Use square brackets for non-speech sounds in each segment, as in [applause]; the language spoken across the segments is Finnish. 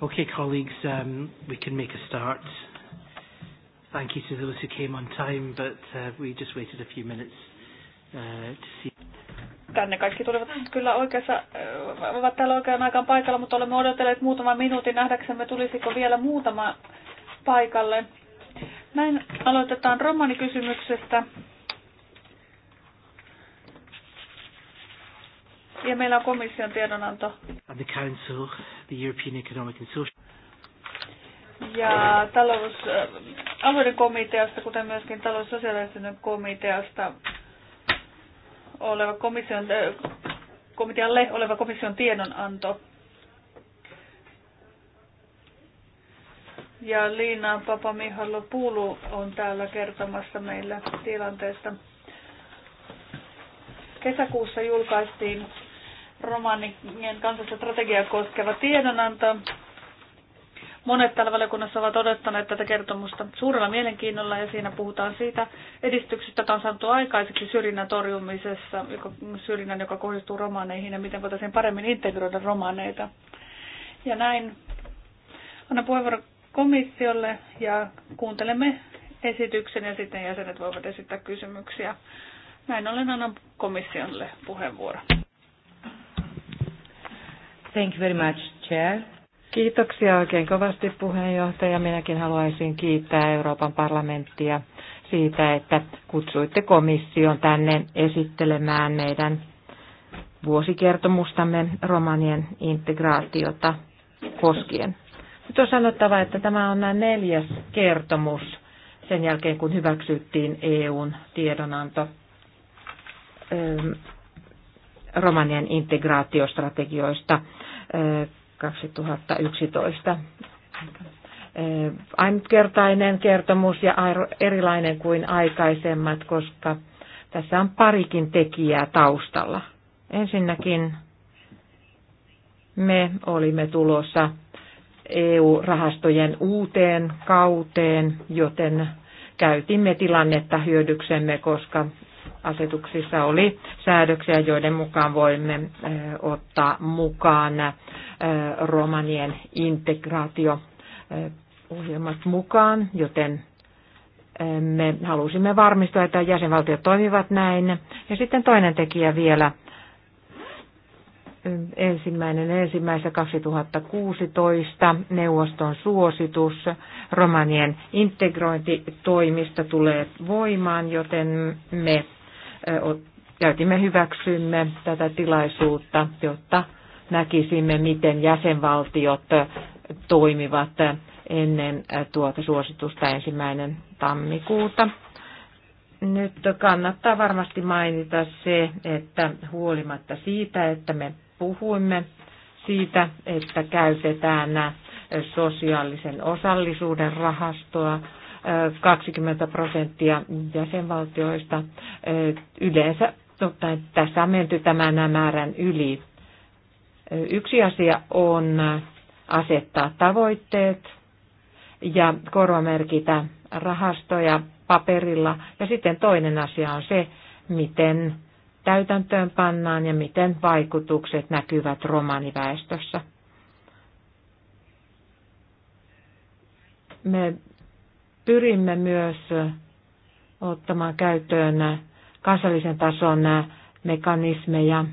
Okay, colleagues, um, we can make a start. Thank you to those who came on time, but uh, we just waited a few minutes uh, to see. Tänne kaikki tulivat kyllä oikeassa, äh, ovat täällä oikean aikaan paikalla, mutta olemme odotelleet muutaman minuutin nähdäksemme, tulisiko vielä muutama paikalle. Näin aloitetaan romanikysymyksestä. Ja meillä on komission tiedonanto. And the Council, the European Economic and Social... Ja talous, äh, alueiden komiteasta, kuten myöskin talous- ja komiteasta oleva komission, äh, komitealle oleva komission tiedonanto. Ja Liina Mihallo Puulu on täällä kertomassa meille tilanteesta. Kesäkuussa julkaistiin romanien kansallista strategiaa koskeva tiedonanto. Monet täällä valiokunnassa ovat odottaneet tätä kertomusta suurella mielenkiinnolla ja siinä puhutaan siitä edistyksestä, jota on saatu aikaiseksi syrjinnän torjumisessa, joka, syrjinnän, joka kohdistuu romaaneihin ja miten voitaisiin paremmin integroida romaneita. Ja näin annan puheenvuoro komissiolle ja kuuntelemme esityksen ja sitten jäsenet voivat esittää kysymyksiä. Näin ollen annan komissiolle puheenvuoro. Thank you very much, Chair. Kiitoksia oikein kovasti puheenjohtaja. Minäkin haluaisin kiittää Euroopan parlamenttia siitä, että kutsuitte komission tänne esittelemään meidän vuosikertomustamme romanien integraatiota koskien. Nyt on sanottava, että tämä on näin neljäs kertomus sen jälkeen, kun hyväksyttiin EUn tiedonanto romanien integraatiostrategioista – 2011. Eh, ainutkertainen kertomus ja erilainen kuin aikaisemmat, koska tässä on parikin tekijää taustalla. Ensinnäkin me olimme tulossa EU-rahastojen uuteen kauteen, joten käytimme tilannetta hyödyksemme, koska asetuksissa oli säädöksiä, joiden mukaan voimme ottaa mukaan romanien integraatio-ohjelmat mukaan, joten me halusimme varmistua, että jäsenvaltiot toimivat näin. Ja sitten toinen tekijä vielä, ensimmäinen ensimmäistä 2016 neuvoston suositus romanien integrointitoimista tulee voimaan, joten me käytimme hyväksymme tätä tilaisuutta, jotta näkisimme, miten jäsenvaltiot toimivat ennen tuota suositusta ensimmäinen tammikuuta. Nyt kannattaa varmasti mainita se, että huolimatta siitä, että me puhuimme siitä, että käytetään sosiaalisen osallisuuden rahastoa, 20 prosenttia jäsenvaltioista. Yleensä tässä on menty tämän määrän yli. Yksi asia on asettaa tavoitteet ja korvamerkitä rahastoja paperilla. Ja sitten toinen asia on se, miten täytäntöön pannaan ja miten vaikutukset näkyvät romaniväestössä. Me pyrimme myös ottamaan käyttöön kansallisen tason mekanismeja,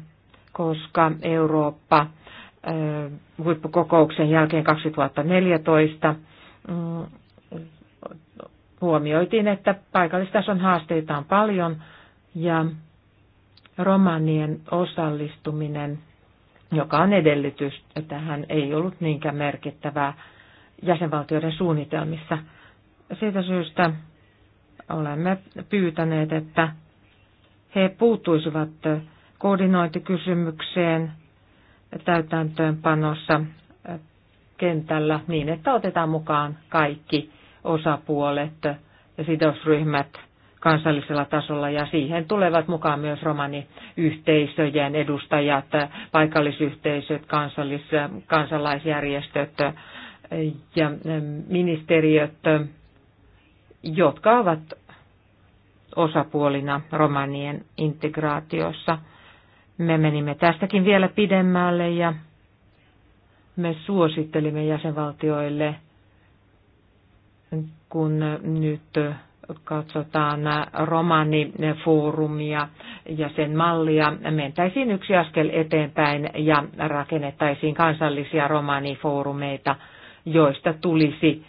koska Eurooppa huippukokouksen jälkeen 2014 mm, huomioitiin, että paikallistason haasteita on paljon ja romanien osallistuminen, joka on edellytys, että hän ei ollut niinkään merkittävää jäsenvaltioiden suunnitelmissa – siitä syystä olemme pyytäneet, että he puuttuisivat koordinointikysymykseen täytäntöönpanossa kentällä niin, että otetaan mukaan kaikki osapuolet ja sidosryhmät kansallisella tasolla ja siihen tulevat mukaan myös romaniyhteisöjen edustajat, paikallisyhteisöt, kansallis, kansalaisjärjestöt ja ministeriöt jotka ovat osapuolina romanien integraatiossa. Me menimme tästäkin vielä pidemmälle ja me suosittelimme jäsenvaltioille, kun nyt katsotaan romanifoorumia ja sen mallia, mentäisiin yksi askel eteenpäin ja rakennettaisiin kansallisia romanifoorumeita, joista tulisi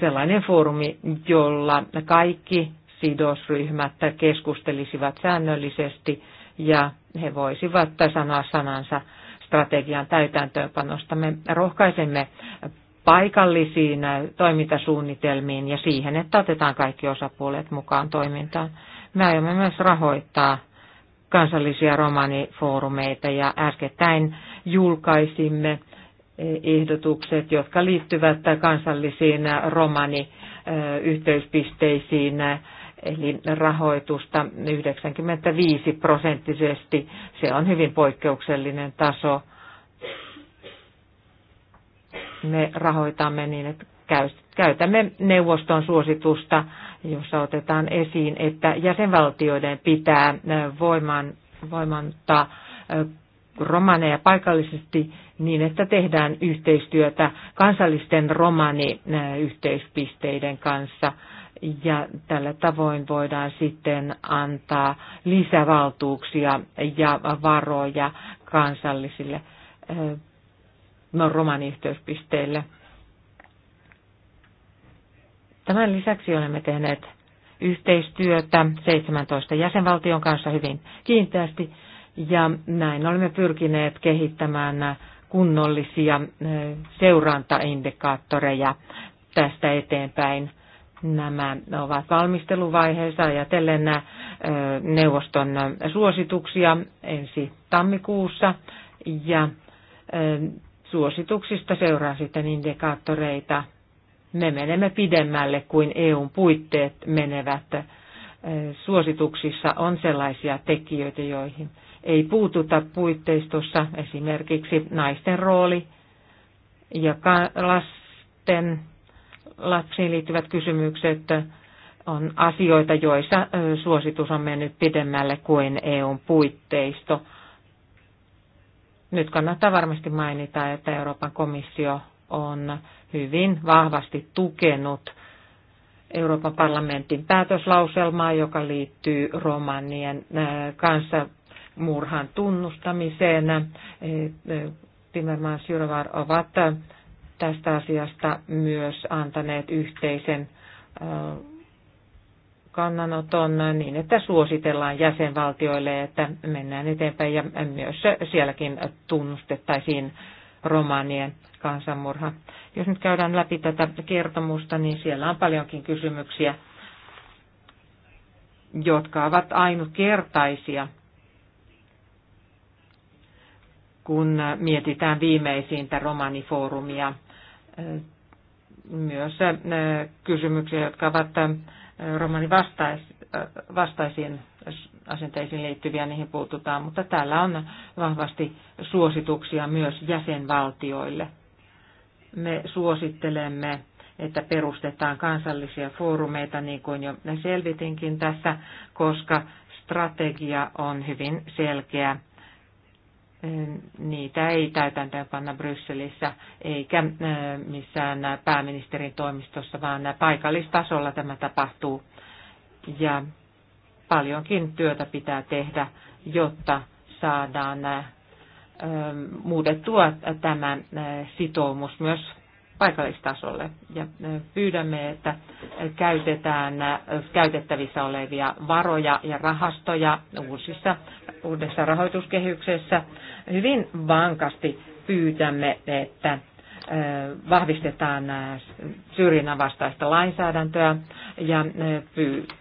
sellainen foorumi, jolla kaikki sidosryhmät keskustelisivat säännöllisesti ja he voisivat sanoa sanansa strategian täytäntöönpanosta. Me rohkaisemme paikallisiin toimintasuunnitelmiin ja siihen, että otetaan kaikki osapuolet mukaan toimintaan. Me aiomme myös rahoittaa kansallisia romanifoorumeita ja äskettäin julkaisimme ehdotukset, jotka liittyvät kansallisiin romaniyhteyspisteisiin, eli rahoitusta 95 prosenttisesti. Se on hyvin poikkeuksellinen taso. Me rahoitamme niin, että käytämme neuvoston suositusta, jossa otetaan esiin, että jäsenvaltioiden pitää voimantaa romaneja paikallisesti niin, että tehdään yhteistyötä kansallisten romaniyhteispisteiden kanssa. Ja tällä tavoin voidaan sitten antaa lisävaltuuksia ja varoja kansallisille eh, no, romaniyhteispisteille. Tämän lisäksi olemme tehneet yhteistyötä 17 jäsenvaltion kanssa hyvin kiinteästi ja näin olemme pyrkineet kehittämään kunnollisia seurantaindikaattoreja tästä eteenpäin. Nämä ovat valmisteluvaiheessa ajatellen neuvoston suosituksia ensi tammikuussa ja suosituksista seuraa sitten indikaattoreita. Me menemme pidemmälle kuin EUn puitteet menevät suosituksissa on sellaisia tekijöitä, joihin ei puututa puitteistossa, esimerkiksi naisten rooli ja lasten, lapsiin liittyvät kysymykset on asioita, joissa suositus on mennyt pidemmälle kuin EUn puitteisto. Nyt kannattaa varmasti mainita, että Euroopan komissio on hyvin vahvasti tukenut Euroopan parlamentin päätöslauselmaa, joka liittyy romanien äh, kanssa murhan tunnustamiseen. Äh, Timmermans Jyrvar ovat tästä asiasta myös antaneet yhteisen äh, kannanoton niin, että suositellaan jäsenvaltioille, että mennään eteenpäin ja myös sielläkin tunnustettaisiin romanien kansanmurha. Jos nyt käydään läpi tätä kertomusta, niin siellä on paljonkin kysymyksiä, jotka ovat ainutkertaisia, kun mietitään viimeisintä romanifoorumia. Myös äh, kysymyksiä, jotka ovat äh, romanivastaisiin äh, asenteisiin liittyviä, niihin puututaan, mutta täällä on vahvasti suosituksia myös jäsenvaltioille. Me suosittelemme, että perustetaan kansallisia foorumeita, niin kuin jo selvitinkin tässä, koska strategia on hyvin selkeä. Niitä ei täytäntöönpanna Brysselissä eikä missään pääministerin toimistossa, vaan paikallistasolla tämä tapahtuu. Ja paljonkin työtä pitää tehdä, jotta saadaan muutettua tämä sitoumus myös paikallistasolle. Ja pyydämme, että käytetään käytettävissä olevia varoja ja rahastoja uusissa, uudessa rahoituskehyksessä. Hyvin vankasti pyytämme, että vahvistetaan syrjinnän vastaista lainsäädäntöä ja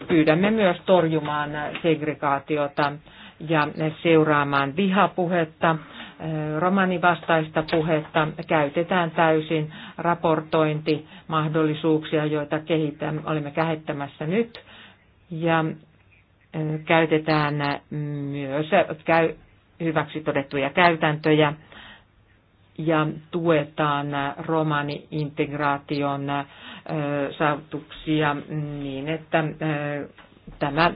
pyydämme myös torjumaan segregaatiota ja seuraamaan vihapuhetta, romanivastaista puhetta, käytetään täysin raportointimahdollisuuksia, joita kehitämme, olemme kehittämässä nyt, ja käytetään myös hyväksi todettuja käytäntöjä ja tuetaan romani-integraation saavutuksia niin, että tämä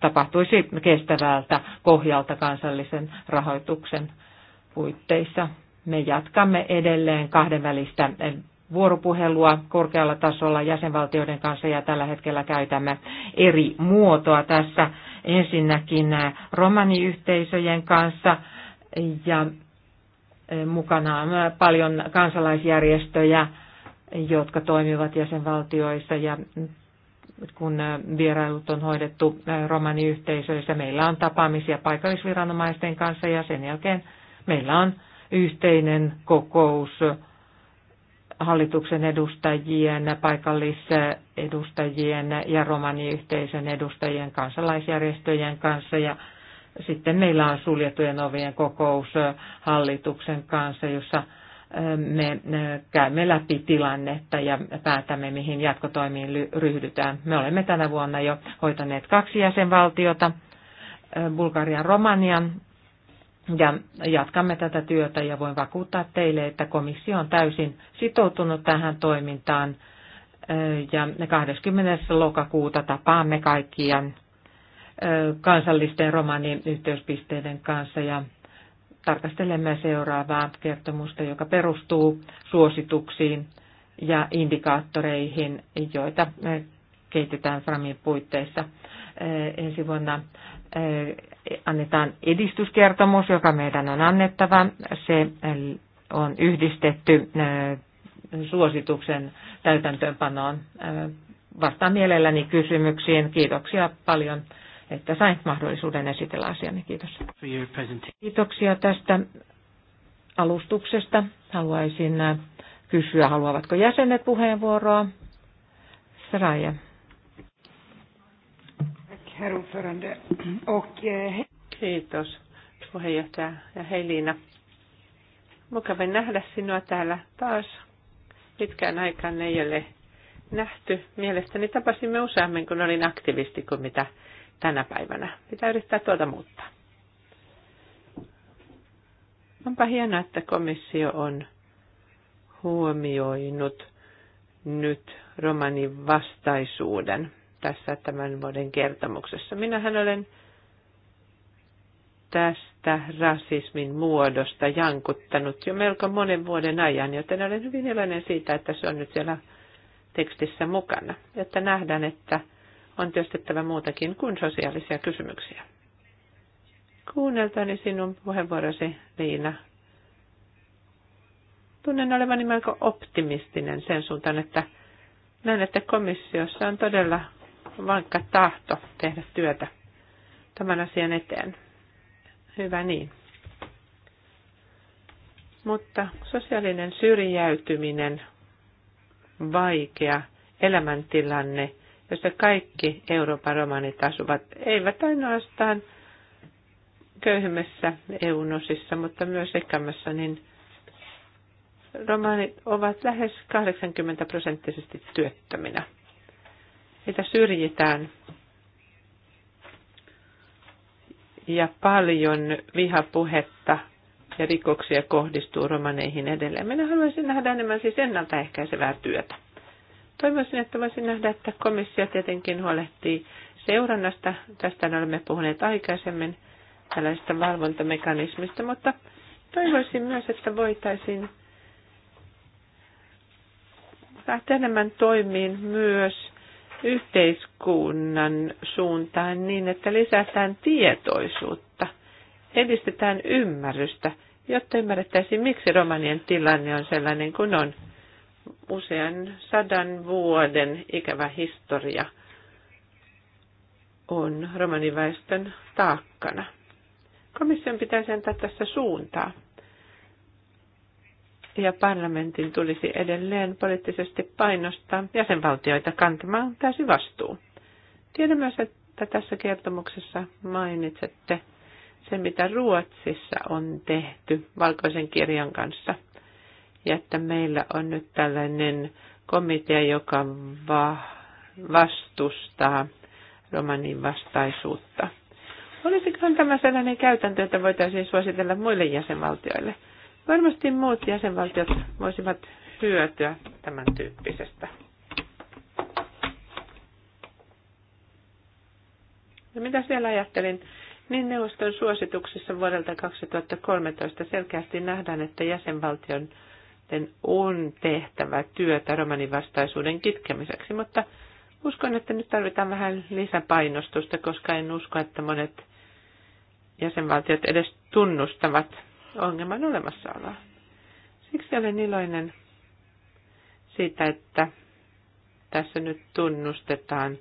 tapahtuisi kestävältä pohjalta kansallisen rahoituksen puitteissa. Me jatkamme edelleen kahdenvälistä vuoropuhelua korkealla tasolla jäsenvaltioiden kanssa ja tällä hetkellä käytämme eri muotoa tässä ensinnäkin romaniyhteisöjen kanssa ja mukanaan paljon kansalaisjärjestöjä, jotka toimivat jäsenvaltioissa ja kun vierailut on hoidettu romaniyhteisöissä, meillä on tapaamisia paikallisviranomaisten kanssa ja sen jälkeen meillä on yhteinen kokous hallituksen edustajien, paikallisedustajien ja romaniyhteisön edustajien, kansalaisjärjestöjen kanssa ja sitten meillä on suljettujen ovien kokous hallituksen kanssa, jossa me käymme läpi tilannetta ja päätämme, mihin jatkotoimiin ryhdytään. Me olemme tänä vuonna jo hoitaneet kaksi jäsenvaltiota, Bulgarian Romanian, ja jatkamme tätä työtä ja voin vakuuttaa teille, että komissio on täysin sitoutunut tähän toimintaan ja 20. lokakuuta tapaamme kaikkien kansallisten romanien yhteyspisteiden kanssa ja tarkastelemme seuraavaa kertomusta, joka perustuu suosituksiin ja indikaattoreihin, joita kehitetään FRAMin puitteissa. Ensi vuonna annetaan edistyskertomus, joka meidän on annettava. Se on yhdistetty suosituksen täytäntöönpanoon. Vastaan mielelläni kysymyksiin. Kiitoksia paljon että sain mahdollisuuden esitellä asiani. Kiitos. Kiitoksia tästä alustuksesta. Haluaisin äh, kysyä, haluavatko jäsenet puheenvuoroa? Saraja. Eh, Kiitos puheenjohtaja ja hei Liina. Mukava nähdä sinua täällä taas. Pitkään aikaan ei ole nähty. Mielestäni tapasimme useammin, kun olin aktivisti, kuin mitä tänä päivänä. Pitää yrittää tuolta muuttaa. Onpa hienoa, että komissio on huomioinut nyt romanin vastaisuuden tässä tämän vuoden kertomuksessa. Minähän olen tästä rasismin muodosta jankuttanut jo melko monen vuoden ajan, joten olen hyvin iloinen siitä, että se on nyt siellä tekstissä mukana, jotta nähdään, että on työstettävä muutakin kuin sosiaalisia kysymyksiä. Kuunneltani sinun puheenvuorosi, Liina. Tunnen olevani melko optimistinen sen suuntaan, että näen, että komissiossa on todella vankka tahto tehdä työtä tämän asian eteen. Hyvä niin. Mutta sosiaalinen syrjäytyminen, vaikea elämäntilanne – jossa kaikki Euroopan romanit asuvat, eivät ainoastaan köyhimmissä eu osissa, mutta myös rikkammassa, niin romanit ovat lähes 80 prosenttisesti työttöminä. Heitä syrjitään ja paljon vihapuhetta ja rikoksia kohdistuu romaneihin edelleen. Minä haluaisin nähdä enemmän siis ennaltaehkäisevää työtä. Toivoisin, että voisin nähdä, että komissio tietenkin huolehtii seurannasta. Tästä olemme puhuneet aikaisemmin tällaisista valvontamekanismista, mutta toivoisin myös, että voitaisiin lähteä enemmän toimiin myös yhteiskunnan suuntaan niin, että lisätään tietoisuutta, edistetään ymmärrystä, jotta ymmärrettäisiin, miksi romanien tilanne on sellainen kuin on usean sadan vuoden ikävä historia on romaniväestön taakkana. Komission pitäisi antaa tässä suuntaa. Ja parlamentin tulisi edelleen poliittisesti painostaa jäsenvaltioita kantamaan täysi vastuu. Tiedän myös, että tässä kertomuksessa mainitsette sen, mitä Ruotsissa on tehty valkoisen kirjan kanssa – ja että meillä on nyt tällainen komitea, joka va- vastustaa romanin vastaisuutta. Olisikohan tämä sellainen käytäntö, että voitaisiin suositella muille jäsenvaltioille? Varmasti muut jäsenvaltiot voisivat hyötyä tämän tyyppisestä. Ja mitä siellä ajattelin? Niin neuvoston suosituksissa vuodelta 2013 selkeästi nähdään, että jäsenvaltion sitten on tehtävä työtä romanivastaisuuden kitkemiseksi, mutta uskon, että nyt tarvitaan vähän lisäpainostusta, koska en usko, että monet jäsenvaltiot edes tunnustavat ongelman olemassaoloa. Siksi olen iloinen siitä, että tässä nyt tunnustetaan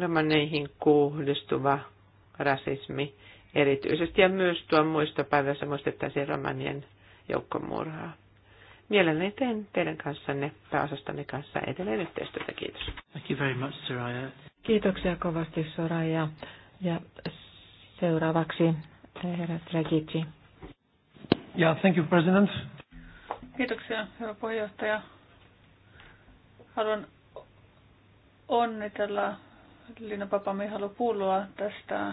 romaneihin kuhdistuva rasismi erityisesti ja myös tuon muistopäivässä muistettaisiin romanien joukkomurhaa. Mielelläni teen teidän kanssanne, pääosastanne kanssa edelleen yhteistyötä. Kiitos. Thank you very much, Soraya. Kiitoksia kovasti, Soraya. Ja seuraavaksi herra Dragici. Yeah, thank you, President. Kiitoksia, hyvä puheenjohtaja. Haluan onnitella Liina Papamihalu Pulloa tästä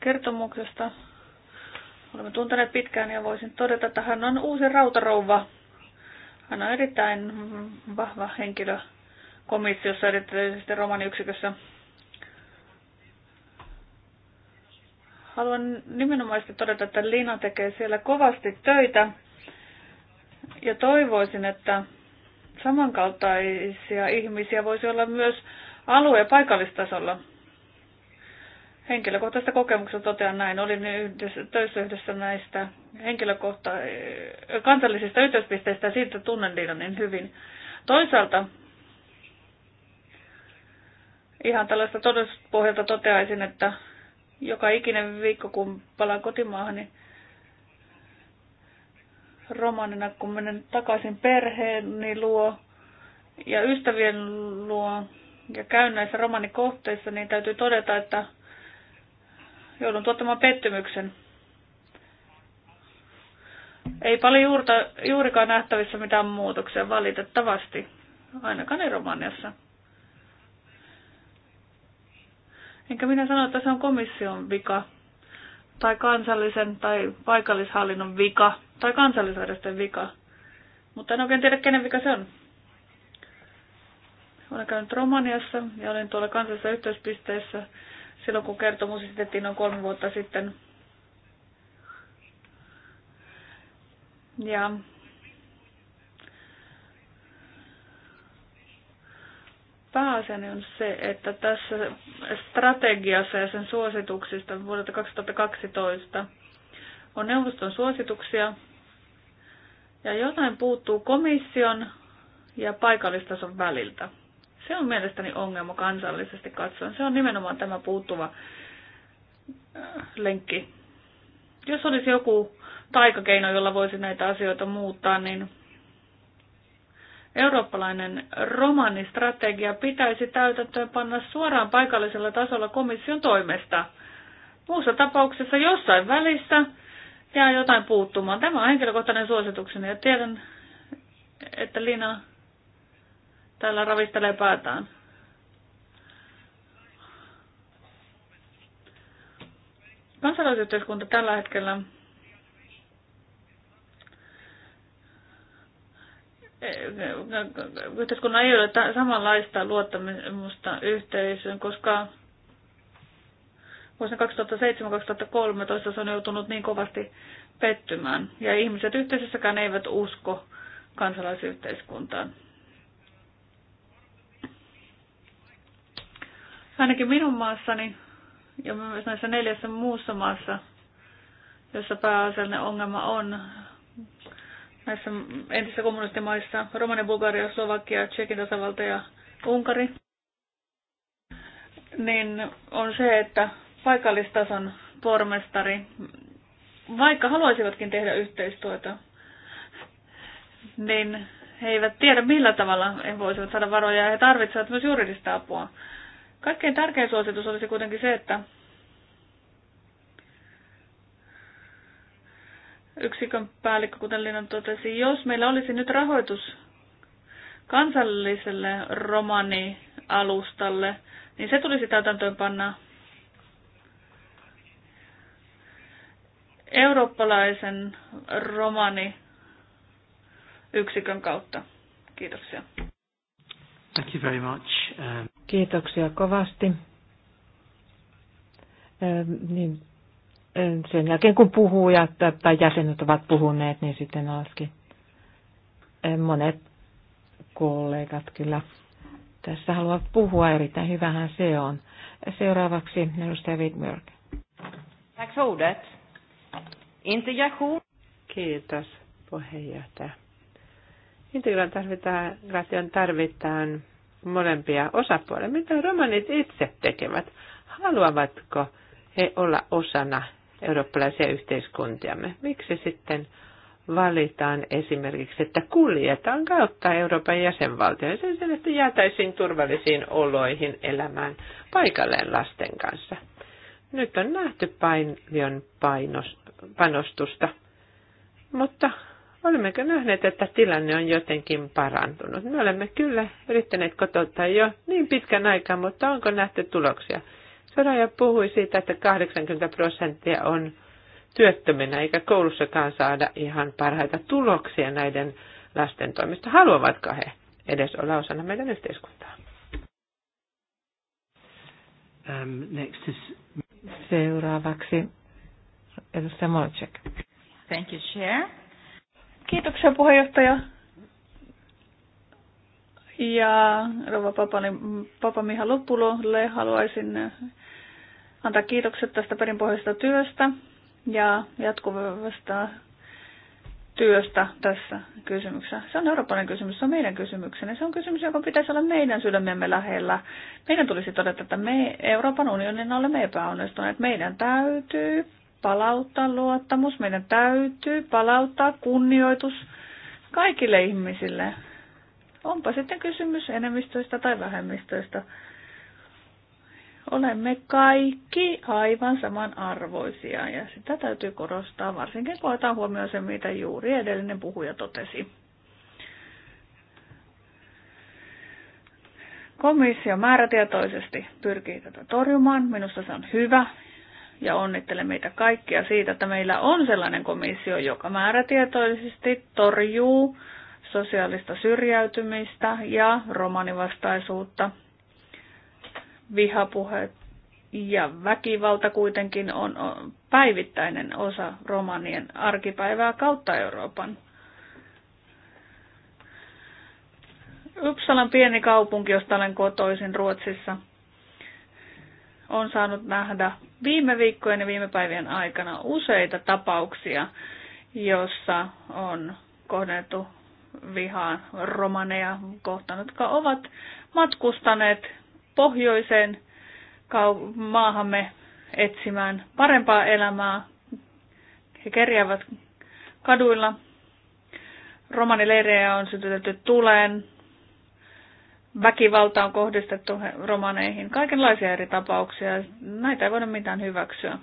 kertomuksesta. Olemme tunteneet pitkään ja voisin todeta, että hän on uusi rautarouva. Hän on erittäin vahva henkilö komissiossa, erityisesti romaniyksikössä. Haluan nimenomaisesti todeta, että Liina tekee siellä kovasti töitä ja toivoisin, että samankaltaisia ihmisiä voisi olla myös alue- ja paikallistasolla. Henkilökohtaisesta kokemuksesta totean näin. Olin yhdessä, töissä yhdessä näistä henkilökohta- kansallisista yhteyspisteistä ja siitä tunnen niin hyvin. Toisaalta ihan tällaista todistuspohjalta toteaisin, että joka ikinen viikko, kun palaan kotimaahan, niin romanina, kun menen takaisin perheeni luo ja ystävien luo ja käyn näissä romanikohteissa, niin täytyy todeta, että joudun tuottamaan pettymyksen. Ei paljon juurta, juurikaan nähtävissä mitään muutoksia, valitettavasti. Ainakaan ei Romaniassa. Enkä minä sano, että se on komission vika, tai kansallisen tai paikallishallinnon vika, tai kansallisjärjestön vika. Mutta en oikein tiedä, kenen vika se on. Olen käynyt Romaniassa ja olen tuolla kansallisessa yhteyspisteessä silloin kun kertomus esitettiin noin kolme vuotta sitten. Ja pääasiani on se, että tässä strategiassa ja sen suosituksista vuodelta 2012 on neuvoston suosituksia ja jotain puuttuu komission ja paikallistason väliltä. Se on mielestäni ongelma kansallisesti katsoen. Se on nimenomaan tämä puuttuva äh, lenkki. Jos olisi joku taikakeino, jolla voisi näitä asioita muuttaa, niin eurooppalainen romanistrategia pitäisi täytäntöön panna suoraan paikallisella tasolla komission toimesta. Muussa tapauksessa jossain välissä jää jotain puuttumaan. Tämä on henkilökohtainen suositukseni ja tiedän, että Lina täällä ravistelee päätään. Kansalaisyhteiskunta tällä hetkellä yhteiskunnan ei ole samanlaista luottamusta yhteisöön, koska vuosina 2007-2013 se on joutunut niin kovasti pettymään. Ja ihmiset yhteisössäkään eivät usko kansalaisyhteiskuntaan. Ainakin minun maassani ja myös näissä neljässä muussa maassa, jossa pääasiallinen ongelma on näissä entisissä kommunistimaissa, Romania, Bulgaria, Slovakia, Tsekin tasavalta ja Unkari, niin on se, että paikallistason pormestari, vaikka haluaisivatkin tehdä yhteistyötä, niin he eivät tiedä millä tavalla he voisivat saada varoja ja he tarvitsevat myös juridista apua. Kaikkein tärkein suositus olisi kuitenkin se, että yksikön päällikkö, kuten Linnan totesi, jos meillä olisi nyt rahoitus kansalliselle romanialustalle, niin se tulisi panna eurooppalaisen romani yksikön kautta. Kiitoksia. Thank you very much. Um... Kiitoksia kovasti. Niin, sen jälkeen kun puhujat tai jäsenet ovat puhuneet, niin sitten olisikin monet kollegat kyllä tässä haluavat puhua. Erittäin hyvähän se on. Seuraavaksi edustaja Wittmörk. Kiitos puheenjohtaja. Integraation tarvitaan, tarvitaan molempia osapuolia. Mitä romanit itse tekevät? Haluavatko he olla osana eurooppalaisia yhteiskuntiamme? Miksi sitten valitaan esimerkiksi, että kuljetaan kautta Euroopan jäsenvaltioon sen sen, että jäätäisiin turvallisiin oloihin elämään paikalleen lasten kanssa. Nyt on nähty paljon painos, panostusta, mutta Olemmeko nähneet, että tilanne on jotenkin parantunut? Me olemme kyllä yrittäneet kotouttaa jo niin pitkän aikaa, mutta onko nähty tuloksia? Soraja puhui siitä, että 80 prosenttia on työttöminä, eikä koulussakaan saada ihan parhaita tuloksia näiden lasten toimista. Haluavatko he edes olla osana meidän yhteiskuntaa? Um, next is... Seuraavaksi edustaja Molcek. Thank you, Chair. Kiitoksia puheenjohtaja. Ja Rova Papani, Papa Miha Loppulolle haluaisin eh, antaa kiitokset tästä perinpohjaisesta työstä ja jatkuvasta työstä tässä kysymyksessä. Se on eurooppalainen kysymys, se on meidän kysymyksemme. Se on kysymys, joka pitäisi olla meidän sydämemme lähellä. Meidän tulisi todeta, että me Euroopan unionin olemme epäonnistuneet. Meidän täytyy palauttaa luottamus, meidän täytyy palauttaa kunnioitus kaikille ihmisille. Onpa sitten kysymys enemmistöistä tai vähemmistöistä. Olemme kaikki aivan samanarvoisia ja sitä täytyy korostaa, varsinkin kun otetaan huomioon se, mitä juuri edellinen puhuja totesi. Komissio määrätietoisesti pyrkii tätä torjumaan. Minusta se on hyvä ja onnittelen meitä kaikkia siitä, että meillä on sellainen komissio, joka määrätietoisesti torjuu sosiaalista syrjäytymistä ja romanivastaisuutta. Vihapuhe ja väkivalta kuitenkin on päivittäinen osa romanien arkipäivää kautta Euroopan. Uppsalan pieni kaupunki, josta olen kotoisin Ruotsissa – on saanut nähdä viime viikkojen ja viime päivien aikana useita tapauksia, jossa on kohdennettu vihaa romaneja kohtaan, jotka ovat matkustaneet pohjoiseen maahamme etsimään parempaa elämää. He kerjäävät kaduilla. Romanileirejä on sytytetty tuleen, väkivalta on kohdistettu romaneihin, kaikenlaisia eri tapauksia. Näitä ei voida mitään hyväksyä.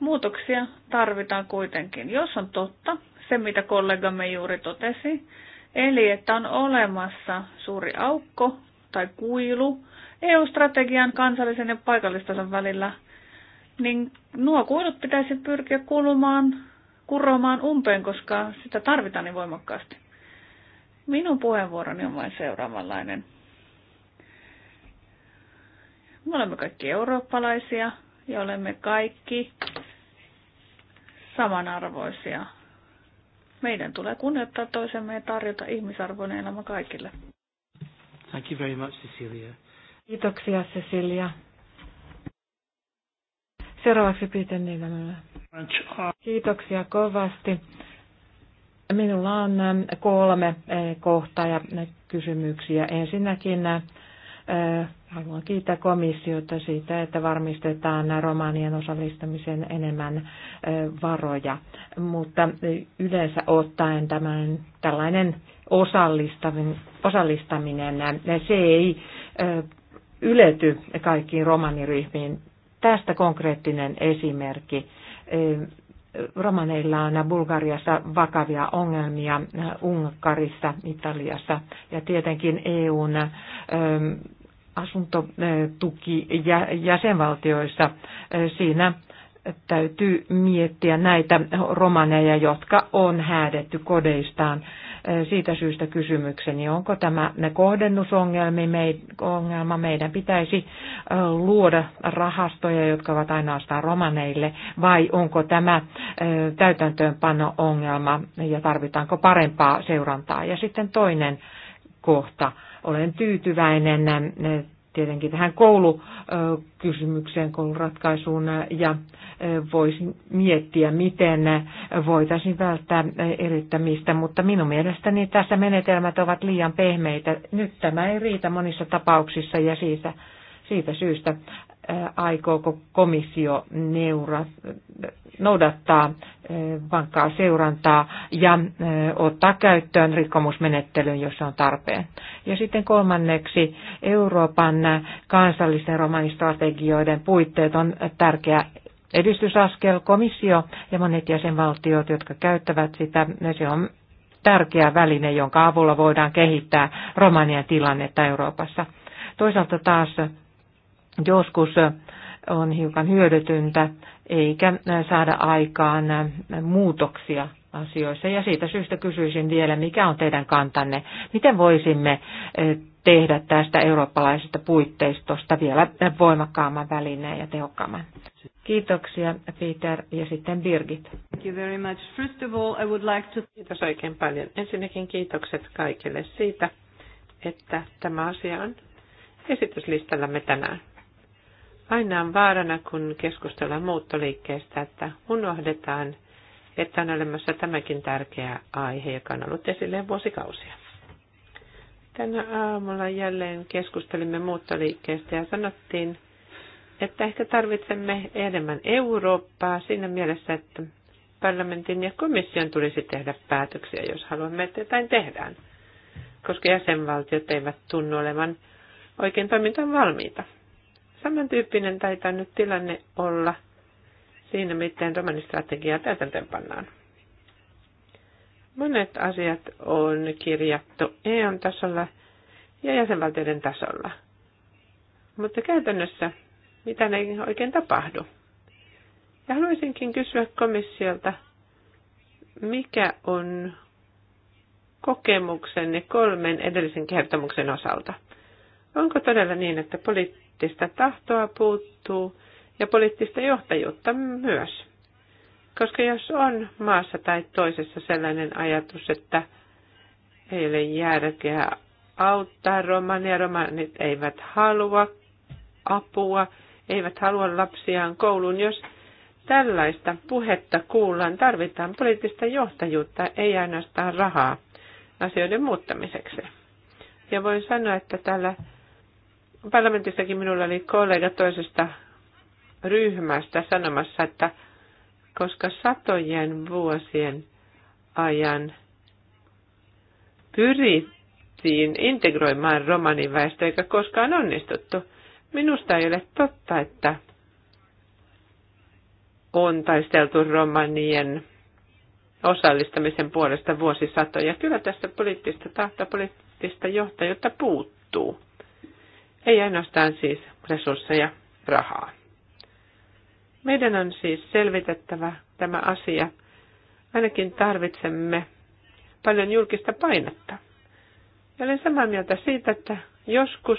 Muutoksia tarvitaan kuitenkin, jos on totta se, mitä kollegamme juuri totesi, eli että on olemassa suuri aukko tai kuilu EU-strategian kansallisen ja paikallistason välillä, niin nuo kuilut pitäisi pyrkiä kulumaan, kuromaan umpeen, koska sitä tarvitaan niin voimakkaasti. Minun puheenvuoroni on vain seuraavanlainen. Me olemme kaikki eurooppalaisia ja olemme kaikki samanarvoisia. Meidän tulee kunnioittaa toisemme ja tarjota ihmisarvoinen elämä kaikille. Thank you very much, Cecilia. Kiitoksia, Cecilia. Seuraavaksi Peter Niivämällä. Kiitoksia kovasti. Minulla on ähm, kolme äh, kohtaa ja äh, kysymyksiä. Ensinnäkin äh, haluan kiittää komissiota siitä, että varmistetaan romaanien osallistamisen enemmän varoja, mutta yleensä ottaen tämän, tällainen osallistaminen, osallistaminen, se ei ylety kaikkiin romaniryhmiin. Tästä konkreettinen esimerkki romaneilla on Bulgariassa vakavia ongelmia, äh, Unkarissa, Italiassa ja tietenkin EUn ähm, asuntotuki jäsenvaltioissa. Äh, siinä täytyy miettiä näitä romaneja, jotka on häädetty kodeistaan siitä syystä kysymykseni, niin onko tämä ne kohdennusongelma. Meidän pitäisi luoda rahastoja, jotka ovat ainoastaan romaneille, vai onko tämä täytäntöönpano-ongelma ja tarvitaanko parempaa seurantaa. Ja sitten toinen kohta. Olen tyytyväinen tietenkin tähän koulukysymykseen, kouluratkaisuun äh, ja äh, voisi miettiä, miten äh, voitaisiin välttää erittämistä, mutta minun mielestäni tässä menetelmät ovat liian pehmeitä. Nyt tämä ei riitä monissa tapauksissa ja siitä, siitä syystä aikooko komissio neura, noudattaa vankkaa seurantaa ja ottaa käyttöön rikkomusmenettelyn, jos se on tarpeen. Ja sitten kolmanneksi Euroopan kansallisten romanistrategioiden puitteet on tärkeä edistysaskel. Komissio ja monet jäsenvaltiot, jotka käyttävät sitä, se on tärkeä väline, jonka avulla voidaan kehittää romanian tilannetta Euroopassa. Toisaalta taas joskus äh, on hiukan hyödytyntä eikä äh, saada aikaan äh, muutoksia asioissa. Ja siitä syystä kysyisin vielä, mikä on teidän kantanne? Miten voisimme tehdä tästä eurooppalaisesta puitteistosta vielä voimakkaamman välineen ja tehokkaamman? Kiitoksia Peter ja sitten Birgit. Thank you very much. First of all, I would like to... Kiitos oikein paljon. Ensinnäkin kiitokset kaikille siitä, että tämä asia on esityslistallamme tänään. Aina on vaarana, kun keskustellaan muuttoliikkeestä, että unohdetaan, että on olemassa tämäkin tärkeä aihe, joka on ollut esille vuosikausia. Tänä aamulla jälleen keskustelimme muuttoliikkeestä ja sanottiin, että ehkä tarvitsemme enemmän Eurooppaa siinä mielessä, että parlamentin ja komission tulisi tehdä päätöksiä, jos haluamme, että jotain tehdään, koska jäsenvaltiot eivät tunnu olevan oikein toimintaan valmiita. Samantyyppinen taitaa nyt tilanne olla siinä, miten romanistrategiaa täytäntöön pannaan. Monet asiat on kirjattu EU-tasolla ja jäsenvaltioiden tasolla. Mutta käytännössä mitä ei oikein tapahdu. Ja haluaisinkin kysyä komissiolta, mikä on kokemuksenne kolmen edellisen kertomuksen osalta? Onko todella niin, että poliittinen poliittista tahtoa puuttuu ja poliittista johtajuutta myös. Koska jos on maassa tai toisessa sellainen ajatus, että ei ole järkeä auttaa romania, romanit eivät halua apua, eivät halua lapsiaan kouluun, jos tällaista puhetta kuullaan, tarvitaan poliittista johtajuutta, ei ainoastaan rahaa asioiden muuttamiseksi. Ja voin sanoa, että täällä parlamentissakin minulla oli kollega toisesta ryhmästä sanomassa, että koska satojen vuosien ajan pyrittiin integroimaan väestö, eikä koskaan onnistuttu. Minusta ei ole totta, että on taisteltu romanien osallistamisen puolesta vuosisatoja. Kyllä tästä poliittista tahtoa, poliittista johtajuutta puuttuu ei ainoastaan siis resursseja, rahaa. Meidän on siis selvitettävä tämä asia. Ainakin tarvitsemme paljon julkista painetta. Ja olen samaa mieltä siitä, että joskus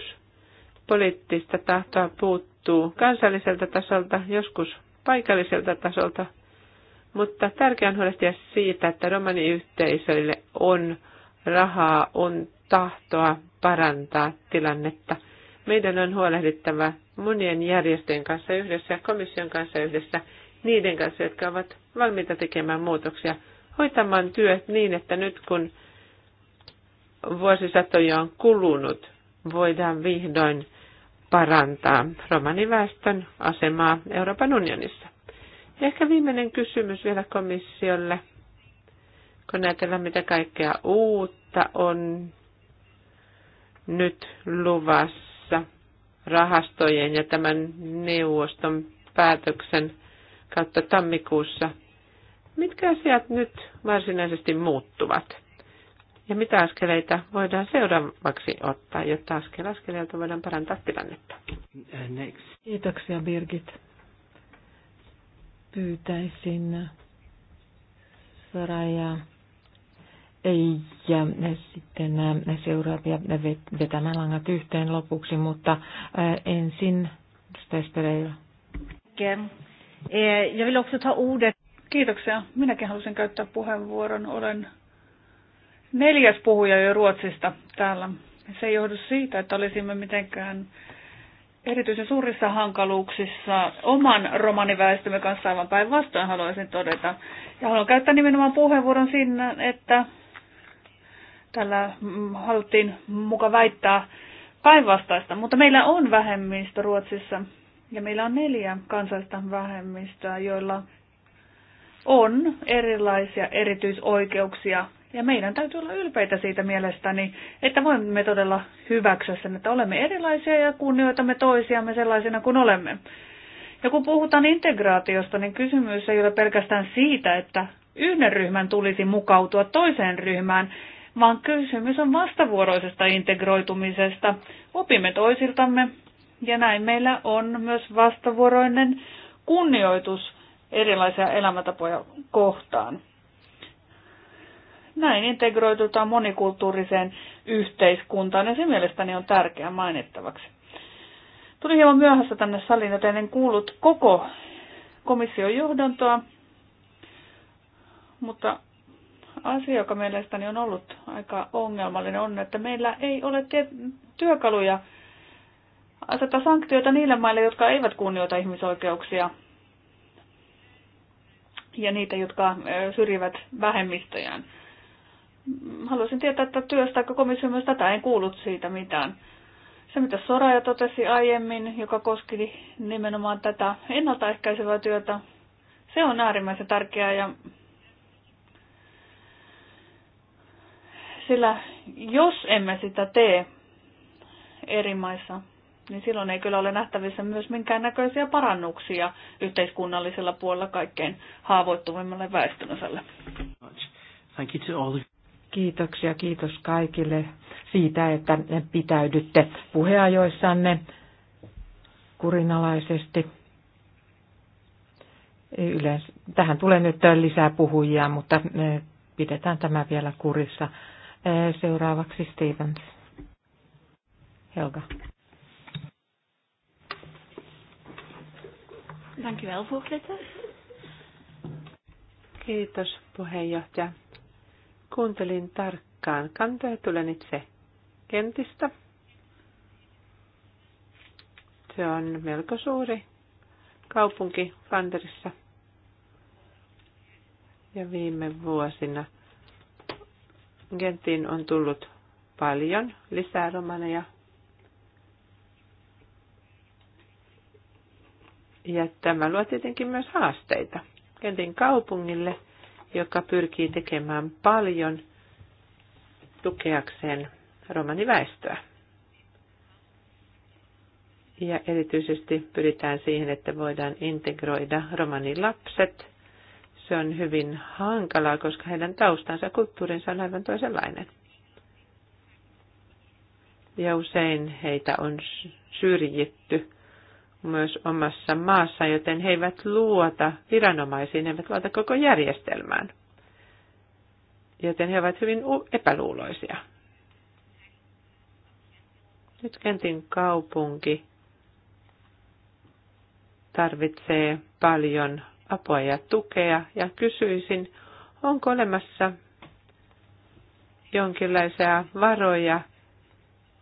poliittista tahtoa puuttuu kansalliselta tasolta, joskus paikalliselta tasolta, mutta tärkeää on huolehtia siitä, että romaniyhteisöille on rahaa, on tahtoa parantaa tilannetta – meidän on huolehdittava monien järjestöjen kanssa yhdessä, ja komission kanssa yhdessä, niiden kanssa, jotka ovat valmiita tekemään muutoksia, hoitamaan työt niin, että nyt kun vuosisatoja on kulunut, voidaan vihdoin parantaa romaniväestön asemaa Euroopan unionissa. Ja ehkä viimeinen kysymys vielä komissiolle, kun ajatellaan mitä kaikkea uutta on nyt luvassa tässä rahastojen ja tämän neuvoston päätöksen kautta tammikuussa. Mitkä asiat nyt varsinaisesti muuttuvat? Ja mitä askeleita voidaan seuraavaksi ottaa, jotta askel askeleelta voidaan parantaa tilannetta? Next. Kiitoksia Birgit. Pyytäisin Sarajaa ja sitten seuraavia vetämään langat yhteen lopuksi, mutta ensin Stespereillä. Eh, jag vill också ta Kiitoksia. Minäkin halusin käyttää puheenvuoron. Olen neljäs puhuja jo Ruotsista täällä. Se ei johdu siitä, että olisimme mitenkään erityisen suurissa hankaluuksissa oman romaniväestömme kanssa aivan päinvastoin haluaisin todeta. Ja haluan käyttää nimenomaan puheenvuoron sinne, että Tällä haluttiin muka väittää päinvastaista, mutta meillä on vähemmistö Ruotsissa ja meillä on neljä kansallista vähemmistöä, joilla on erilaisia erityisoikeuksia. Ja meidän täytyy olla ylpeitä siitä mielestäni, että voimme todella hyväksyä sen, että olemme erilaisia ja kunnioitamme toisiamme sellaisina kuin olemme. Ja kun puhutaan integraatiosta, niin kysymys ei ole pelkästään siitä, että yhden ryhmän tulisi mukautua toiseen ryhmään, vaan kysymys on vastavuoroisesta integroitumisesta. Opimme toisiltamme ja näin meillä on myös vastavuoroinen kunnioitus erilaisia elämäntapoja kohtaan. Näin integroitutaan monikulttuuriseen yhteiskuntaan ja se mielestäni on tärkeää mainittavaksi. Tuli hieman myöhässä tänne saliin, joten en kuullut koko komission johdantoa, mutta asia, joka mielestäni on ollut aika ongelmallinen, on, että meillä ei ole työkaluja asettaa sanktioita niille maille, jotka eivät kunnioita ihmisoikeuksia ja niitä, jotka syrjivät vähemmistöjään. Haluaisin tietää, että työstä työstääkö komissio myös tätä, en kuullut siitä mitään. Se, mitä Soraja totesi aiemmin, joka koski nimenomaan tätä ennaltaehkäisevää työtä, se on äärimmäisen tärkeää ja Sillä jos emme sitä tee eri maissa, niin silloin ei kyllä ole nähtävissä myös minkäännäköisiä parannuksia yhteiskunnallisella puolella kaikkein haavoittuvimmalle väestönosalle. Kiitoksia, kiitos kaikille siitä, että pitäydytte puheajoissanne kurinalaisesti. Yleensä, tähän tulee nyt lisää puhujia, mutta eh, pidetään tämä vielä kurissa. Seuraavaksi Stevens. Helga. voorzitter. Kiitos, puheenjohtaja. Kuuntelin tarkkaan. Kantoja tulen itse kentistä. Se on melko suuri kaupunki Flanderissa. Ja viime vuosina – Gentiin on tullut paljon lisää romaneja. Ja tämä luo tietenkin myös haasteita Gentin kaupungille, joka pyrkii tekemään paljon tukeakseen romaniväestöä. Ja erityisesti pyritään siihen, että voidaan integroida romanilapset se on hyvin hankalaa, koska heidän taustansa ja kulttuurinsa on aivan toisenlainen. Ja usein heitä on syrjitty myös omassa maassa, joten he eivät luota viranomaisiin, he eivät luota koko järjestelmään. Joten he ovat hyvin epäluuloisia. Nyt Kentin kaupunki tarvitsee paljon apua ja tukea ja kysyisin, onko olemassa jonkinlaisia varoja,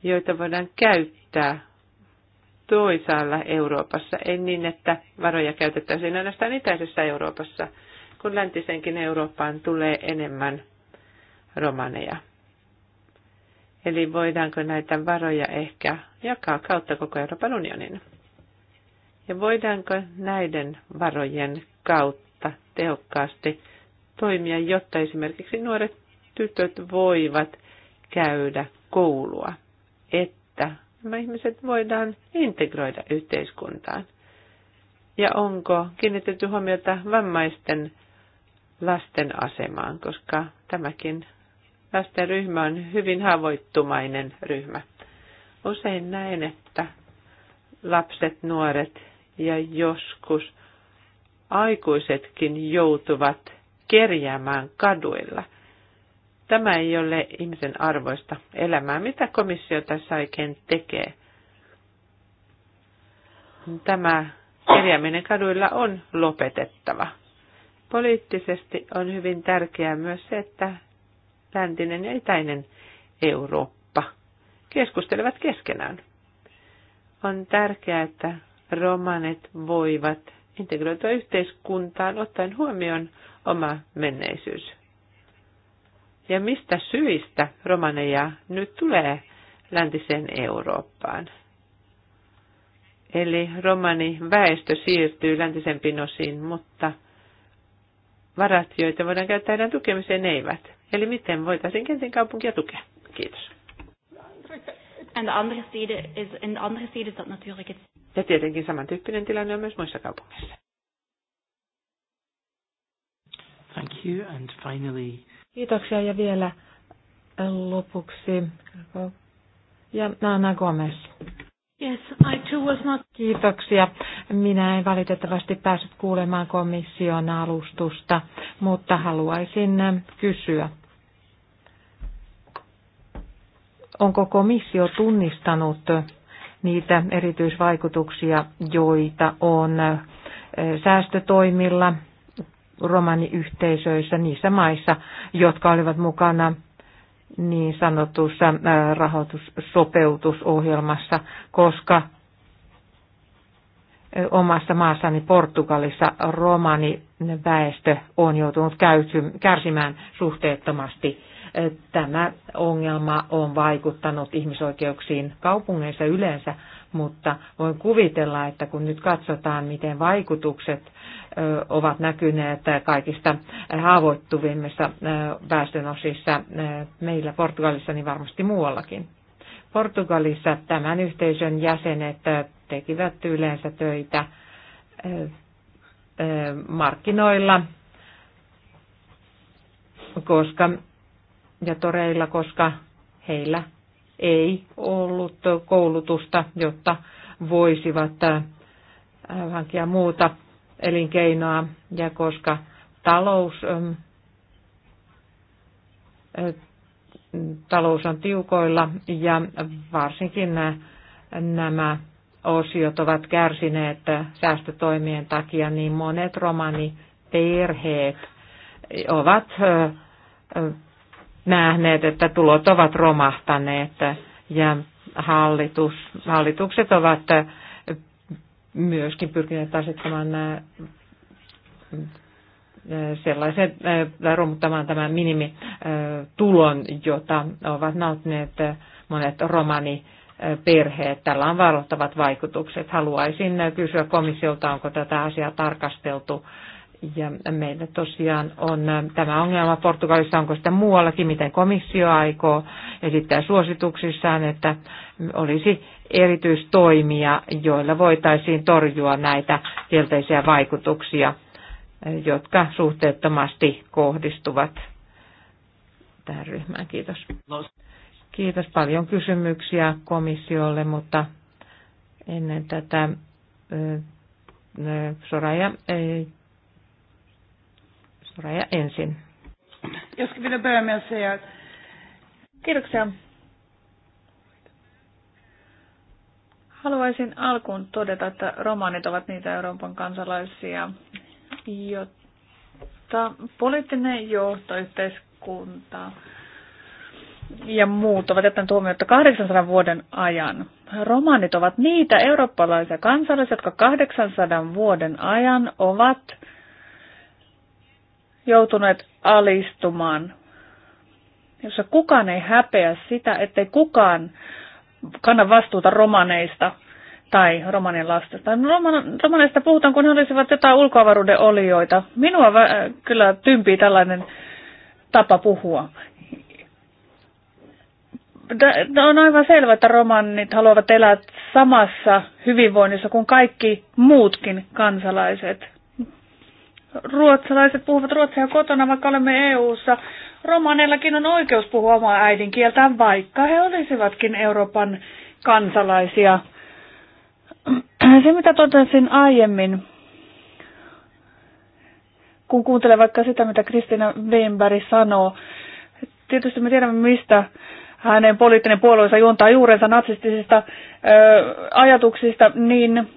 joita voidaan käyttää toisaalla Euroopassa. En niin, että varoja käytettäisiin ainoastaan itäisessä Euroopassa, kun läntisenkin Eurooppaan tulee enemmän romaneja. Eli voidaanko näitä varoja ehkä jakaa kautta koko Euroopan unionin? Ja voidaanko näiden varojen kautta tehokkaasti toimia, jotta esimerkiksi nuoret tytöt voivat käydä koulua, että nämä ihmiset voidaan integroida yhteiskuntaan. Ja onko kiinnitetty huomiota vammaisten lasten asemaan, koska tämäkin lasten ryhmä on hyvin haavoittumainen ryhmä. Usein näen, että lapset, nuoret ja joskus aikuisetkin joutuvat kerjäämään kaduilla. Tämä ei ole ihmisen arvoista elämää. Mitä komissio tässä oikein tekee? Tämä kerjääminen kaduilla on lopetettava. Poliittisesti on hyvin tärkeää myös se, että läntinen ja itäinen Eurooppa keskustelevat keskenään. On tärkeää, että romanet voivat integroitua yhteiskuntaan ottaen huomioon oma menneisyys. Ja mistä syistä romaneja nyt tulee läntiseen Eurooppaan? Eli romani väestö siirtyy läntisempiin osiin, mutta varat, joita voidaan käyttää heidän tukemiseen, eivät. Eli miten voitaisiin Kentin kaupunkia tukea? Kiitos. And the andere steden is, in the andere steden is that natuurlijk het ja tietenkin samantyyppinen tilanne on myös muissa kaupungeissa. Thank you and finally... Kiitoksia ja vielä lopuksi ja Nana Gomez. Yes, I too was not... Kiitoksia. Minä en valitettavasti päässyt kuulemaan komission alustusta, mutta haluaisin äh, kysyä. Onko komissio tunnistanut niitä erityisvaikutuksia, joita on säästötoimilla romaniyhteisöissä niissä maissa, jotka olivat mukana niin sanotussa rahoitussopeutusohjelmassa, koska omassa maassani Portugalissa romaniväestö on joutunut kärsimään suhteettomasti Tämä ongelma on vaikuttanut ihmisoikeuksiin kaupungeissa yleensä, mutta voin kuvitella, että kun nyt katsotaan, miten vaikutukset ovat näkyneet kaikista haavoittuvimmissa väestönosissa meillä Portugalissa, niin varmasti muuallakin. Portugalissa tämän yhteisön jäsenet tekivät yleensä töitä markkinoilla, koska ja toreilla, koska heillä ei ollut koulutusta, jotta voisivat äh, hankkia muuta elinkeinoa. Ja koska talous, ähm, äh, talous on tiukoilla ja varsinkin nämä osiot ovat kärsineet säästötoimien takia, niin monet romaniperheet ovat äh, nähneet, että tulot ovat romahtaneet ja hallitus, hallitukset ovat myöskin pyrkineet asettamaan sellaisen, romuttamaan tämän minimitulon, jota ovat nauttineet monet romani perheet. Tällä on varoittavat vaikutukset. Haluaisin kysyä komissiolta, onko tätä asiaa tarkasteltu ja meillä tosiaan on äh, tämä ongelma Portugalissa, onko sitä muuallakin, miten komissio aikoo esittää suosituksissaan, että olisi erityistoimia, joilla voitaisiin torjua näitä kielteisiä vaikutuksia, äh, jotka suhteettomasti kohdistuvat tähän ryhmään. Kiitos. Kiitos paljon kysymyksiä komissiolle, mutta ennen tätä äh, Soraya Soraya ensin. Jag skulle vilja börja med att säga att... Kiitoksia. Haluaisin alkuun todeta, että romaanit ovat niitä Euroopan kansalaisia, jotta poliittinen johto, yhteiskunta ja muut ovat jättäneet huomiota 800 vuoden ajan. Romaanit ovat niitä eurooppalaisia kansalaisia, jotka 800 vuoden ajan ovat joutuneet alistumaan, jossa kukaan ei häpeä sitä, ettei kukaan kanna vastuuta romaneista tai romanien lastesta. No, romaneista puhutaan, kun he olisivat jotain ulkoavaruuden olioita. Minua vä- kyllä tympii tällainen tapa puhua. No, on aivan selvää, että romannit haluavat elää samassa hyvinvoinnissa kuin kaikki muutkin kansalaiset ruotsalaiset puhuvat ruotsia kotona, vaikka olemme EU-ssa. Romaneillakin on oikeus puhua omaa äidinkieltään, vaikka he olisivatkin Euroopan kansalaisia. [clears throat] Se, mitä totesin aiemmin, kun kuuntelee vaikka sitä, mitä Kristina Weinberg sanoo, tietysti me tiedämme, mistä hänen poliittinen puolueensa juontaa juurensa natsistisista ö, ajatuksista, niin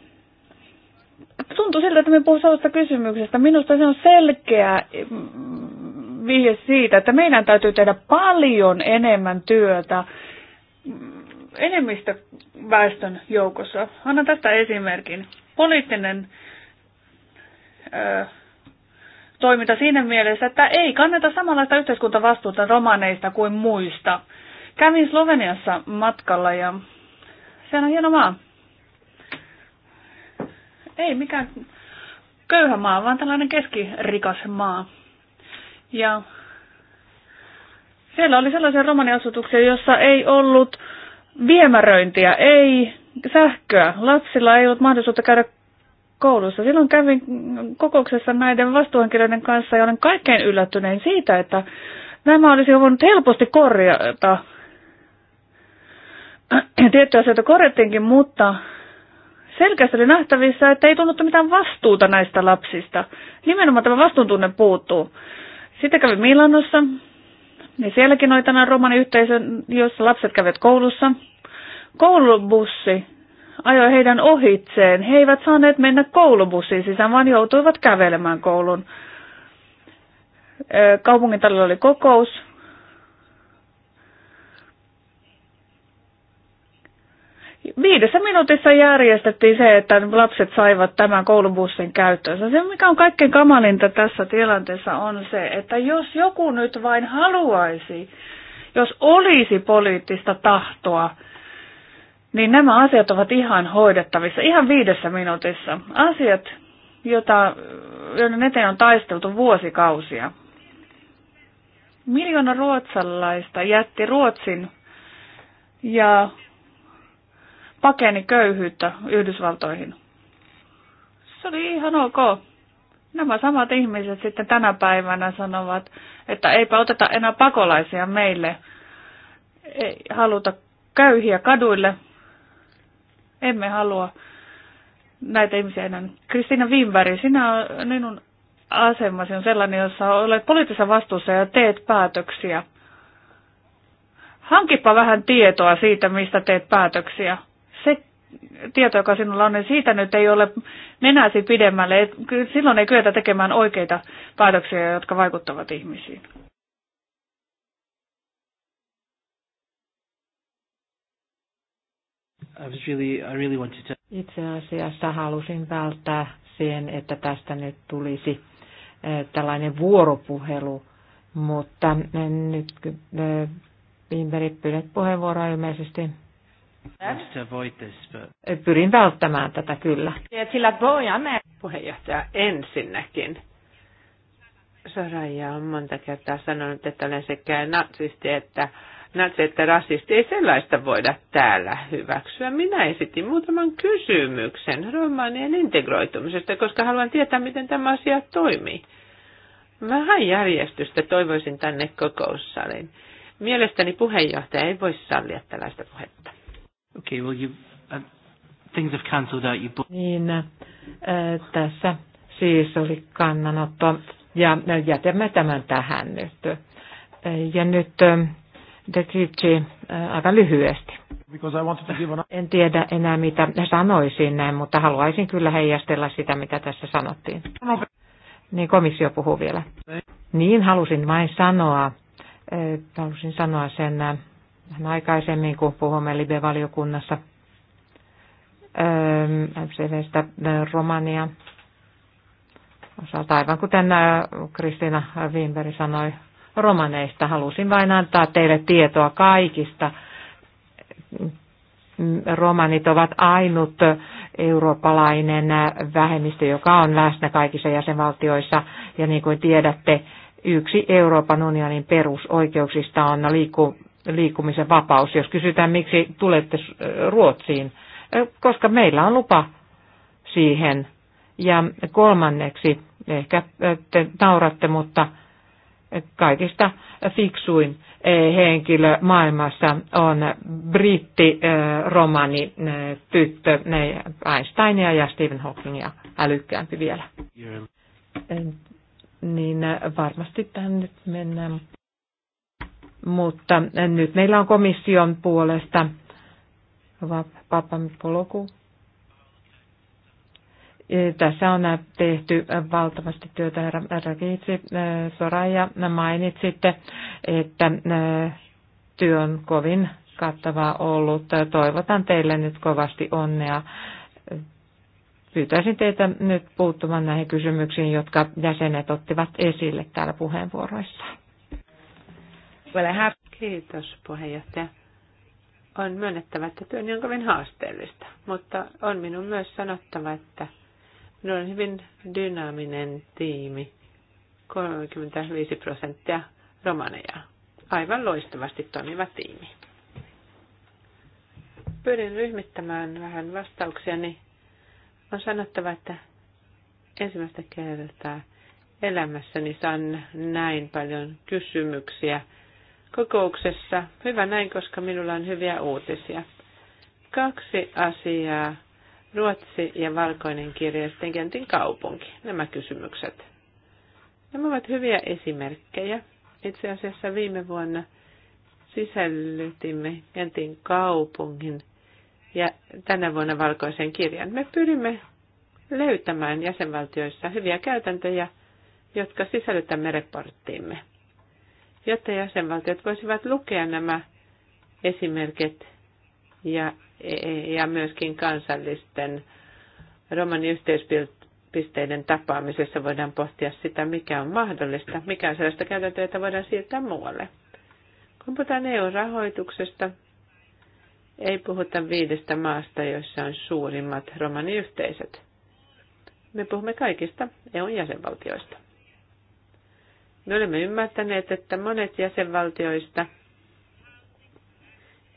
tuntuu siltä, että me puhumme samasta kysymyksestä. Minusta se on selkeä mm, vihje siitä, että meidän täytyy tehdä paljon enemmän työtä mm, enemmistö väestön joukossa. Annan tästä esimerkin. Poliittinen ö, toiminta siinä mielessä, että ei kanneta samanlaista yhteiskuntavastuuta romaneista kuin muista. Kävin Sloveniassa matkalla ja se on hieno maa ei mikään köyhä maa, vaan tällainen keskirikas maa. Ja siellä oli sellaisia romaniasutuksia, jossa ei ollut viemäröintiä, ei sähköä. Lapsilla ei ollut mahdollisuutta käydä koulussa. Silloin kävin kokouksessa näiden vastuuhenkilöiden kanssa ja olen kaikkein yllättyneen siitä, että nämä olisi voinut helposti korjata. [clears throat] Tiettyjä asioita korjattiinkin, mutta selkeästi oli nähtävissä, että ei tunnuttu mitään vastuuta näistä lapsista. Nimenomaan tämä vastuuntunne puuttuu. Sitten kävi Milanossa, Niin sielläkin oli tänään romani yhteisö, jossa lapset kävivät koulussa. Koulubussi ajoi heidän ohitseen. He eivät saaneet mennä koulubussiin sisään, vaan joutuivat kävelemään koulun. Kaupungintalolla oli kokous. Viidessä minuutissa järjestettiin se, että lapset saivat tämän koulubussin käyttöönsä. Se, mikä on kaikkein kamalinta tässä tilanteessa, on se, että jos joku nyt vain haluaisi, jos olisi poliittista tahtoa, niin nämä asiat ovat ihan hoidettavissa, ihan viidessä minuutissa. Asiat, jota, joiden eteen on taisteltu vuosikausia. Miljoona ruotsalaista jätti Ruotsin ja pakeni köyhyyttä Yhdysvaltoihin. Se oli ihan ok. Nämä samat ihmiset sitten tänä päivänä sanovat, että eipä oteta enää pakolaisia meille. Ei haluta köyhiä kaduille. Emme halua näitä ihmisiä enää. Kristiina Wimberg, sinä minun asemasi on sellainen, jossa olet poliittisessa vastuussa ja teet päätöksiä. Hankipa vähän tietoa siitä, mistä teet päätöksiä tieto, joka sinulla on, niin siitä nyt ei ole nenäsi pidemmälle. Silloin ei kyetä tekemään oikeita päätöksiä, jotka vaikuttavat ihmisiin. Itse asiassa halusin välttää sen, että tästä nyt tulisi eh, tällainen vuoropuhelu, mutta eh, nyt Pimperi eh, pyydät puheenvuoroa ilmeisesti. Pyrin välttämään tätä kyllä. Sillä voimme puheenjohtaja ensinnäkin. Soraja on monta kertaa sanonut, että olen sekä natsisti että, natsi että rasisti. Ei sellaista voida täällä hyväksyä. Minä esitin muutaman kysymyksen romaanien integroitumisesta, koska haluan tietää, miten tämä asia toimii. Vähän järjestystä toivoisin tänne kokoussaliin. Mielestäni puheenjohtaja ei voi sallia tällaista puhetta. Okay, well you, uh, things have cancelled out. You... Niin, äh, tässä siis oli kannanotto ja äh, jätämme tämän tähän nyt. Äh, ja nyt ähm, De äh, aivan lyhyesti. En tiedä enää mitä sanoisin, mutta haluaisin kyllä heijastella sitä, mitä tässä sanottiin. Niin komissio puhuu vielä. Niin halusin vain sanoa, äh, halusin sanoa sen vähän aikaisemmin, kun puhumme Libe-valiokunnassa ähm, FCVstä äh, Romania osalta. Aivan kuten äh, Kristiina Wimberi sanoi romaneista, halusin vain antaa teille tietoa kaikista. Romanit ovat ainut eurooppalainen äh, vähemmistö, joka on läsnä kaikissa jäsenvaltioissa. Ja niin kuin tiedätte, yksi Euroopan unionin perusoikeuksista on liikku, liikkumisen vapaus. Jos kysytään, miksi tulette äh, Ruotsiin, äh, koska meillä on lupa siihen. Ja kolmanneksi, ehkä äh, te nauratte, mutta kaikista fiksuin henkilö maailmassa on britti, romani, tyttö, Einsteinia ja Stephen Hawkingia älykkäämpi vielä. Niin varmasti tähän nyt mennään mutta nyt meillä on komission puolesta Papamipoloku. E, tässä on tehty valtavasti työtä, herra Rakitsi, e, Soraja, mainitsitte, että e, työ on kovin kattavaa ollut. Toivotan teille nyt kovasti onnea. Pyytäisin teitä nyt puuttumaan näihin kysymyksiin, jotka jäsenet ottivat esille täällä puheenvuoroissaan. Well, I have... Kiitos puheenjohtaja. On myönnettävä, että työni on niin kovin haasteellista, mutta on minun myös sanottava, että minulla on hyvin dynaaminen tiimi, 35 prosenttia romaneja. Aivan loistavasti toimiva tiimi. Pyrin ryhmittämään vähän vastauksia, niin On sanottava, että ensimmäistä kertaa elämässäni saan näin paljon kysymyksiä – kokouksessa. Hyvä näin, koska minulla on hyviä uutisia. Kaksi asiaa. Ruotsi ja valkoinen kirja ja Kentin kaupunki. Nämä kysymykset. Nämä ovat hyviä esimerkkejä. Itse asiassa viime vuonna sisällytimme Kentin kaupungin ja tänä vuonna valkoisen kirjan. Me pyrimme löytämään jäsenvaltioissa hyviä käytäntöjä, jotka sisällytämme reporttiimme jotta jäsenvaltiot voisivat lukea nämä esimerkit ja, ja myöskin kansallisten romani yhteispisteiden tapaamisessa voidaan pohtia sitä, mikä on mahdollista, mikä on sellaista käytäntöä, jota voidaan siirtää muualle. Kun puhutaan EU-rahoituksesta, ei puhuta viidestä maasta, joissa on suurimmat romaniyhteisöt. Me puhumme kaikista eu jäsenvaltioista. Me olemme ymmärtäneet, että monet jäsenvaltioista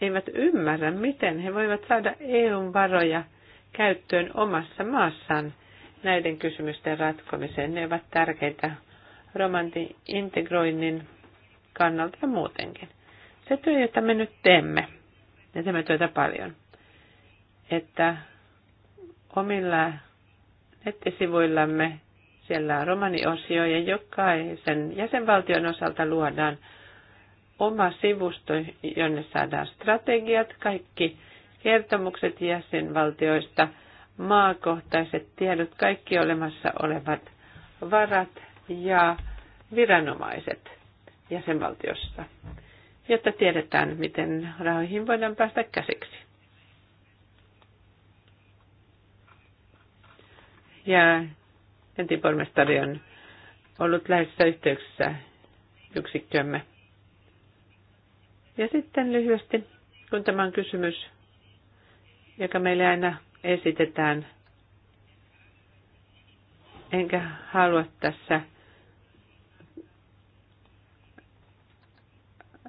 eivät ymmärrä, miten he voivat saada EUn varoja käyttöön omassa maassaan näiden kysymysten ratkomiseen. Ne ovat tärkeitä romantin integroinnin kannalta ja muutenkin. Se työ, jota me nyt teemme, ja teemme työtä paljon, että omilla nettisivuillamme siellä romaniosio ja jokaisen jäsenvaltion osalta luodaan oma sivusto, jonne saadaan strategiat, kaikki kertomukset jäsenvaltioista, maakohtaiset tiedot, kaikki olemassa olevat varat ja viranomaiset jäsenvaltiossa, jotta tiedetään, miten rahoihin voidaan päästä käsiksi. Ja entipormestari on ollut läheisissä yhteyksissä yksikkömme. Ja sitten lyhyesti, kun tämä on kysymys, joka meille aina esitetään, enkä halua tässä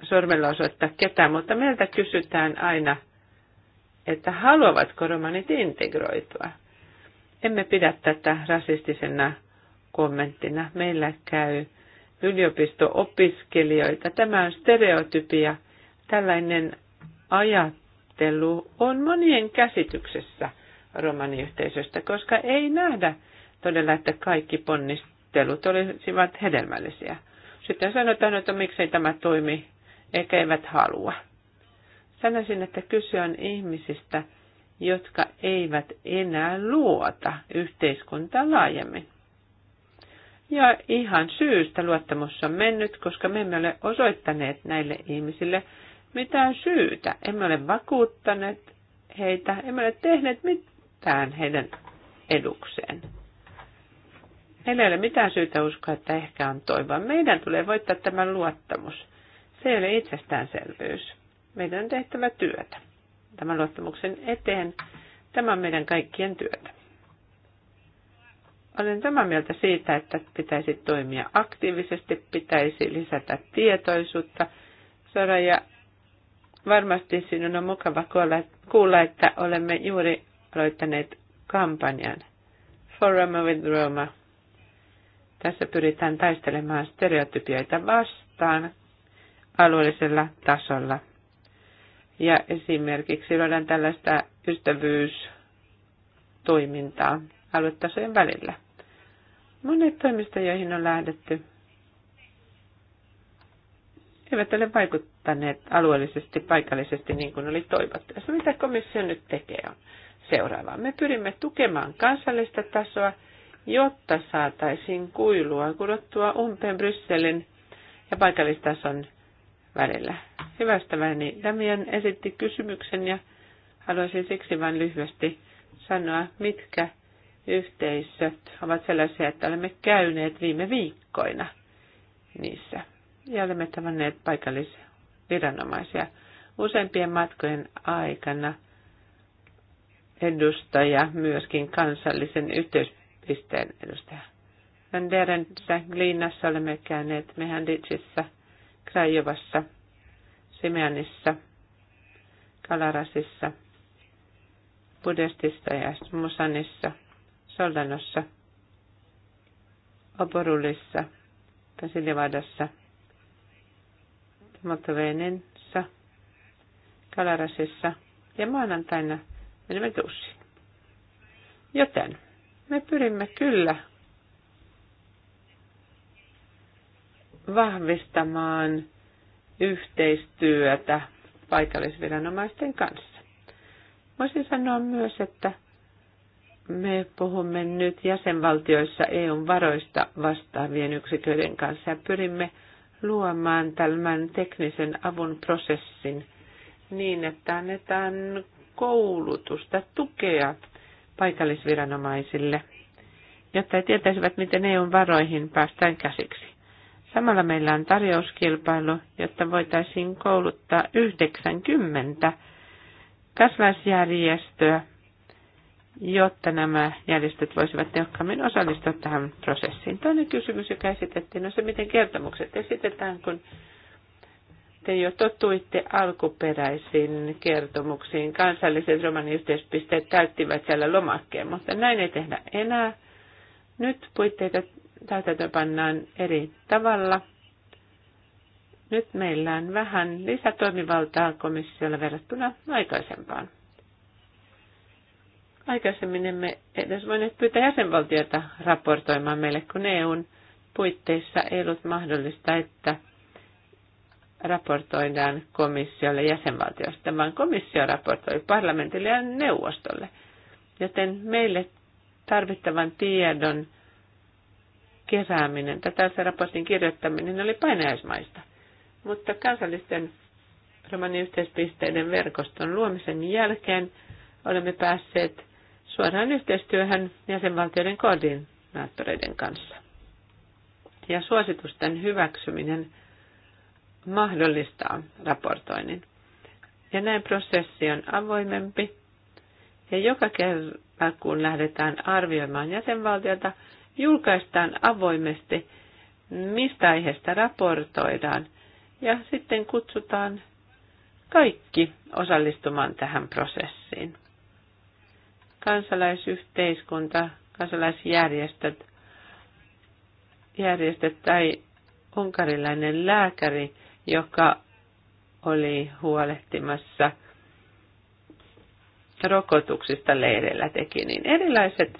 sormella osoittaa ketään, mutta meiltä kysytään aina, että haluavatko romanit integroitua. Emme pidä tätä rasistisena kommenttina. Meillä käy yliopisto-opiskelijoita. Tämä on stereotypia. Tällainen ajattelu on monien käsityksessä romaniyhteisöstä, koska ei nähdä todella, että kaikki ponnistelut olisivat hedelmällisiä. Sitten sanotaan, että miksei tämä toimi, eikä eivät halua. Sanoisin, että kyse on ihmisistä – jotka eivät enää luota yhteiskuntaa laajemmin. Ja ihan syystä luottamus on mennyt, koska me emme ole osoittaneet näille ihmisille mitään syytä. Emme ole vakuuttaneet heitä, emme ole tehneet mitään heidän edukseen. Heillä ei ole mitään syytä uskoa, että ehkä on toivoa. Meidän tulee voittaa tämä luottamus. Se ei ole itsestäänselvyys. Meidän on tehtävä työtä tämän luottamuksen eteen. Tämä on meidän kaikkien työtä. Olen samaa mieltä siitä, että pitäisi toimia aktiivisesti, pitäisi lisätä tietoisuutta. Sora, ja varmasti sinun on mukava kuulla, että olemme juuri aloittaneet kampanjan Forum with Roma. Tässä pyritään taistelemaan stereotypioita vastaan alueellisella tasolla ja esimerkiksi löydän tällaista ystävyystoimintaa aluetasojen välillä. Monet toimista, joihin on lähdetty, eivät ole vaikuttaneet alueellisesti, paikallisesti niin kuin oli toivottu. Ja se, mitä komissio nyt tekee, on seuraavaa. Me pyrimme tukemaan kansallista tasoa, jotta saataisiin kuilua kudottua umpeen Brysselin ja paikallistason välillä. Hyvä ystäväni, Damian esitti kysymyksen ja haluaisin siksi vain lyhyesti sanoa, mitkä yhteisöt ovat sellaisia, että olemme käyneet viime viikkoina niissä. Ja olemme tavanneet paikallisviranomaisia useimpien matkojen aikana edustaja, myöskin kansallisen yhteyspisteen edustaja. Vanderensä Glinassa olemme käyneet Mehanditsissa – Krajovassa, Simeanissa, Kalarasissa, Budestissa ja Musanissa, Soldanossa, Oporulissa, Pesilivadassa, Motovenensa, Kalarasissa ja maanantaina menemme Tussiin. Joten me pyrimme kyllä vahvistamaan yhteistyötä paikallisviranomaisten kanssa. Voisin sanoa myös, että me puhumme nyt jäsenvaltioissa EUn varoista vastaavien yksiköiden kanssa ja pyrimme luomaan tämän teknisen avun prosessin niin, että annetaan koulutusta, tukea paikallisviranomaisille, jotta he tietäisivät, miten EUn varoihin päästään käsiksi. Samalla meillä on tarjouskilpailu, jotta voitaisiin kouluttaa 90 kasvaisjärjestöä, jotta nämä järjestöt voisivat tehokkaammin osallistua tähän prosessiin. Toinen kysymys, joka esitettiin, on se, miten kertomukset esitetään, kun te jo totuitte alkuperäisiin kertomuksiin. Kansalliset romaniyhteispisteet täyttivät siellä lomakkeen, mutta näin ei tehdä enää. Nyt puitteita täytäntö pannaan eri tavalla. Nyt meillä on vähän lisätoimivaltaa komissiolla verrattuna aikaisempaan. Aikaisemmin emme edes voineet pyytää jäsenvaltiota raportoimaan meille, kun EUn puitteissa ei ollut mahdollista, että raportoidaan komissiolle jäsenvaltiosta, vaan komissio raportoi parlamentille ja neuvostolle. Joten meille tarvittavan tiedon kerääminen, tätä se raportin kirjoittaminen oli painajaismaista. Mutta kansallisten romaniyhteispisteiden verkoston luomisen jälkeen olemme päässeet suoraan yhteistyöhön jäsenvaltioiden koordinaattoreiden kanssa. Ja suositusten hyväksyminen mahdollistaa raportoinnin. Ja näin prosessi on avoimempi. Ja joka kerta, kun lähdetään arvioimaan jäsenvaltiota, julkaistaan avoimesti, mistä aiheesta raportoidaan ja sitten kutsutaan kaikki osallistumaan tähän prosessiin. Kansalaisyhteiskunta, kansalaisjärjestöt, järjestöt tai unkarilainen lääkäri, joka oli huolehtimassa rokotuksista leireillä teki, niin erilaiset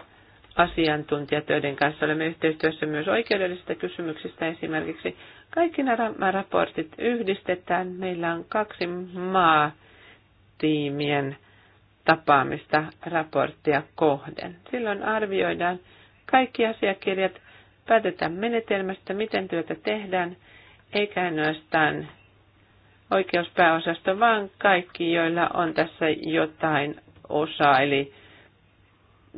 Asiantuntijat joiden kanssa. Olemme yhteistyössä myös oikeudellisista kysymyksistä esimerkiksi. Kaikki nämä raportit yhdistetään. Meillä on kaksi maatiimien tapaamista raporttia kohden. Silloin arvioidaan kaikki asiakirjat, päätetään menetelmästä, miten työtä tehdään, eikä ainoastaan oikeuspääosasto, vaan kaikki, joilla on tässä jotain osaa, eli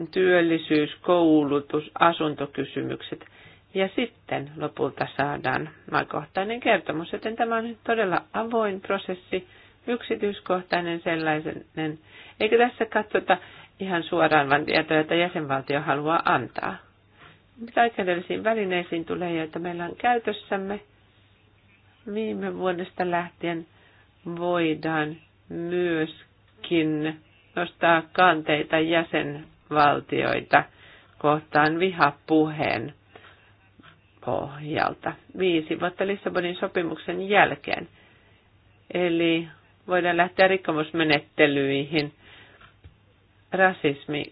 työllisyys, koulutus, asuntokysymykset. Ja sitten lopulta saadaan maakohtainen kertomus, joten tämä on todella avoin prosessi, yksityiskohtainen sellainen. Eikä tässä katsota ihan suoraan vain tietoja, joita jäsenvaltio haluaa antaa. Mitä oikeudellisiin välineisiin tulee, joita meillä on käytössämme, viime vuodesta lähtien voidaan myöskin nostaa kanteita jäsen valtioita kohtaan vihapuheen pohjalta viisi vuotta Lissabonin sopimuksen jälkeen. Eli voidaan lähteä rikkomusmenettelyihin. Rasismi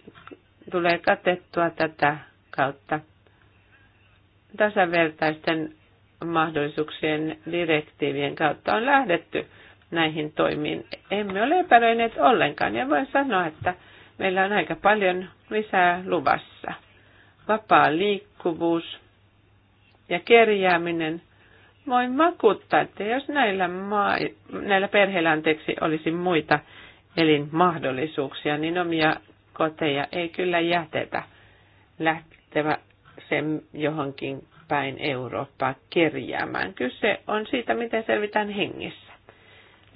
tulee katettua tätä kautta tasavertaisten mahdollisuuksien direktiivien kautta on lähdetty näihin toimiin. Emme ole epäröineet ollenkaan ja voin sanoa, että Meillä on aika paljon lisää luvassa. Vapaa liikkuvuus ja kerjääminen. voi makuttaa, että jos näillä, maa, näillä perheillä anteeksi olisi muita elinmahdollisuuksia, niin omia koteja ei kyllä jätetä lähtevä sen johonkin päin Eurooppaa kerjäämään. Kyse on siitä, miten selvitään hengissä.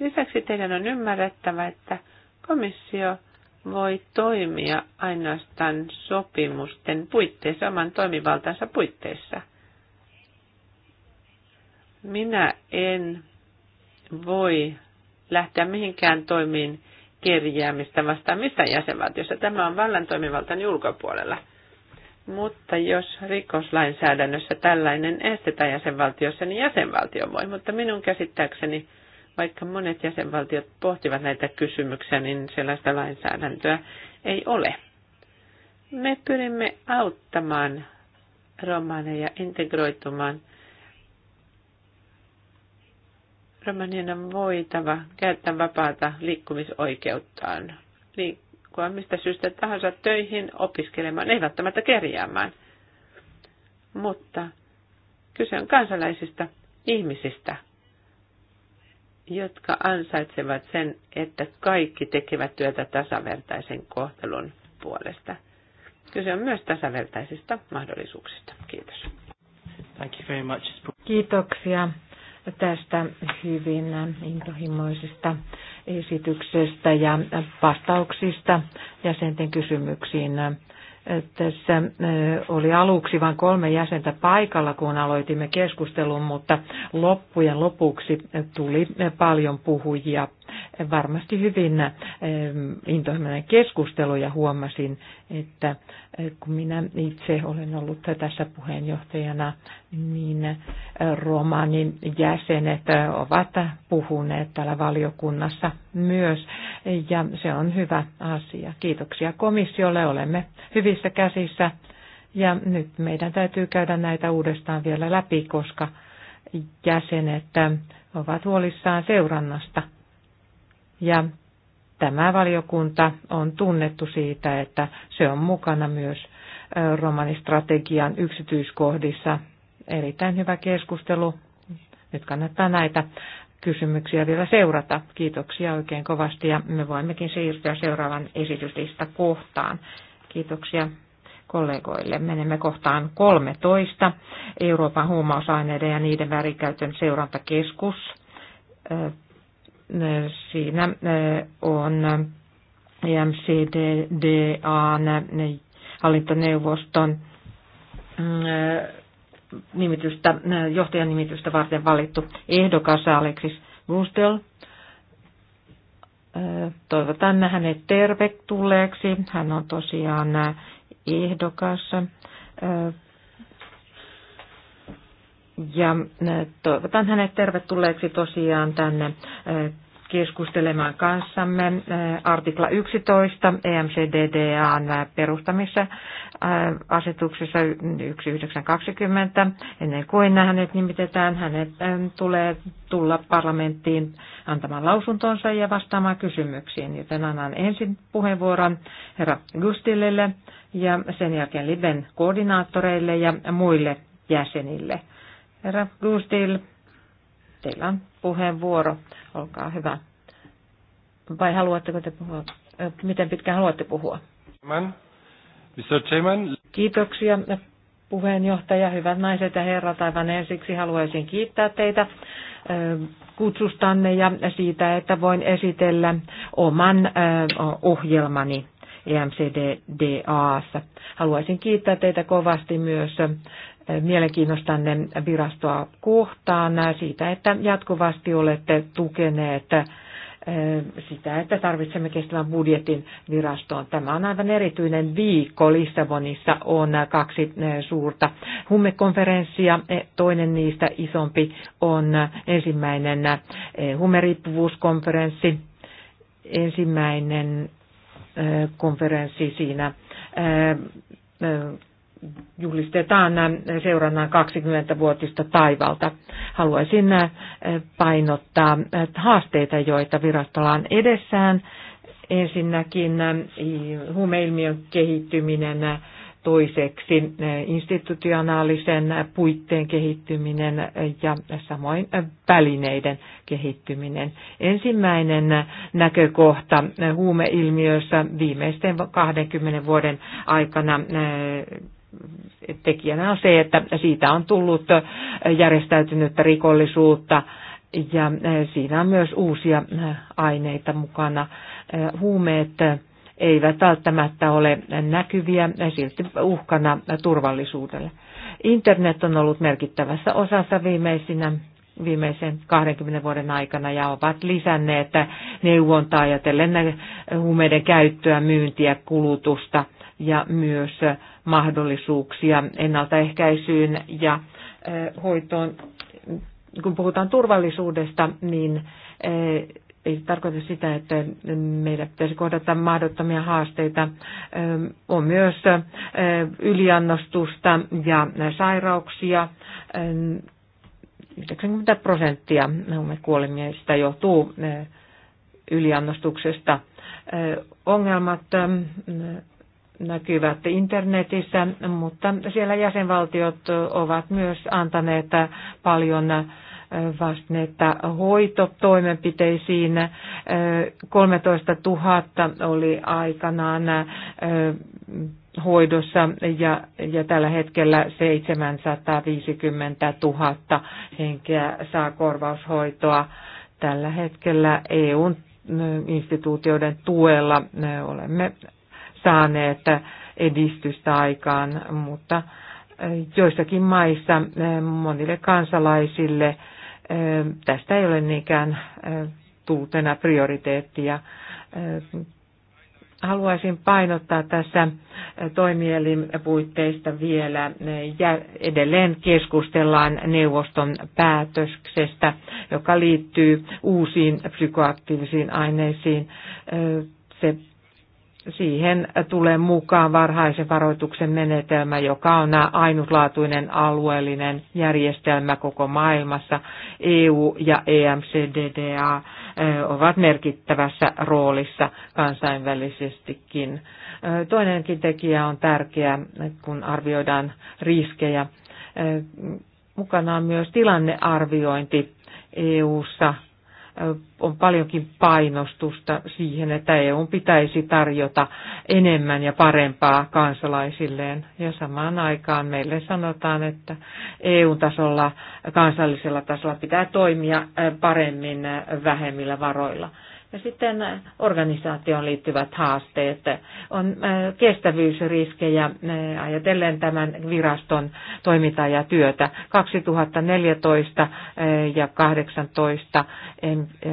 Lisäksi teidän on ymmärrettävä, että komissio voi toimia ainoastaan sopimusten puitteissa, oman toimivaltansa puitteissa. Minä en voi lähteä mihinkään toimiin kerjäämistä vastaan missä jäsenvaltiossa. Tämä on vallan toimivaltaan ulkopuolella. Mutta jos rikoslainsäädännössä tällainen estetään jäsenvaltiossa, niin jäsenvaltio voi. Mutta minun käsittääkseni vaikka monet jäsenvaltiot pohtivat näitä kysymyksiä, niin sellaista lainsäädäntöä ei ole. Me pyrimme auttamaan romaneja integroitumaan. Romanien on voitava käyttää vapaata liikkumisoikeuttaan. Liikkua mistä syystä tahansa töihin, opiskelemaan, ei välttämättä kerjäämään. Mutta kyse on kansalaisista ihmisistä, jotka ansaitsevat sen, että kaikki tekevät työtä tasavertaisen kohtelun puolesta. Kyse on myös tasavertaisista mahdollisuuksista. Kiitos. Thank you very much. Kiitoksia tästä hyvin intohimoisesta esityksestä ja vastauksista jäsenten kysymyksiin. Tässä oli aluksi vain kolme jäsentä paikalla, kun aloitimme keskustelun, mutta loppujen lopuksi tuli paljon puhujia varmasti hyvin eh, intohimoinen keskustelu ja huomasin, että eh, kun minä itse olen ollut tässä puheenjohtajana, niin eh, romanin jäsenet ovat puhuneet täällä valiokunnassa myös ja se on hyvä asia. Kiitoksia komissiolle, olemme hyvissä käsissä ja nyt meidän täytyy käydä näitä uudestaan vielä läpi, koska jäsenet ovat huolissaan seurannasta ja tämä valiokunta on tunnettu siitä, että se on mukana myös romanistrategian yksityiskohdissa. Erittäin hyvä keskustelu. Nyt kannattaa näitä kysymyksiä vielä seurata. Kiitoksia oikein kovasti ja me voimmekin siirtyä seuraavan esityslista kohtaan. Kiitoksia kollegoille. Menemme kohtaan 13. Euroopan huumausaineiden ja niiden värikäytön seurantakeskus. Siinä on EMCDDAn hallintoneuvoston nimitystä, johtajan nimitystä varten valittu ehdokas Aleksis Bustel. Toivotan hänet tervetulleeksi. Hän on tosiaan ehdokas ja eh, toivotan hänet tervetulleeksi tosiaan tänne eh, keskustelemaan kanssamme eh, artikla 11 EMCDDAn perustamissa asetuksessa 1920. Ennen kuin hänet nimitetään, hänet tulee tulla parlamenttiin antamaan lausuntonsa ja vastaamaan kysymyksiin, joten annan ensin puheenvuoron herra Gustillelle ja sen jälkeen Liben koordinaattoreille ja muille jäsenille. Herra Gustil teillä on puheenvuoro. Olkaa hyvä. Vai haluatteko te puhua? Miten pitkään haluatte puhua? Mr. Chairman. Kiitoksia puheenjohtaja, hyvät naiset ja herrat. Aivan ensiksi haluaisin kiittää teitä kutsustanne ja siitä, että voin esitellä oman ohjelmani EMCDDAssa. Haluaisin kiittää teitä kovasti myös mielenkiinnostanne virastoa kohtaan siitä, että jatkuvasti olette tukeneet eh, sitä, että tarvitsemme kestävän budjetin virastoon. Tämä on aivan erityinen viikko. Lissabonissa on kaksi eh, suurta huumekonferenssia. Eh, toinen niistä isompi on ensimmäinen huumeriippuvuuskonferenssi. Ensimmäinen konferenssi siinä julistetaan seurannan 20-vuotista taivalta. Haluaisin painottaa haasteita, joita virastolla on edessään. Ensinnäkin huumeilmiön kehittyminen, toiseksi institutionaalisen puitteen kehittyminen ja samoin välineiden kehittyminen. Ensimmäinen näkökohta huumeilmiössä viimeisten 20 vuoden aikana tekijänä on se, että siitä on tullut järjestäytynyttä rikollisuutta ja siinä on myös uusia aineita mukana. Huumeet eivät välttämättä ole näkyviä, silti uhkana turvallisuudelle. Internet on ollut merkittävässä osassa viimeisinä viimeisen 20 vuoden aikana ja ovat lisänneet neuvontaa ajatellen huumeiden käyttöä, myyntiä, kulutusta ja myös mahdollisuuksia ennaltaehkäisyyn ja hoitoon. Kun puhutaan turvallisuudesta, niin ei tarkoita sitä, että meidän pitäisi kohdata mahdottomia haasteita. On myös yliannostusta ja sairauksia. 90 prosenttia kuolemista johtuu yliannostuksesta. Ongelmat näkyvät internetissä, mutta siellä jäsenvaltiot ovat myös antaneet paljon äh, vastinetta hoitotoimenpiteisiin. 13 äh, 000 oli aikanaan äh, hoidossa ja, ja tällä hetkellä 750 000 henkeä saa korvaushoitoa. Tällä hetkellä EUn instituutioiden tuella olemme saaneet edistystä aikaan, mutta eh, joissakin maissa eh, monille kansalaisille eh, tästä ei ole niinkään tultena prioriteettia. Haluaisin painottaa tässä toimielinpuitteista vielä. Ja edelleen keskustellaan neuvoston päätöksestä, joka liittyy uusiin psykoaktiivisiin aineisiin. Se Siihen tulee mukaan varhaisen varoituksen menetelmä, joka on ainutlaatuinen alueellinen järjestelmä koko maailmassa. EU ja EMCDDA ovat merkittävässä roolissa kansainvälisestikin. Toinenkin tekijä on tärkeä, kun arvioidaan riskejä. Mukana on myös tilannearviointi EU-ssa on paljonkin painostusta siihen, että EU pitäisi tarjota enemmän ja parempaa kansalaisilleen. Ja samaan aikaan meille sanotaan, että EU-tasolla, kansallisella tasolla pitää toimia paremmin vähemmillä varoilla. Ja sitten organisaatioon liittyvät haasteet, on äh, kestävyysriskejä äh, ajatellen tämän viraston toimintaa ja työtä. 2014 äh, ja 2018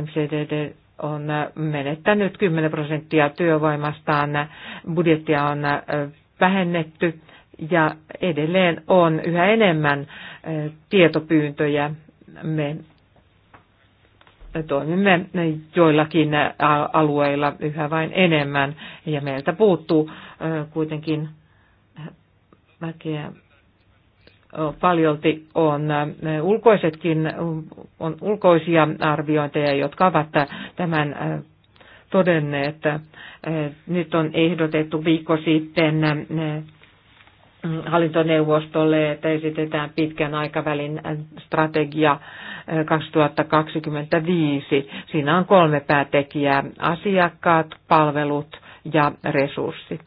MCDD on menettänyt 10 prosenttia työvoimastaan, budjettia on vähennetty ja edelleen on yhä enemmän tietopyyntöjä. Me toimimme joillakin alueilla yhä vain enemmän ja meiltä puuttuu kuitenkin väkeä paljolti on ulkoisetkin, on ulkoisia arviointeja, jotka ovat tämän todenneet. Nyt on ehdotettu viikko sitten hallintoneuvostolle, että esitetään pitkän aikavälin strategia 2025. Siinä on kolme päätekijää, asiakkaat, palvelut ja resurssit.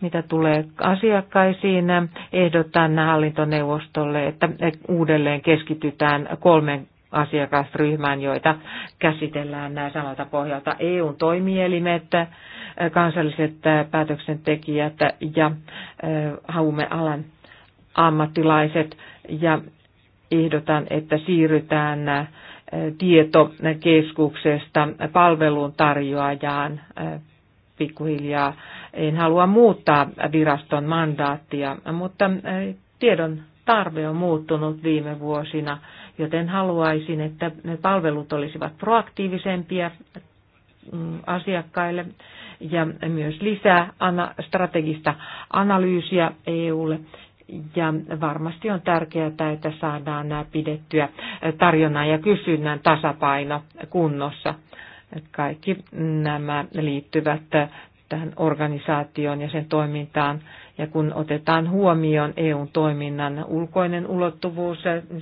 Mitä tulee asiakkaisiin, ehdotan hallintoneuvostolle, että uudelleen keskitytään kolmen asiakasryhmään, joita käsitellään nämä samalta pohjalta eu toimielimet, kansalliset päätöksentekijät ja haumealan ammattilaiset ja ehdotan, että siirrytään tietokeskuksesta palvelun tarjoajaan pikkuhiljaa. En halua muuttaa viraston mandaattia, mutta tiedon tarve on muuttunut viime vuosina joten haluaisin, että ne palvelut olisivat proaktiivisempia mm, asiakkaille ja myös lisää strategista analyysiä EUlle. Ja varmasti on tärkeää, että saadaan nämä pidettyä tarjonnan ja kysynnän tasapaino kunnossa. Kaikki nämä liittyvät tähän organisaatioon ja sen toimintaan ja kun otetaan huomioon EUn toiminnan ulkoinen ulottuvuus,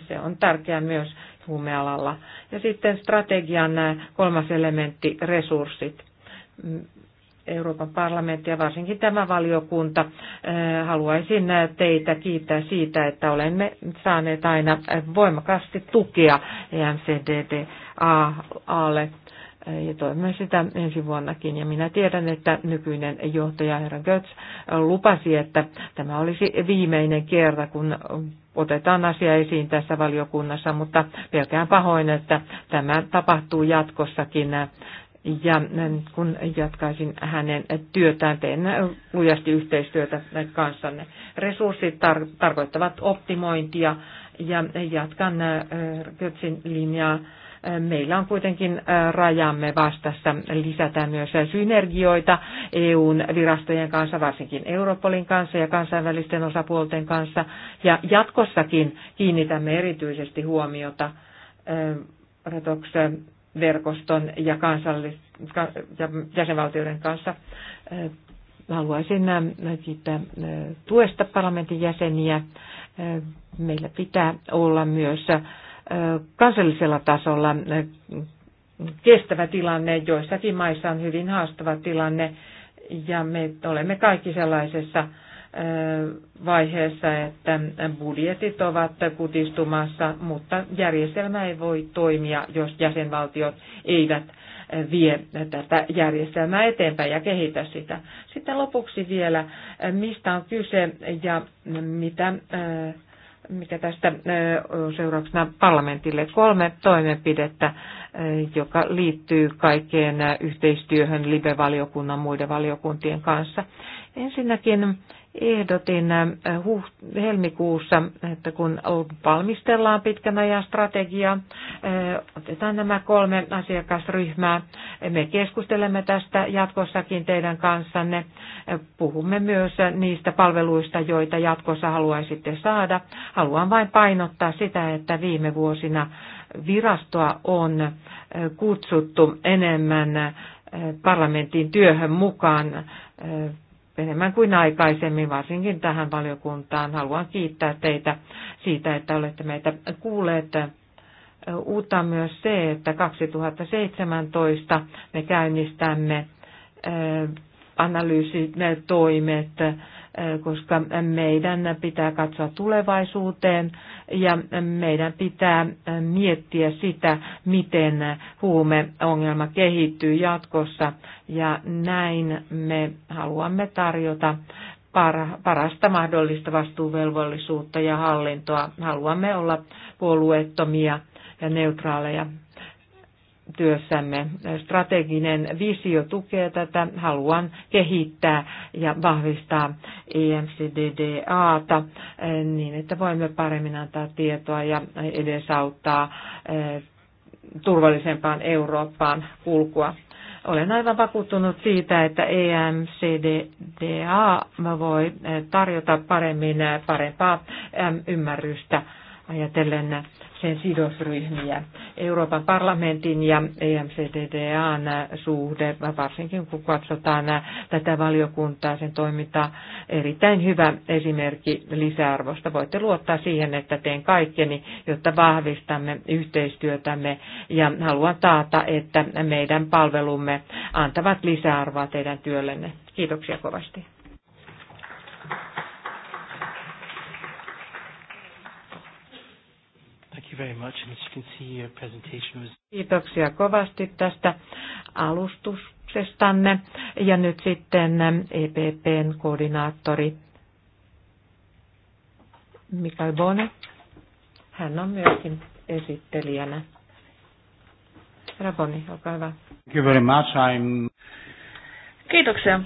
se on tärkeää myös huumealalla. Ja sitten strategian kolmas elementti, resurssit. Euroopan parlamentti ja varsinkin tämä valiokunta. Eh, haluaisin teitä kiittää siitä, että olemme saaneet aina voimakkaasti tukea EMCDDAlle ja toimme sitä ensi vuonnakin. Ja minä tiedän, että nykyinen johtaja herra Götz lupasi, että tämä olisi viimeinen kerta, kun otetaan asia esiin tässä valiokunnassa, mutta pelkään pahoin, että tämä tapahtuu jatkossakin. Ja kun jatkaisin hänen työtään, teen lujasti yhteistyötä kanssanne. Resurssit tar- tarkoittavat optimointia ja jatkan äh, Götzin linjaa Meillä on kuitenkin rajamme vastassa. Lisätään myös synergioita EUn virastojen kanssa, varsinkin Europolin kanssa ja kansainvälisten osapuolten kanssa. Ja jatkossakin kiinnitämme erityisesti huomiota retoksen verkoston ja, kansallis- ja jäsenvaltioiden kanssa. Haluaisin kiittää tuesta parlamentin jäseniä. Meillä pitää olla myös kansallisella tasolla kestävä tilanne. Joissakin maissa on hyvin haastava tilanne ja me olemme kaikki sellaisessa vaiheessa, että budjetit ovat kutistumassa, mutta järjestelmä ei voi toimia, jos jäsenvaltiot eivät vie tätä järjestelmää eteenpäin ja kehitä sitä. Sitten lopuksi vielä, mistä on kyse ja mitä mikä tästä seurauksena parlamentille kolme toimenpidettä, joka liittyy kaikkeen yhteistyöhön live-valiokunnan muiden valiokuntien kanssa. Ensinnäkin ehdotin äh, helmikuussa, että kun valmistellaan pitkän ajan strategia, äh, otetaan nämä kolme asiakasryhmää. Me keskustelemme tästä jatkossakin teidän kanssanne. Äh, puhumme myös niistä palveluista, joita jatkossa haluaisitte saada. Haluan vain painottaa sitä, että viime vuosina virastoa on kutsuttu enemmän parlamentin työhön mukaan enemmän kuin aikaisemmin, varsinkin tähän valiokuntaan. Haluan kiittää teitä siitä, että olette meitä kuulleet. Uutta on myös se, että 2017 me käynnistämme analyysitoimet toimet koska meidän pitää katsoa tulevaisuuteen ja meidän pitää miettiä sitä, miten huumeongelma kehittyy jatkossa ja näin me haluamme tarjota parasta mahdollista vastuuvelvollisuutta ja hallintoa. Haluamme olla puolueettomia ja neutraaleja työssämme. Strateginen visio tukee tätä. Haluan kehittää ja vahvistaa EMCDDAta eh, niin, että voimme paremmin antaa tietoa ja edesauttaa eh, turvallisempaan Eurooppaan kulkua. Olen aivan vakuuttunut siitä, että EMCDDA voi eh, tarjota paremmin parempaa ymmärrystä ajatellen sen sidosryhmiä. Euroopan parlamentin ja EMCDDAn suhde, varsinkin kun katsotaan tätä valiokuntaa, sen toimintaa, erittäin hyvä esimerkki lisäarvosta. Voitte luottaa siihen, että teen kaikkeni, jotta vahvistamme yhteistyötämme ja haluan taata, että meidän palvelumme antavat lisäarvoa teidän työllenne. Kiitoksia kovasti. very much. And as you can see, your presentation was... Kiitoksia kovasti tästä alustuksestanne. Ja nyt sitten ähm, EPPn koordinaattori Mikael Bone. Hän on myöskin esittelijänä. Herra Boni, olkaa hyvä. Thank you very much. I'm... Kiitoksia.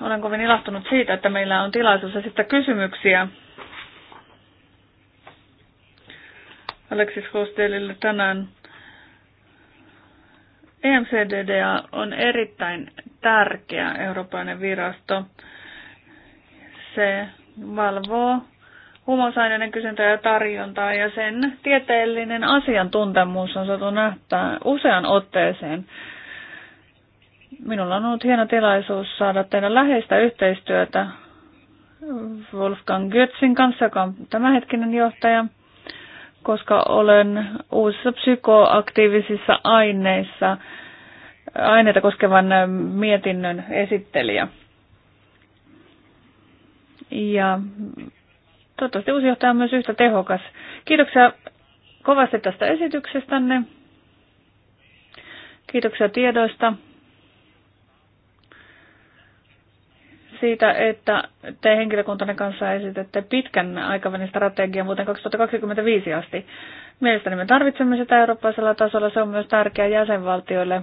Olen kovin ilahtunut siitä, että meillä on tilaisuus esittää kysymyksiä Alexis Hostelille tänään. EMCDDA on erittäin tärkeä eurooppalainen virasto. Se valvoo huumausaineiden kysyntää ja tarjontaa ja sen tieteellinen asiantuntemus on saatu nähtää usean otteeseen. Minulla on ollut hieno tilaisuus saada teidän läheistä yhteistyötä Wolfgang Götzin kanssa, joka on tämänhetkinen johtaja – koska olen uusissa psykoaktiivisissa aineissa aineita koskevan mietinnön esittelijä. Ja toivottavasti uusi johtaja on myös yhtä tehokas. Kiitoksia kovasti tästä esityksestänne. Kiitoksia tiedoista. siitä, että te henkilökuntanne kanssa esitette pitkän aikavälin strategian vuoteen 2025 asti. Mielestäni me tarvitsemme sitä eurooppalaisella tasolla. Se on myös tärkeää jäsenvaltioille.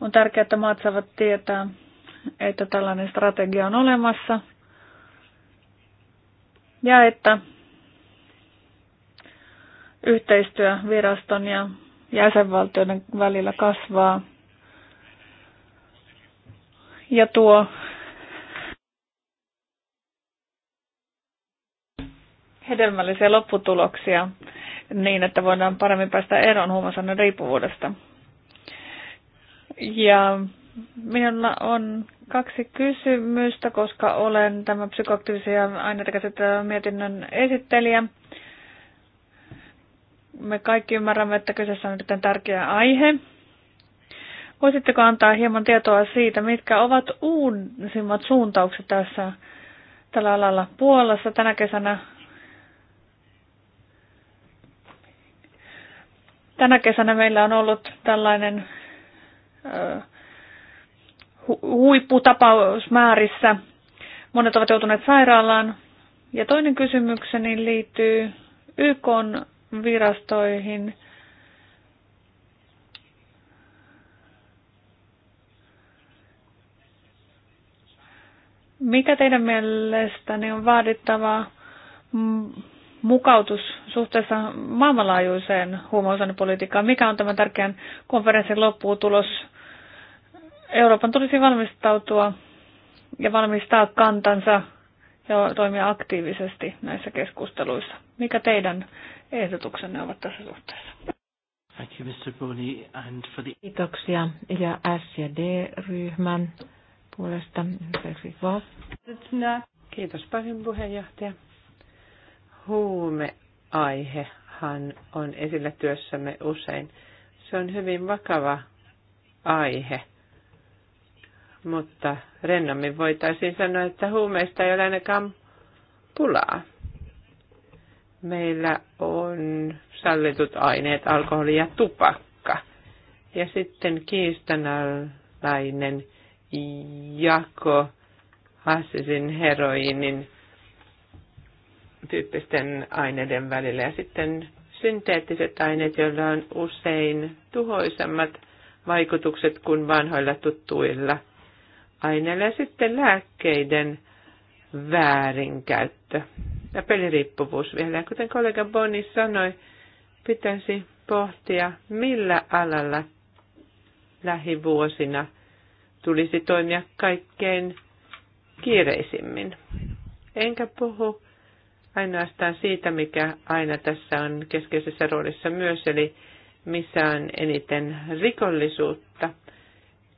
On tärkeää, että maat saavat tietää, että tällainen strategia on olemassa ja että yhteistyö viraston ja jäsenvaltioiden välillä kasvaa – ja tuo hedelmällisiä lopputuloksia niin, että voidaan paremmin päästä eroon huumausaineen riippuvuudesta. Ja minulla on kaksi kysymystä, koska olen tämä psykoaktiivisia aineita käsittelevän mietinnön esittelijä. Me kaikki ymmärrämme, että kyseessä on erittäin tärkeä aihe, Voisitteko antaa hieman tietoa siitä, mitkä ovat uusimmat suuntaukset tässä tällä alalla Puolassa tänä kesänä? Tänä kesänä meillä on ollut tällainen ö, hu- huipputapausmäärissä. Monet ovat joutuneet sairaalaan. Ja toinen kysymykseni liittyy YK virastoihin – Mikä teidän mielestänne on vaadittava mukautus suhteessa maailmanlaajuiseen huumausainepolitiikkaan? Mikä on tämän tärkeän konferenssin loppuutulos? Euroopan tulisi valmistautua ja valmistaa kantansa ja toimia aktiivisesti näissä keskusteluissa. Mikä teidän ehdotuksenne ovat tässä suhteessa? Kiitoksia. Ja S- ja D-ryhmän puolesta. Kiitos paljon puheenjohtaja. Huumeaihehan on esillä työssämme usein. Se on hyvin vakava aihe, mutta rennommin voitaisiin sanoa, että huumeista ei ole ainakaan pulaa. Meillä on sallitut aineet, alkoholi ja tupakka. Ja sitten kiistanalainen jako hassisin heroinin tyyppisten aineiden välillä. Ja sitten synteettiset aineet, joilla on usein tuhoisemmat vaikutukset kuin vanhoilla tuttuilla aineilla. Ja sitten lääkkeiden väärinkäyttö ja peliriippuvuus vielä. Ja kuten kollega Boni sanoi, pitäisi pohtia, millä alalla lähivuosina – tulisi toimia kaikkein kiireisimmin. Enkä puhu ainoastaan siitä, mikä aina tässä on keskeisessä roolissa myös, eli missä on eniten rikollisuutta,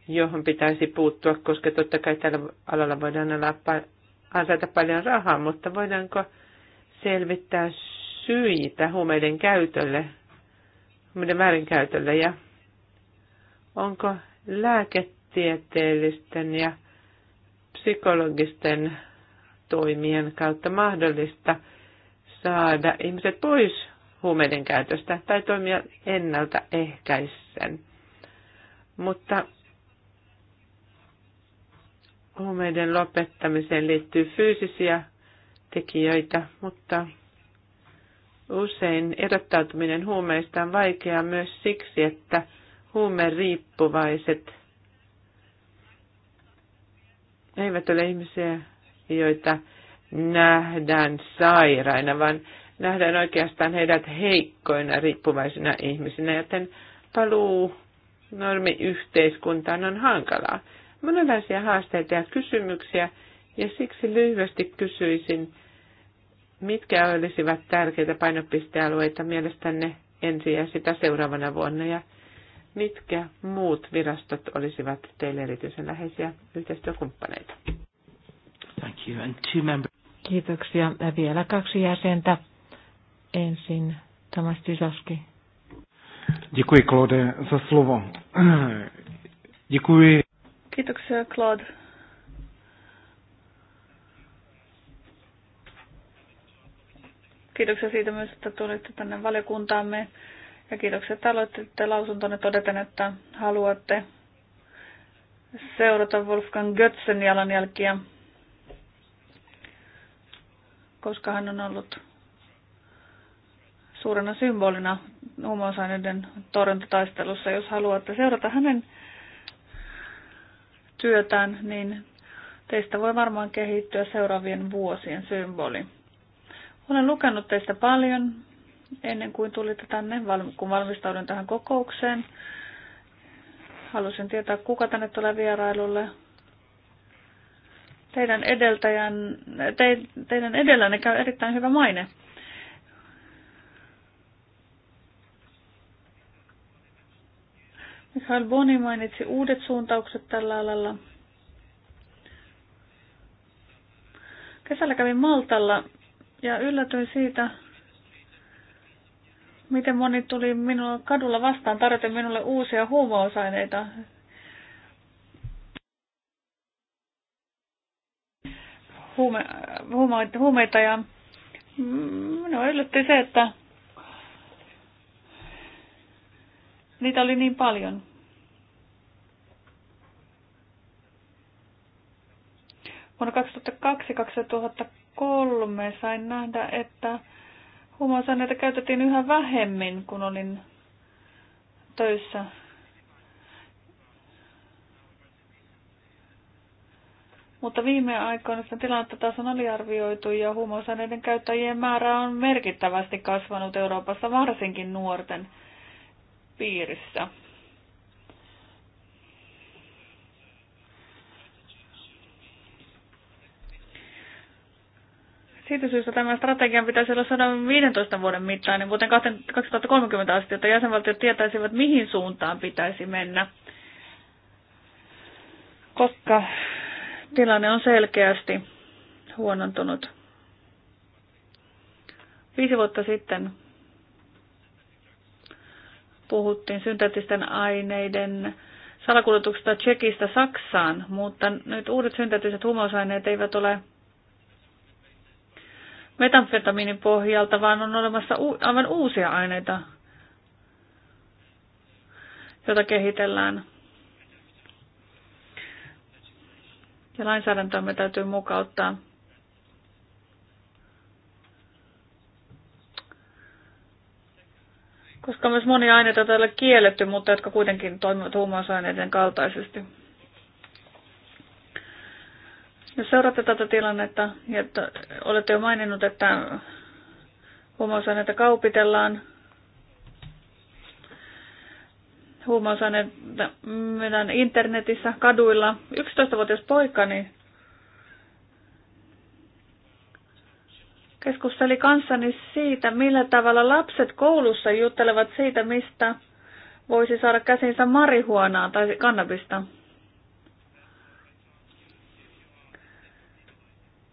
johon pitäisi puuttua, koska totta kai tällä alalla voidaan ansaita paljon rahaa, mutta voidaanko selvittää syitä huumeiden käytölle, huumeiden väärinkäytölle ja onko lääket tieteellisten ja psykologisten toimien kautta mahdollista saada ihmiset pois huumeiden käytöstä tai toimia ennaltaehkäisen. Mutta huumeiden lopettamiseen liittyy fyysisiä tekijöitä, mutta usein erottautuminen huumeista on vaikeaa myös siksi, että huumeriippuvaiset ne eivät ole ihmisiä, joita nähdään sairaina, vaan nähdään oikeastaan heidät heikkoina, riippuvaisina ihmisinä, joten paluu normiyhteiskuntaan on hankalaa. Monenlaisia haasteita ja kysymyksiä, ja siksi lyhyesti kysyisin, mitkä olisivat tärkeitä painopistealueita mielestänne ensi ja sitä seuraavana vuonna, ja mitkä muut virastot olisivat teille erityisen läheisiä yhteistyökumppaneita? Thank you. And two members. Kiitoksia. Ja vielä kaksi jäsentä. Ensin Tomas Tysaski. Děkuji, Claude, za slovo. Děkuji. Kiitoksia, Claude. Kiitoksia siitä myös, että tulitte tänne valiokuntaamme. Ja kiitoksia, että aloititte lausuntonne todeten, että haluatte seurata Wolfgang Götzen jalanjälkiä, koska hän on ollut suurena symbolina huumausaineiden torjuntataistelussa. Jos haluatte seurata hänen työtään, niin teistä voi varmaan kehittyä seuraavien vuosien symboli. Olen lukenut teistä paljon, ennen kuin tulitte tänne, kun valmistaudun tähän kokoukseen. Halusin tietää, kuka tänne tulee vierailulle. Teidän, edeltäjän, te, teidän edellänne käy erittäin hyvä maine. Mikael Boni mainitsi uudet suuntaukset tällä alalla. Kesällä kävin Maltalla ja yllätyin siitä, miten moni tuli minulla kadulla vastaan tarjoten minulle uusia huumausaineita. Huume, huume, huumeita ja minua yllätti se, että niitä oli niin paljon. Vuonna 2002-2003 sain nähdä, että Huumausaineita käytettiin yhä vähemmin, kun olin töissä. Mutta viime aikoina sitä tilannetta taas on aliarvioitu ja huumausaineiden käyttäjien määrä on merkittävästi kasvanut Euroopassa, varsinkin nuorten piirissä. Siitä syystä tämä strategian pitäisi olla 115 vuoden mittainen vuoteen 2030 asti, jotta jäsenvaltiot tietäisivät, mihin suuntaan pitäisi mennä. Koska tilanne on selkeästi huonontunut. Viisi vuotta sitten puhuttiin synteettisten aineiden salakuljetuksesta Tsekistä Saksaan, mutta nyt uudet synteettiset huumausaineet eivät ole metamfetamiinin pohjalta, vaan on olemassa aivan uusia aineita, joita kehitellään. Ja lainsäädäntöä me täytyy mukauttaa. Koska on myös monia aineita on kielletty, mutta jotka kuitenkin toimivat huumausaineiden kaltaisesti. Jos no, seuraatte tätä tilannetta, ja olette jo maininnut, että huumausaineita kaupitellaan, huumausaineita myydään internetissä, kaduilla. 11-vuotias niin keskusteli kanssani siitä, millä tavalla lapset koulussa juttelevat siitä, mistä voisi saada käsinsä marihuonaa tai kannabista.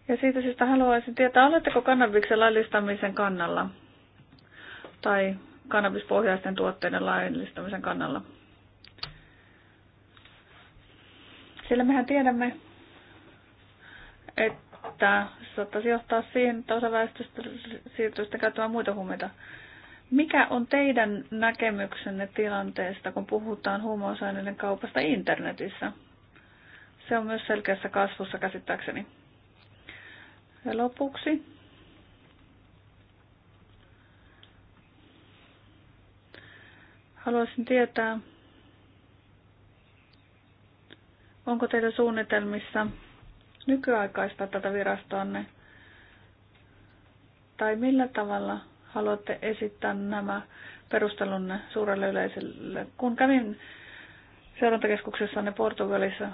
Ja siitä syystä haluaisin tietää, oletteko kannabiksen laillistamisen kannalla? Tai kannabispohjaisten tuotteiden laillistamisen kannalla? Sillä mehän tiedämme, että se saattaisi johtaa siihen, että osa väestöstä siirtyy sitten käyttämään muita huumeita. Mikä on teidän näkemyksenne tilanteesta, kun puhutaan huumausaineiden kaupasta internetissä? Se on myös selkeässä kasvussa käsittääkseni. Ja lopuksi haluaisin tietää, onko teillä suunnitelmissa nykyaikaista tätä virastoanne tai millä tavalla haluatte esittää nämä perustelunne suurelle yleisölle. Kun kävin seurantakeskuksessanne Portugalissa,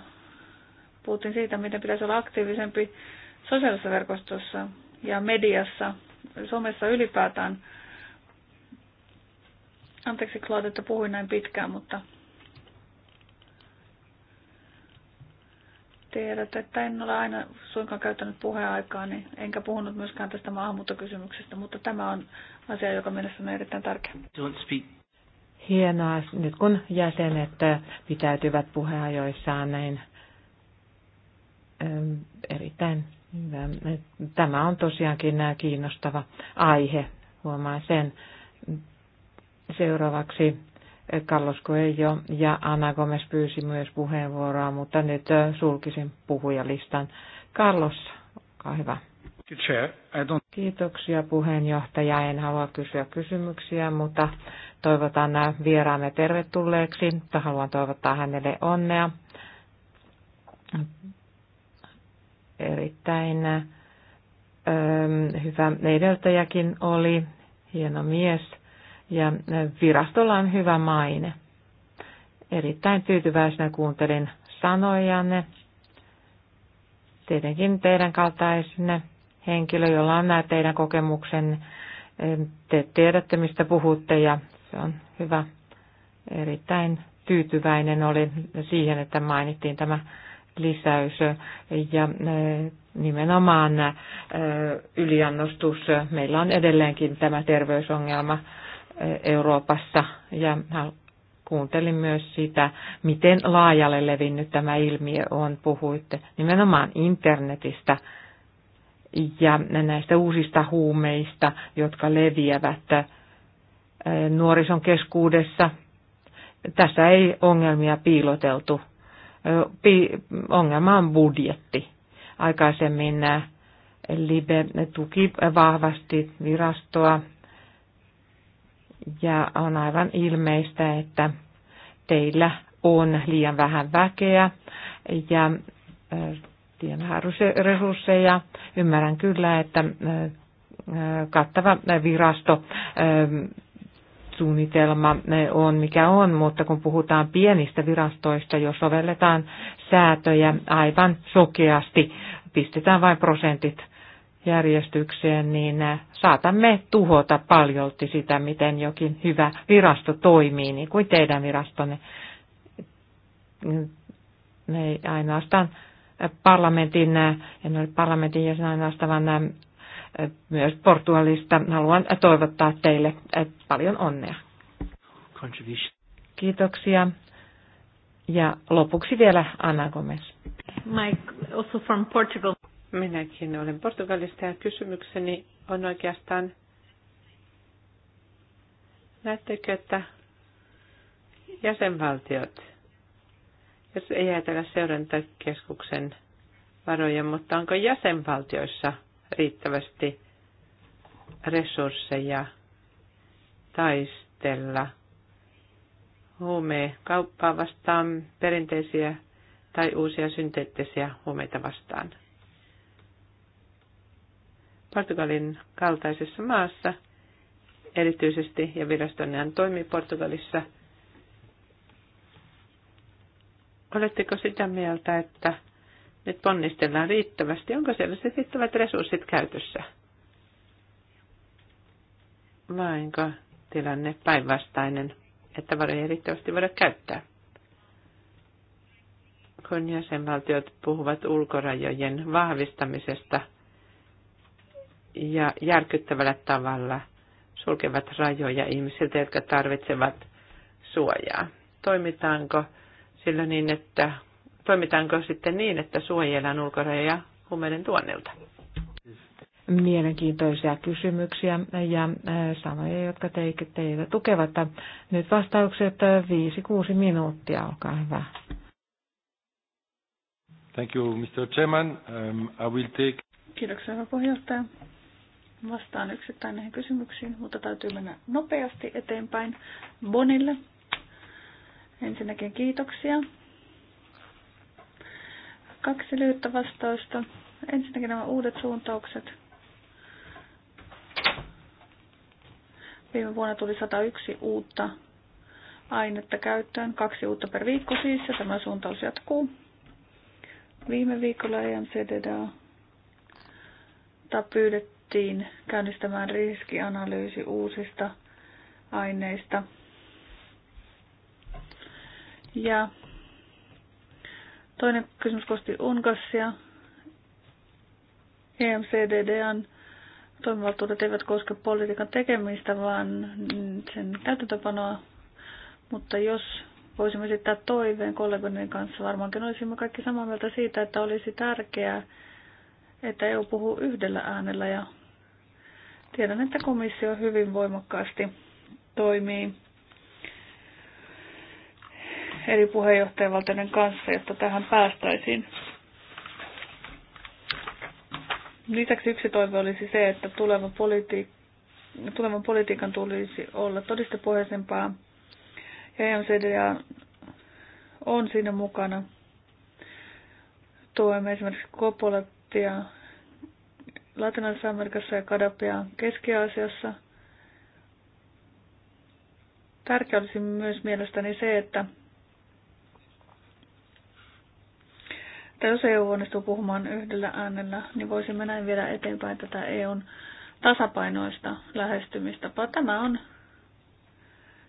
puhuttiin siitä, miten pitäisi olla aktiivisempi sosiaalisessa verkostossa ja mediassa, somessa ylipäätään. Anteeksi Claude, että puhuin näin pitkään, mutta tiedät, että en ole aina suinkaan käyttänyt puheaikaa, niin enkä puhunut myöskään tästä maahanmuuttokysymyksestä, mutta tämä on asia, joka mielestäni on erittäin tärkeä. Hienoa, nyt kun jäsenet pitäytyvät puheajoissaan, näin ähm, erittäin Tämä on tosiaankin kiinnostava aihe, huomaan sen. Seuraavaksi Carlos Coelho ja Anna Gomes pyysi myös puheenvuoroa, mutta nyt sulkisin puhujalistan. Carlos, olkaa hyvä. Kiitoksia puheenjohtaja. En halua kysyä kysymyksiä, mutta toivotan vieraamme tervetulleeksi. Haluan toivottaa hänelle onnea erittäin ö, ähm, hyvä edeltäjäkin oli, hieno mies, ja äh, virastolla on hyvä maine. Erittäin tyytyväisenä kuuntelin sanojanne. Tietenkin teidän kaltaisenne henkilö, jolla on nämä teidän kokemuksen, ähm, te tiedätte mistä puhutte ja se on hyvä. Erittäin tyytyväinen oli siihen, että mainittiin tämä lisäys ja äh, nimenomaan äh, yliannostus. Meillä on edelleenkin tämä terveysongelma äh, Euroopassa ja kuuntelin myös sitä, miten laajalle levinnyt tämä ilmiö on. Puhuitte nimenomaan internetistä ja näistä uusista huumeista, jotka leviävät nuorison keskuudessa. Tässä ei ongelmia piiloteltu ongelma on budjetti. Aikaisemmin Libe tuki vahvasti virastoa ja on aivan ilmeistä, että teillä on liian vähän väkeä ja tienhaarusresursseja. resursseja. Ymmärrän kyllä, että kattava virasto suunnitelma on mikä on, mutta kun puhutaan pienistä virastoista, jos sovelletaan säätöjä aivan sokeasti, pistetään vain prosentit järjestykseen, niin saatamme tuhota paljolti sitä, miten jokin hyvä virasto toimii, niin kuin teidän virastonne. ne ainoastaan parlamentin, en ole parlamentin jäsen ainoastaan, vaan myös Portugalista. Haluan toivottaa teille äh, paljon onnea. Kiitoksia. Ja lopuksi vielä Anna Gomez. Mike, also from Portugal. Minäkin olen Portugalista ja kysymykseni on oikeastaan, näettekö, että jäsenvaltiot, jos ei ajatella seurantakeskuksen varoja, mutta onko jäsenvaltioissa – riittävästi resursseja taistella huumekauppaa vastaan perinteisiä tai uusia synteettisiä huumeita vastaan. Portugalin kaltaisessa maassa erityisesti ja virastonnean toimii Portugalissa. Oletteko sitä mieltä, että nyt ponnistellaan riittävästi. Onko siellä sitten riittävät resurssit käytössä? Vai onko tilanne päinvastainen, että varoja ei riittävästi voida käyttää? Kun jäsenvaltiot puhuvat ulkorajojen vahvistamisesta ja järkyttävällä tavalla sulkevat rajoja ihmisiltä, jotka tarvitsevat suojaa. Toimitaanko sillä niin, että toimitaanko sitten niin, että suojellaan ulkorajoja huumeiden tuonnilta? Mielenkiintoisia kysymyksiä ja äh, sanoja, jotka teitä, teitä tukevat. Nyt vastaukset 5-6 äh, minuuttia, olkaa hyvä. Thank you, Mr. Chairman. Um, I will take... Kiitoksia, hyvä puheenjohtaja. Vastaan yksittäin näihin kysymyksiin, mutta täytyy mennä nopeasti eteenpäin Bonille. Ensinnäkin kiitoksia Kaksi lyhyttä vastausta. Ensinnäkin nämä uudet suuntaukset. Viime vuonna tuli 101 uutta ainetta käyttöön, kaksi uutta per viikko siis, ja tämä suuntaus jatkuu. Viime viikolla EMCDDA pyydettiin käynnistämään riskianalyysi uusista aineista. Ja Toinen kysymys koski Unkasia. EMCDDn toimivaltuudet eivät koske politiikan tekemistä, vaan sen käytäntöpanoa. Mutta jos voisimme esittää toiveen kollegoiden kanssa, varmaankin olisimme kaikki samaa mieltä siitä, että olisi tärkeää, että EU puhuu yhdellä äänellä ja tiedän, että komissio hyvin voimakkaasti toimii eri puheenjohtajavaltioiden kanssa, jotta tähän päästäisiin. Lisäksi yksi toive olisi se, että tuleva politi- tulevan politiikan tulisi olla todistepohjaisempaa ja EMCD on siinä mukana. Tuemme esimerkiksi Kopolattia Latinalaisessa Amerikassa ja Kadapia Keski-Aasiassa. Tärkeää olisi myös mielestäni se, että että jos EU onnistuu puhumaan yhdellä äänellä, niin voisimme näin viedä eteenpäin tätä EUn tasapainoista lähestymistapaa. Tämä on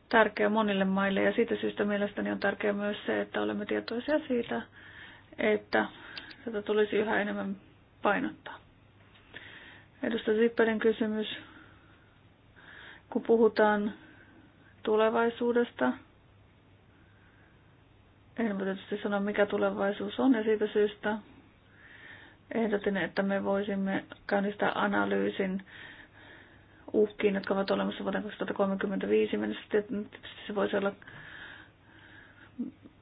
tärkeä monille maille ja siitä syystä mielestäni on tärkeää myös se, että olemme tietoisia siitä, että tätä tulisi yhä enemmän painottaa. Edustaja Sipperin kysymys. Kun puhutaan tulevaisuudesta, en tietysti sano, mikä tulevaisuus on, ja siitä syystä ehdotin, että me voisimme käynnistää analyysin uhkiin, jotka ovat olemassa vuoden 2035 mennessä. Tietysti se voisi olla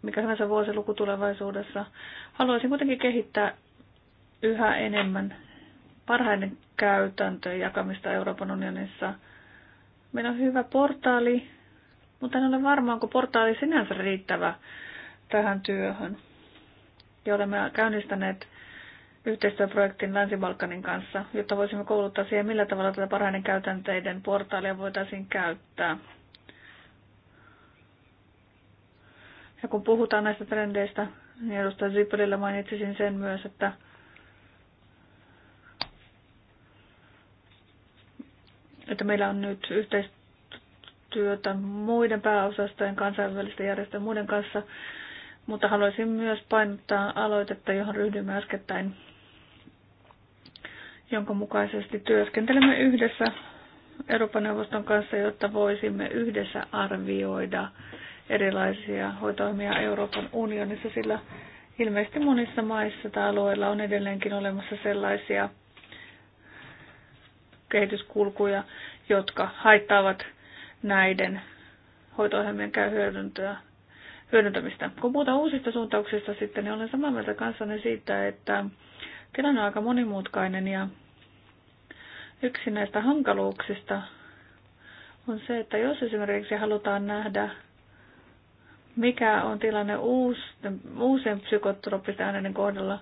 mikä hyvänsä vuosiluku tulevaisuudessa. Haluaisin kuitenkin kehittää yhä enemmän parhaiden käytäntöjen jakamista Euroopan unionissa. Meillä on hyvä portaali, mutta en ole varma, onko portaali sinänsä riittävä tähän työhön. Ja olemme käynnistäneet yhteistyöprojektin Länsi-Balkanin kanssa, jotta voisimme kouluttaa siihen, millä tavalla tätä parhaiden käytänteiden portaalia voitaisiin käyttää. Ja kun puhutaan näistä trendeistä, niin edustaja Zipperillä mainitsisin sen myös, että että meillä on nyt yhteistyötä muiden pääosastojen kansainvälisten järjestöjen muiden kanssa, mutta haluaisin myös painottaa aloitetta, johon ryhdyimme äskettäin, jonka mukaisesti työskentelemme yhdessä Euroopan neuvoston kanssa, jotta voisimme yhdessä arvioida erilaisia hoitoimia Euroopan unionissa, sillä ilmeisesti monissa maissa tai alueilla on edelleenkin olemassa sellaisia kehityskulkuja, jotka haittaavat näiden hoitoohjelmien käy hyödyntöä hyödyntämistä. Kun puhutaan uusista suuntauksista sitten, niin olen samaa mieltä kanssanne siitä, että tilanne on aika monimutkainen ja yksi näistä hankaluuksista on se, että jos esimerkiksi halutaan nähdä, mikä on tilanne uusten, uusien psykotropisten aineiden kohdalla,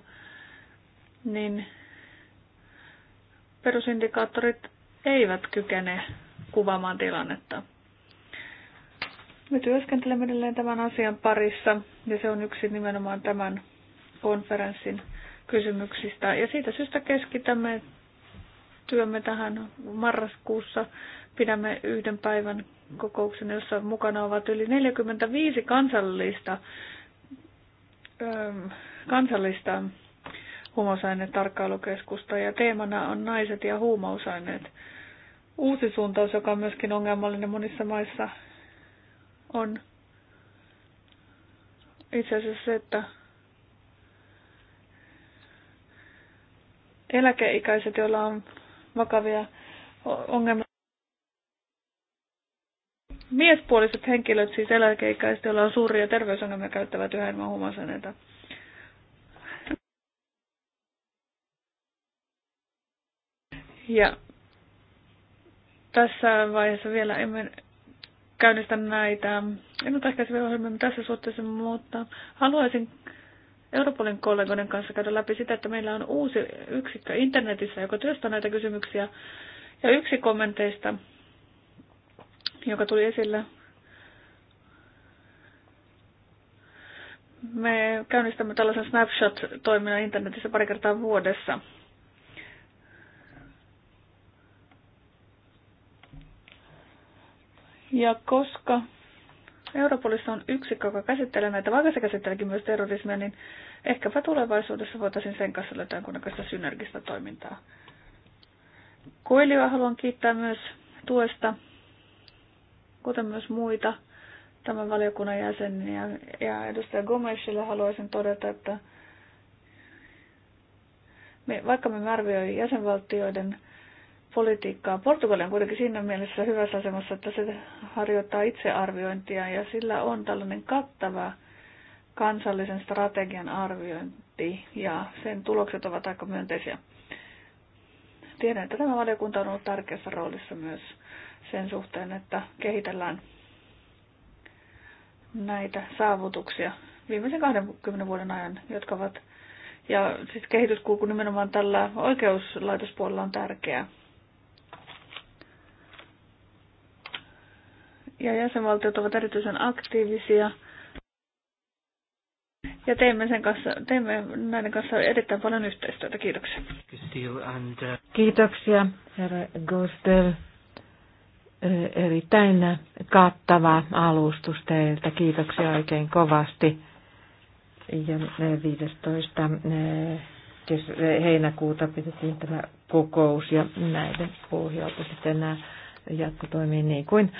niin perusindikaattorit eivät kykene kuvaamaan tilannetta. Me työskentelemme edelleen tämän asian parissa ja se on yksi nimenomaan tämän konferenssin kysymyksistä. Ja siitä syystä keskitämme työmme tähän marraskuussa. Pidämme yhden päivän kokouksen, jossa mukana ovat yli 45 kansallista, ö, kansallista huumausainetarkkailukeskusta ja teemana on naiset ja huumausaineet. Uusi suuntaus, joka on myöskin ongelmallinen monissa maissa, on itse asiassa se, että eläkeikäiset, joilla on vakavia ongelmia, miespuoliset henkilöt, siis eläkeikäiset, joilla on suuria terveysongelmia, käyttävät yhä enemmän huumausaineita. Ja tässä vaiheessa vielä emme käynnistä näitä ennaltaehkäiseviä ohjelmia tässä suhteessa, mutta haluaisin Europolin kollegoiden kanssa käydä läpi sitä, että meillä on uusi yksikkö internetissä, joka työstää näitä kysymyksiä. Ja yksi kommenteista, joka tuli esille, me käynnistämme tällaisen snapshot-toiminnan internetissä pari kertaa vuodessa. Ja koska Europolissa on yksi, joka käsittelee näitä, vaikka se käsitteleekin myös terrorismia, niin ehkäpä tulevaisuudessa voitaisiin sen kanssa löytää jonkunnäköistä synergistä toimintaa. Koilioa haluan kiittää myös tuesta, kuten myös muita tämän valiokunnan jäseniä. Ja edustaja Gomesille haluaisin todeta, että me, vaikka me arvioimme jäsenvaltioiden politiikkaa. Portugali on kuitenkin siinä mielessä hyvässä asemassa, että se harjoittaa itsearviointia ja sillä on tällainen kattava kansallisen strategian arviointi ja sen tulokset ovat aika myönteisiä. Tiedän, että tämä valiokunta on ollut tärkeässä roolissa myös sen suhteen, että kehitellään näitä saavutuksia viimeisen 20 vuoden ajan, jotka ovat, ja siis kehityskulku nimenomaan tällä oikeuslaitospuolella on tärkeää. ja jäsenvaltiot ovat erityisen aktiivisia. Ja teemme, sen kanssa, teemme näiden kanssa erittäin paljon yhteistyötä. Kiitoksia. Kiitoksia, herra Gostel. Erittäin kattava alustus teiltä. Kiitoksia oikein kovasti. Ja 15. heinäkuuta pidettiin tämä kokous ja näiden pohjalta sitten nämä Jatko toimii niin kuin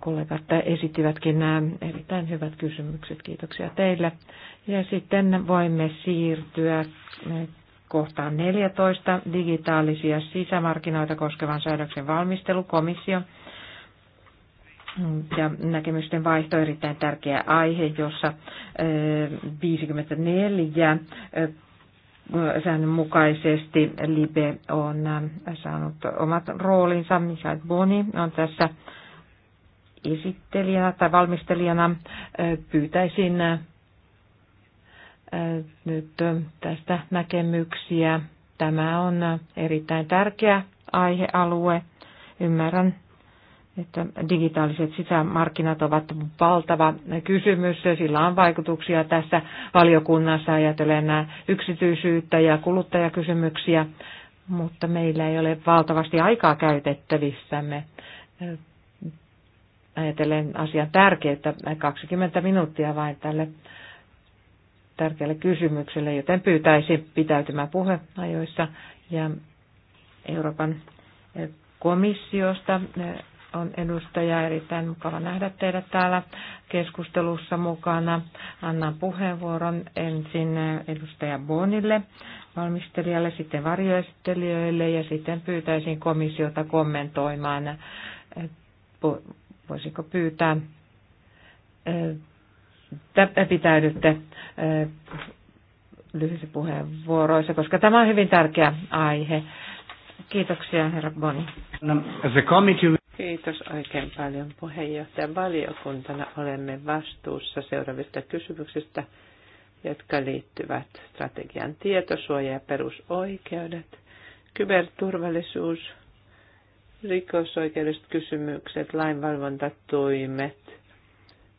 kollegat esittivätkin nämä erittäin hyvät kysymykset. Kiitoksia teille. Ja sitten voimme siirtyä kohtaan 14, digitaalisia sisämarkkinoita koskevan säädöksen valmistelu, komissio ja näkemysten vaihto on erittäin tärkeä aihe, jossa 54 säännönmukaisesti Libe on äh, saanut omat roolinsa. Michael Boni on tässä esittelijänä tai valmistelijana. Äh, pyytäisin äh, nyt tästä näkemyksiä. Tämä on erittäin tärkeä aihealue. Ymmärrän että digitaaliset sisämarkkinat ovat valtava kysymys. Sillä on vaikutuksia tässä valiokunnassa ajatellen yksityisyyttä ja kuluttajakysymyksiä, mutta meillä ei ole valtavasti aikaa käytettävissämme. Ajatellen asian tärkeyttä 20 minuuttia vain tälle tärkeälle kysymykselle, joten pyytäisin pitäytymään puheajoissa ja Euroopan komissiosta on edustaja. Erittäin mukava nähdä teidät täällä keskustelussa mukana. Annan puheenvuoron ensin edustaja Bonille, valmistelijalle, sitten varjoesittelijöille ja sitten pyytäisin komissiota kommentoimaan. Voisiko pyytää, että pitäydytte lyhyissä puheenvuoroissa, koska tämä on hyvin tärkeä aihe. Kiitoksia, herra Boni. Kiitos oikein paljon puheenjohtajan valiokuntana. Olemme vastuussa seuraavista kysymyksistä, jotka liittyvät strategian tietosuoja ja perusoikeudet, kyberturvallisuus, rikosoikeudelliset kysymykset, lainvalvontatoimet,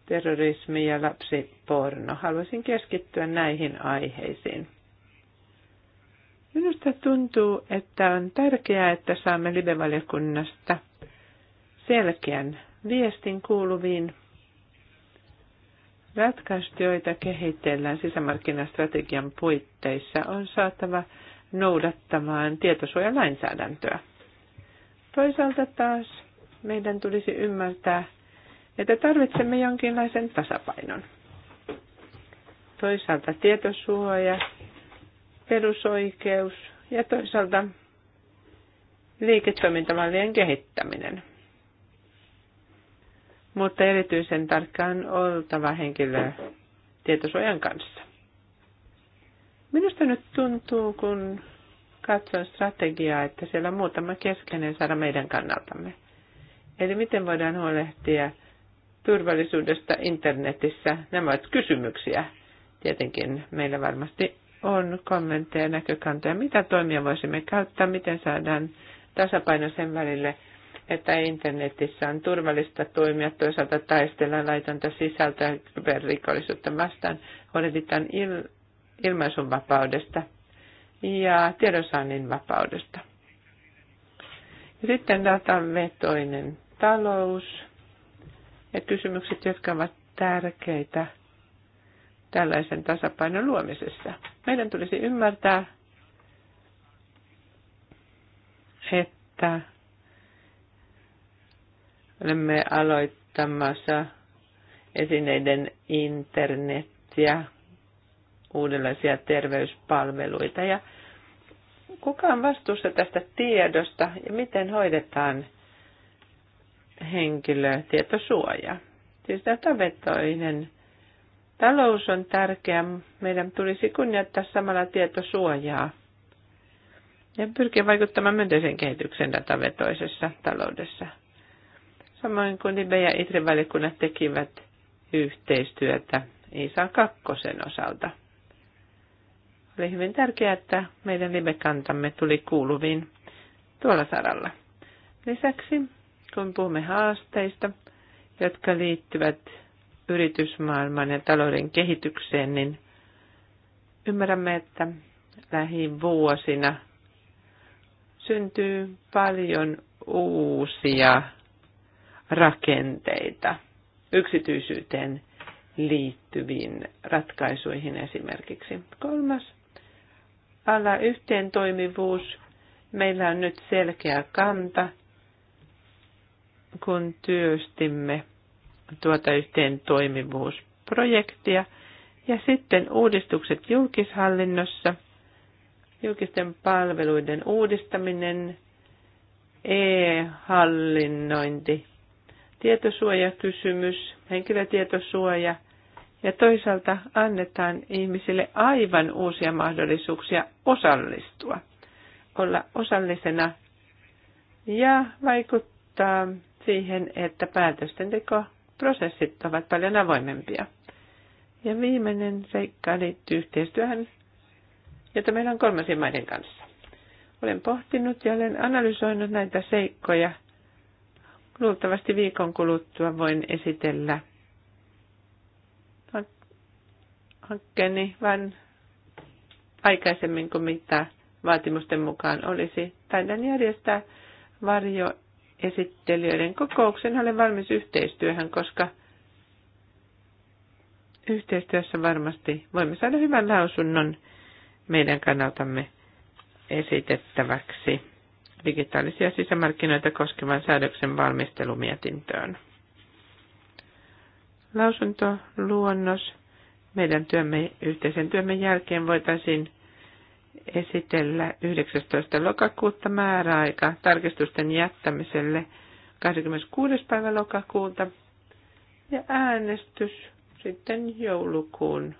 terrorismi ja lapsiporno. Haluaisin keskittyä näihin aiheisiin. Minusta tuntuu, että on tärkeää, että saamme live-valiokunnasta – selkeän viestin kuuluviin. Ratkaisut, joita kehitellään sisämarkkinastrategian puitteissa, on saatava noudattamaan tietosuojalainsäädäntöä. Toisaalta taas meidän tulisi ymmärtää, että tarvitsemme jonkinlaisen tasapainon. Toisaalta tietosuoja, perusoikeus ja toisaalta liiketoimintamallien kehittäminen mutta erityisen tarkkaan oltava henkilö tietosuojan kanssa. Minusta nyt tuntuu, kun katson strategiaa, että siellä on muutama keskeinen saada meidän kannaltamme. Eli miten voidaan huolehtia turvallisuudesta internetissä? Nämä ovat kysymyksiä. Tietenkin meillä varmasti on kommentteja ja näkökantoja, mitä toimia voisimme käyttää, miten saadaan tasapaino sen välille – että internetissä on turvallista toimia, toisaalta taistella laitonta sisältöä kyberrikollisuutta vastaan, huolehditaan il- ilmaisunvapaudesta ja tiedonsaannin vapaudesta. Ja sitten datavetoinen talous ja kysymykset, jotka ovat tärkeitä tällaisen tasapainon luomisessa. Meidän tulisi ymmärtää, että Olemme aloittamassa esineiden internettiä, uudenlaisia terveyspalveluita ja kuka on vastuussa tästä tiedosta ja miten hoidetaan henkilötietosuoja. Siis datavetoinen talous on tärkeä. Meidän tulisi kunnioittaa samalla tietosuojaa ja pyrkiä vaikuttamaan myönteisen kehityksen datavetoisessa taloudessa samoin kuin Libe ja Itrivalikunnat tekivät yhteistyötä Isa kakkosen osalta. Oli hyvin tärkeää, että meidän libekantamme tuli kuuluviin tuolla saralla. Lisäksi, kun puhumme haasteista, jotka liittyvät yritysmaailman ja talouden kehitykseen, niin ymmärrämme, että lähivuosina syntyy paljon uusia rakenteita yksityisyyteen liittyviin ratkaisuihin esimerkiksi. Kolmas ala yhteen toimivuus. Meillä on nyt selkeä kanta, kun työstimme tuota yhteen toimivuusprojektia. Ja sitten uudistukset julkishallinnossa, julkisten palveluiden uudistaminen, e-hallinnointi, tietosuojakysymys, henkilötietosuoja ja toisaalta annetaan ihmisille aivan uusia mahdollisuuksia osallistua, olla osallisena ja vaikuttaa siihen, että päätösten prosessit ovat paljon avoimempia. Ja viimeinen seikka liittyy yhteistyöhön, jota meillä on kolmansien maiden kanssa. Olen pohtinut ja olen analysoinut näitä seikkoja – Luultavasti viikon kuluttua voin esitellä hankkeeni vain aikaisemmin kuin mitä vaatimusten mukaan olisi. Taidan järjestää varjoesittelijöiden kokouksen. Olen valmis yhteistyöhön, koska yhteistyössä varmasti voimme saada hyvän lausunnon meidän kannaltamme esitettäväksi digitaalisia sisämarkkinoita koskevan säädöksen valmistelumietintöön. luonnos, meidän työmme, yhteisen työmme jälkeen voitaisiin esitellä 19. lokakuuta määräaika tarkistusten jättämiselle 26. päivä lokakuuta ja äänestys sitten joulukuun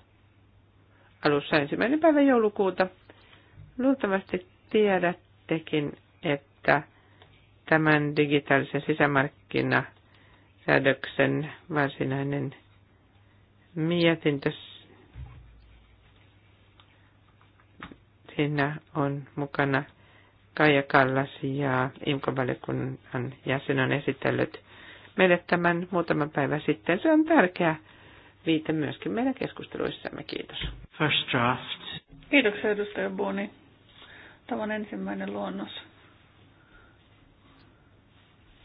alussa ensimmäinen päivä joulukuuta. Luultavasti tiedättekin, että tämän digitaalisen sisämarkkinasäädöksen varsinainen mietintö siinä on mukana Kaija Kallas ja Imkovaliokunnan jäsen on esitellyt meille tämän muutama päivä sitten. Se on tärkeä viite myöskin meidän keskusteluissamme. Kiitos. First draft. Kiitoksia edustaja Boni. Tämä on ensimmäinen luonnos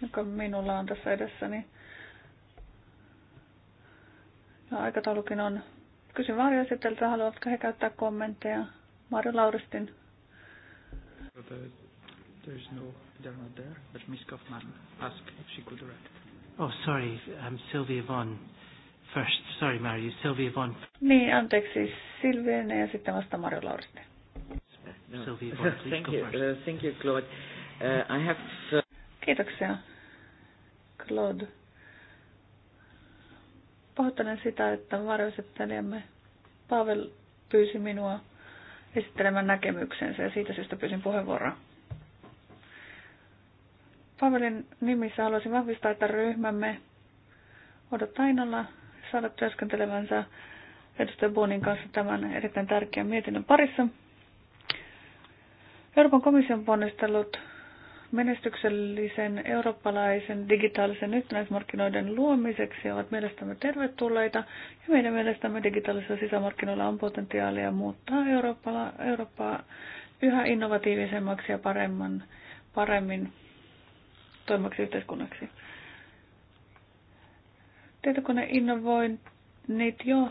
joka minulla on tässä edessäni. Ja aikataulukin on. Kysyn Marja varjoesiteltä, haluatko he käyttää kommentteja? Marja Lauristin. There's no, they're not there, but Miss Kaufman asked if she could direct. Oh, sorry, I'm Sylvia Vaughan first. Sorry, Mario, Sylvia Vaughan. Niin, anteeksi, Silvia ja sitten vasta Marjo Lauristin. No. Sylvia Vaughan, please thank go you. first. Uh, thank you, Claude. Uh, I have... Uh, Kiitoksia. Claude. Pahoittelen sitä, että varjoesittelijämme Pavel pyysi minua esittelemään näkemyksensä ja siitä syystä pyysin puheenvuoroa. Pavelin nimissä haluaisin vahvistaa, että ryhmämme odottaa innolla saada työskentelevänsä edustaja Bonin kanssa tämän erittäin tärkeän mietinnön parissa. Euroopan komission ponnistelut menestyksellisen eurooppalaisen digitaalisen yhtenäismarkkinoiden luomiseksi ovat mielestämme tervetulleita ja meidän mielestämme digitaalisilla sisämarkkinoilla on potentiaalia muuttaa Eurooppaa, Eurooppaa yhä innovatiivisemmaksi ja paremman, paremmin toimivaksi yhteiskunnaksi. Tietokoneinnovoinnit jo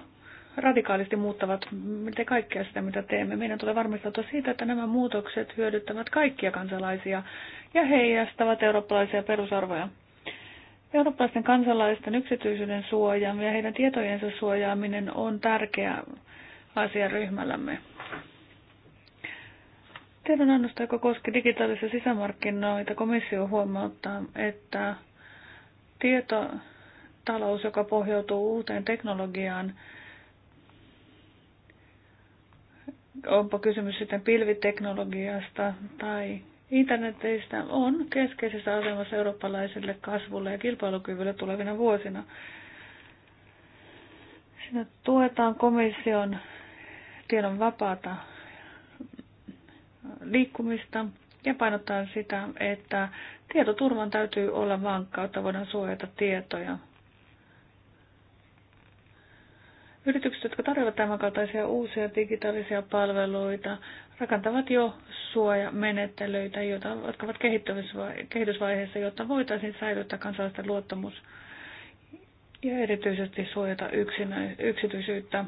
radikaalisti muuttavat miltei kaikkea sitä, mitä teemme. Meidän tulee varmistautua siitä, että nämä muutokset hyödyttävät kaikkia kansalaisia ja heijastavat eurooppalaisia perusarvoja. Eurooppalaisten kansalaisten yksityisyyden suoja ja heidän tietojensa suojaaminen on tärkeä asia ryhmällämme. Tiedonannosta, joka koski digitaalisia sisämarkkinoita, komissio huomauttaa, että tietotalous, joka pohjautuu uuteen teknologiaan, onpa kysymys sitten pilviteknologiasta tai internetistä, on keskeisessä asemassa eurooppalaiselle kasvulle ja kilpailukyvylle tulevina vuosina. Siinä tuetaan komission tiedon vapaata liikkumista ja painottaa sitä, että tietoturvan täytyy olla vankkautta, voidaan suojata tietoja Yritykset, jotka tarjoavat kaltaisia uusia digitaalisia palveluita, rakentavat jo suojamenettelyitä, jotka ovat kehitysvaiheessa, jotta voitaisiin säilyttää kansalaisten luottamus ja erityisesti suojata yksinä, yksityisyyttä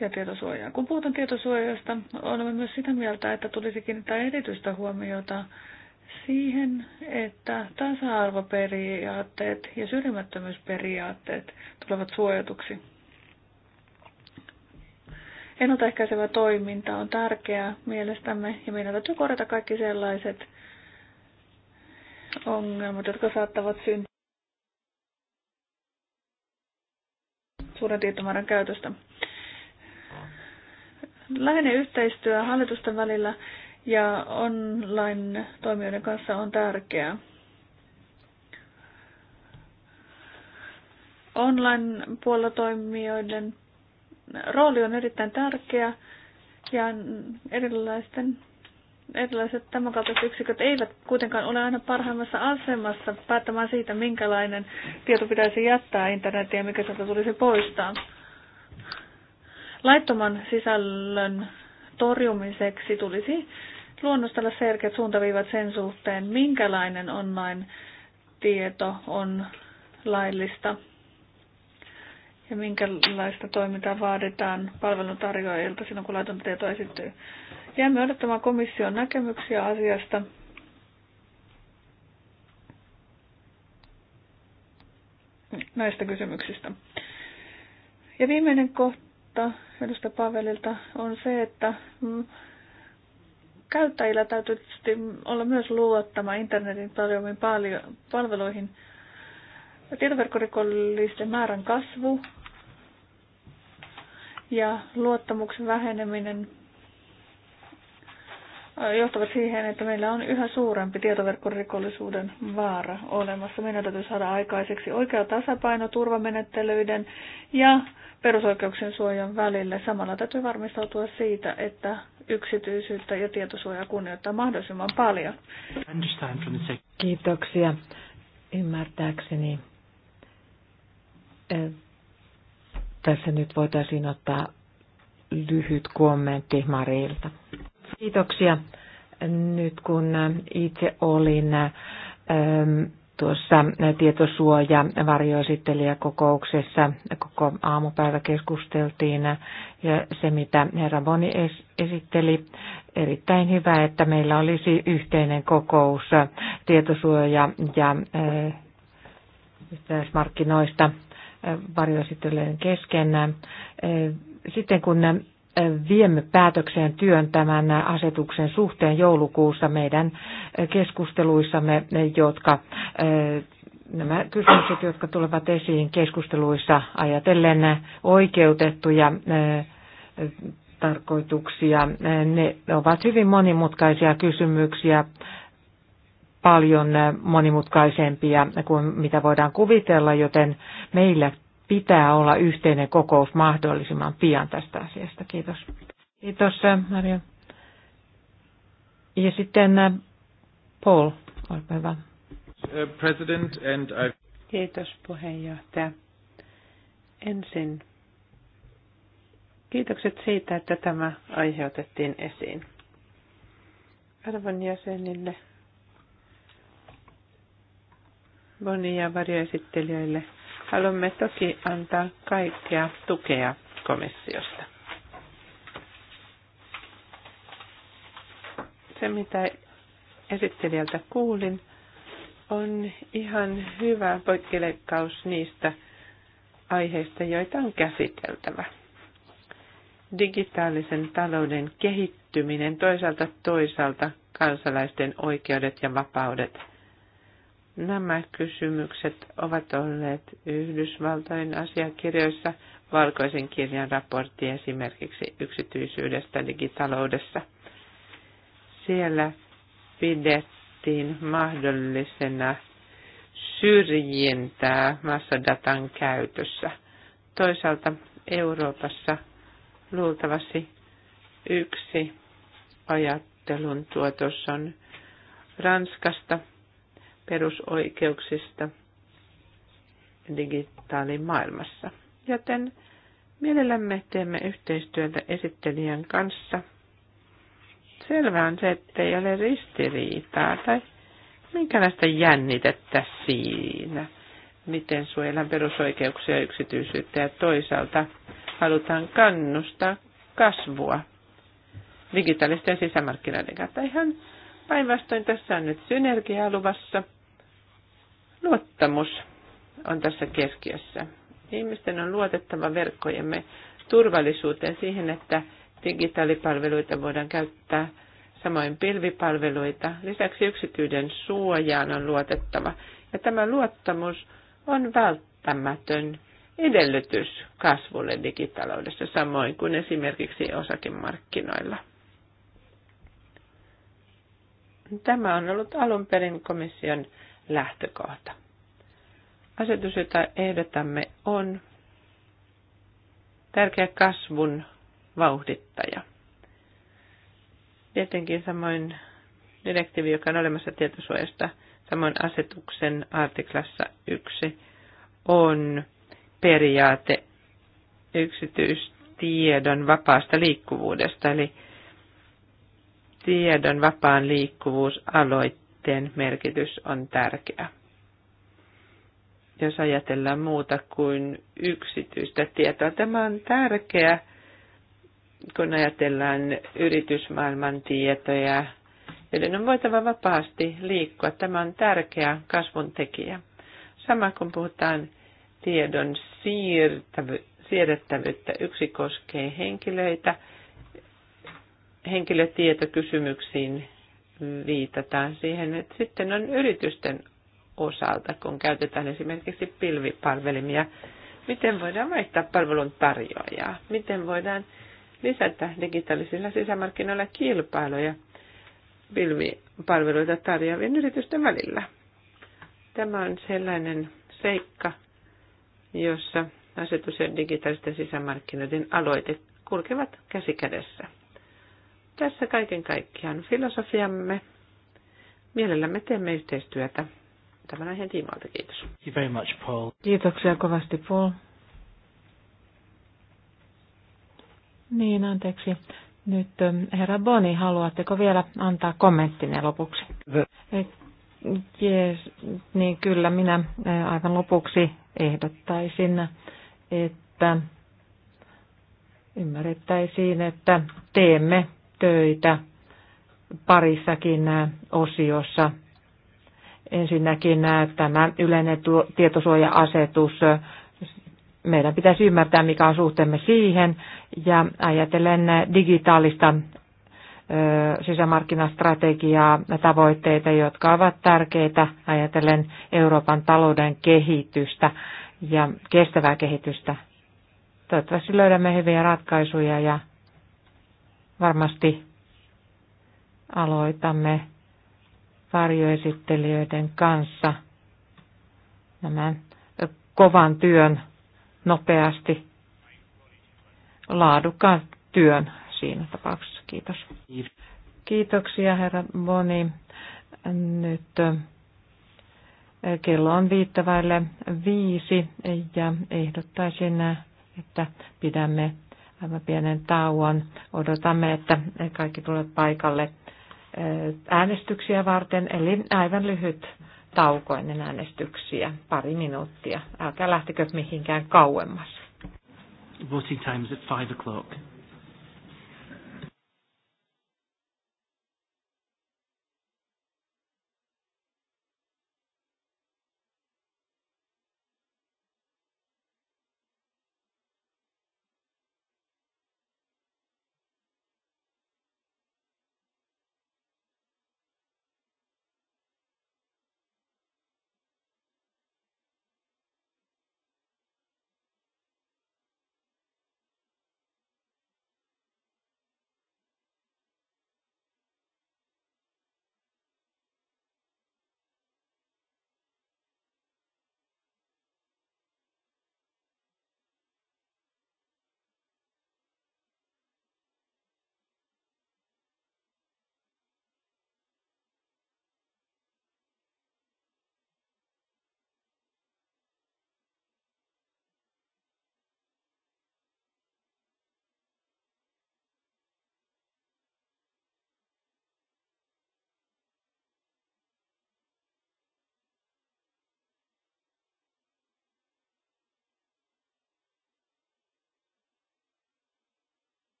ja tietosuojaa. Kun puhutaan tietosuojasta, olemme myös sitä mieltä, että tulisi kiinnittää erityistä huomiota siihen, että tasa-arvoperiaatteet ja syrjimättömyysperiaatteet tulevat suojatuksi Ennaltaehkäisevä toiminta on tärkeää mielestämme ja meidän täytyy korjata kaikki sellaiset ongelmat, jotka saattavat syntyä suuren tietomäärän käytöstä. Läheinen yhteistyö hallitusten välillä ja online-toimijoiden kanssa on tärkeää. Online-puolella toimijoiden rooli on erittäin tärkeä ja erilaisten erilaiset tämänkaltaiset yksiköt eivät kuitenkaan ole aina parhaimmassa asemassa päättämään siitä, minkälainen tieto pitäisi jättää internetiin ja mikä sieltä tulisi poistaa. Laittoman sisällön torjumiseksi tulisi luonnostella selkeät suuntaviivat sen suhteen, minkälainen online-tieto on laillista ja minkälaista toimintaa vaaditaan palveluntarjoajilta silloin, kun laitonta tietoa esittyy. Jäämme odottamaan komission näkemyksiä asiasta. näistä kysymyksistä. Ja viimeinen kohta edustaja Pavelilta on se, että mm, käyttäjillä täytyy olla myös luottama internetin tarjoamiin palveluihin. Tietoverkkorikollisten määrän kasvu ja luottamuksen väheneminen johtavat siihen, että meillä on yhä suurempi tietoverkkorikollisuuden vaara olemassa. Meidän täytyy saada aikaiseksi oikea tasapaino turvamenettelyiden ja perusoikeuksien suojan välille. Samalla täytyy varmistautua siitä, että yksityisyyttä ja tietosuojaa kunnioittaa mahdollisimman paljon. Kiitoksia. Ymmärtääkseni eh, tässä nyt voitaisiin ottaa lyhyt kommentti Marilta. Kiitoksia. Nyt kun itse olin ähm, tuossa tietosuoja varjoesittelijäkokouksessa koko aamupäivä keskusteltiin ja se mitä herra Boni esitteli, erittäin hyvä, että meillä olisi yhteinen kokous tietosuoja ja äh, markkinoista varjoesittelyjen kesken. Sitten kun viemme päätökseen työn tämän asetuksen suhteen joulukuussa meidän keskusteluissamme, jotka nämä kysymykset, jotka tulevat esiin keskusteluissa ajatellen oikeutettuja tarkoituksia, ne ovat hyvin monimutkaisia kysymyksiä paljon monimutkaisempia kuin mitä voidaan kuvitella, joten meillä pitää olla yhteinen kokous mahdollisimman pian tästä asiasta. Kiitos. Kiitos, Maria. Ja sitten äh, Paul, olkaa hyvä. Uh, President and I... Kiitos puheenjohtaja. Ensin kiitokset siitä, että tämä aiheutettiin esiin. Arvon jäsenille Boni ja varjoesittelijöille. Haluamme toki antaa kaikkea tukea komissiosta. Se, mitä esittelijältä kuulin, on ihan hyvä poikkileikkaus niistä aiheista, joita on käsiteltävä. Digitaalisen talouden kehittyminen, toisaalta toisaalta kansalaisten oikeudet ja vapaudet – Nämä kysymykset ovat olleet Yhdysvaltain asiakirjoissa, valkoisen kirjan raportti esimerkiksi yksityisyydestä digitaloudessa. Siellä pidettiin mahdollisena syrjintää massadatan käytössä. Toisaalta Euroopassa luultavasti yksi ajattelun tuotos on Ranskasta – perusoikeuksista digitaalimaailmassa. Joten mielellämme teemme yhteistyötä esittelijän kanssa. Selvä on se, ettei ole ristiriitaa tai minkälaista jännitettä siinä, miten suojellaan perusoikeuksia ja yksityisyyttä ja toisaalta halutaan kannustaa kasvua digitaalisten sisämarkkinoiden kautta. Ihan Päinvastoin tässä on nyt synergiaa luvassa. Luottamus on tässä keskiössä. Ihmisten on luotettava verkkojemme turvallisuuteen siihen, että digitaalipalveluita voidaan käyttää samoin pilvipalveluita. Lisäksi yksityiden suojaan on luotettava. Ja tämä luottamus on välttämätön edellytys kasvulle digitaloudessa, samoin kuin esimerkiksi osakemarkkinoilla. Tämä on ollut alun perin komission lähtökohta. Asetus, jota ehdotamme, on tärkeä kasvun vauhdittaja. Tietenkin samoin direktiivi, joka on olemassa tietosuojasta, samoin asetuksen artiklassa 1 on periaate yksityistiedon vapaasta liikkuvuudesta, eli tiedon vapaan liikkuvuus aloitteen merkitys on tärkeä. Jos ajatellaan muuta kuin yksityistä tietoa, tämä on tärkeä, kun ajatellaan yritysmaailman tietoja, joiden on voitava vapaasti liikkua. Tämä on tärkeä kasvun tekijä. Sama kun puhutaan tiedon siirtävyyttä, siedettävyyttä, yksi koskee henkilöitä – henkilötietokysymyksiin viitataan siihen, että sitten on yritysten osalta, kun käytetään esimerkiksi pilvipalvelimia, miten voidaan vaihtaa palvelun tarjoajaa, miten voidaan lisätä digitaalisilla sisämarkkinoilla kilpailuja pilvipalveluita tarjoavien yritysten välillä. Tämä on sellainen seikka, jossa asetus ja digitaalisten sisämarkkinoiden aloite kulkevat käsi kädessä. Tässä kaiken kaikkiaan filosofiamme. Mielellämme teemme yhteistyötä tämän aiheen tiimoilta. Kiitos. Thank you very much, Paul. Kiitoksia kovasti, Paul. Niin, anteeksi. Nyt ähm, herra Boni, haluatteko vielä antaa kommenttinne lopuksi? Eh, jees, niin kyllä minä eh, aivan lopuksi ehdottaisin, että ymmärrettäisiin, että teemme töitä parissakin äh, osiossa. Ensinnäkin äh, tämä yleinen tietosuoja-asetus. Äh, meidän pitäisi ymmärtää, mikä on suhteemme siihen, ja ajatellen digitaalista sisämarkkinastrategiaa ja tavoitteita, jotka ovat tärkeitä ajatellen Euroopan talouden kehitystä ja kestävää kehitystä. Toivottavasti löydämme hyviä ratkaisuja ja Varmasti aloitamme varjoesittelijöiden kanssa tämän kovan työn nopeasti, laadukkaan työn siinä tapauksessa. Kiitos. Kiitoksia herra Boni. Nyt eh, kello on viittavaille viisi ja ehdottaisin, eh, että pidämme aivan pienen tauon. Odotamme, että kaikki tulevat paikalle äänestyksiä varten, eli aivan lyhyt tauko ennen äänestyksiä, pari minuuttia. Älkää lähtikö mihinkään kauemmas. Voting time is at five o'clock.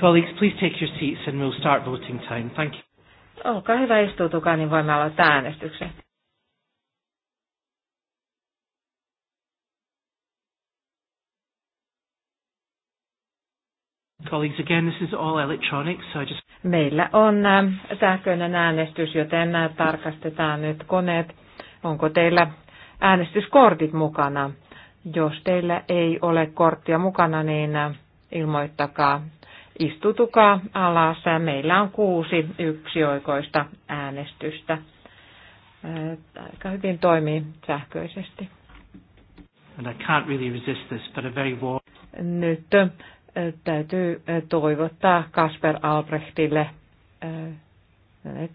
Colleagues, please take your seats and we'll start voting time. Thank you. Olkaa hyvä, istuutukaa, niin voimme aloittaa äänestyksen. Colleagues, again, this is all electronic, so I just... Meillä on äh, sähköinen äänestys, joten äh, tarkastetaan nyt koneet. Onko teillä äänestyskortit mukana? Jos teillä ei ole korttia mukana, niin äh, ilmoittakaa Istutukaa alas. Meillä on kuusi yksioikoista äänestystä. Aika hyvin toimii sähköisesti. And I can't really resist this, but a very warm... Nyt täytyy toivottaa Kasper Albrechtille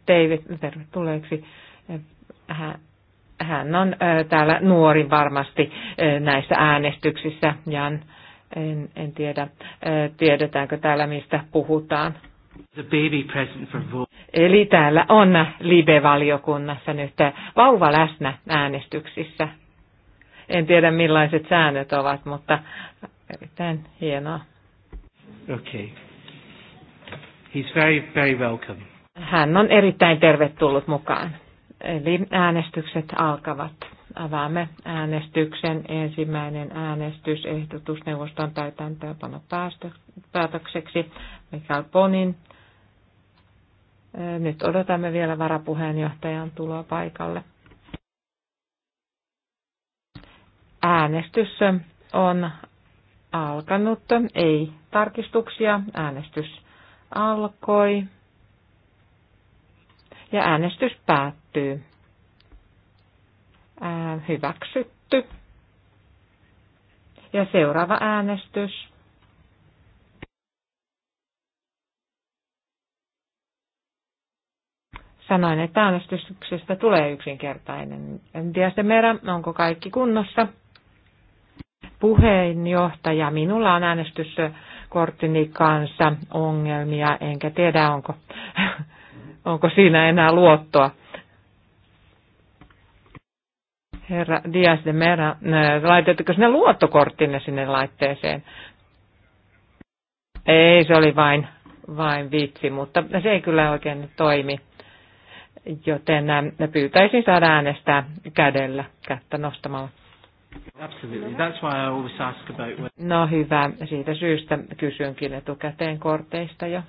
teivit tervetulleeksi. Hän on täällä nuori varmasti näissä äänestyksissä. Jan en, en tiedä, tiedetäänkö täällä mistä puhutaan. The baby present for vote. Eli täällä on live-valiokunnassa nyt vauva läsnä äänestyksissä. En tiedä millaiset säännöt ovat, mutta erittäin hienoa. Okay. He's very, very welcome. Hän on erittäin tervetullut mukaan. Eli äänestykset alkavat avaamme äänestyksen. Ensimmäinen äänestys ehdotusneuvoston täytäntöönpano päätökseksi Mikael Ponin. Nyt odotamme vielä varapuheenjohtajan tuloa paikalle. Äänestys on alkanut. Ei tarkistuksia. Äänestys alkoi. Ja äänestys päättyy hyväksytty. Ja seuraava äänestys. Sanoin, että äänestyksestä tulee yksinkertainen. En tiedä sitten merä, onko kaikki kunnossa. Puheenjohtaja, minulla on äänestyskorttini kanssa ongelmia, enkä tiedä onko, [laughs] onko siinä enää luottoa. Herra Dias de Mera, äh, laitatteko sinne luottokorttinne sinne laitteeseen? Ei, se oli vain, vain vitsi, mutta se ei kyllä oikein toimi. Joten ähm, pyytäisin saada äänestää kädellä, kättä nostamalla. No hyvä, siitä syystä kysynkin etukäteen korteista jo.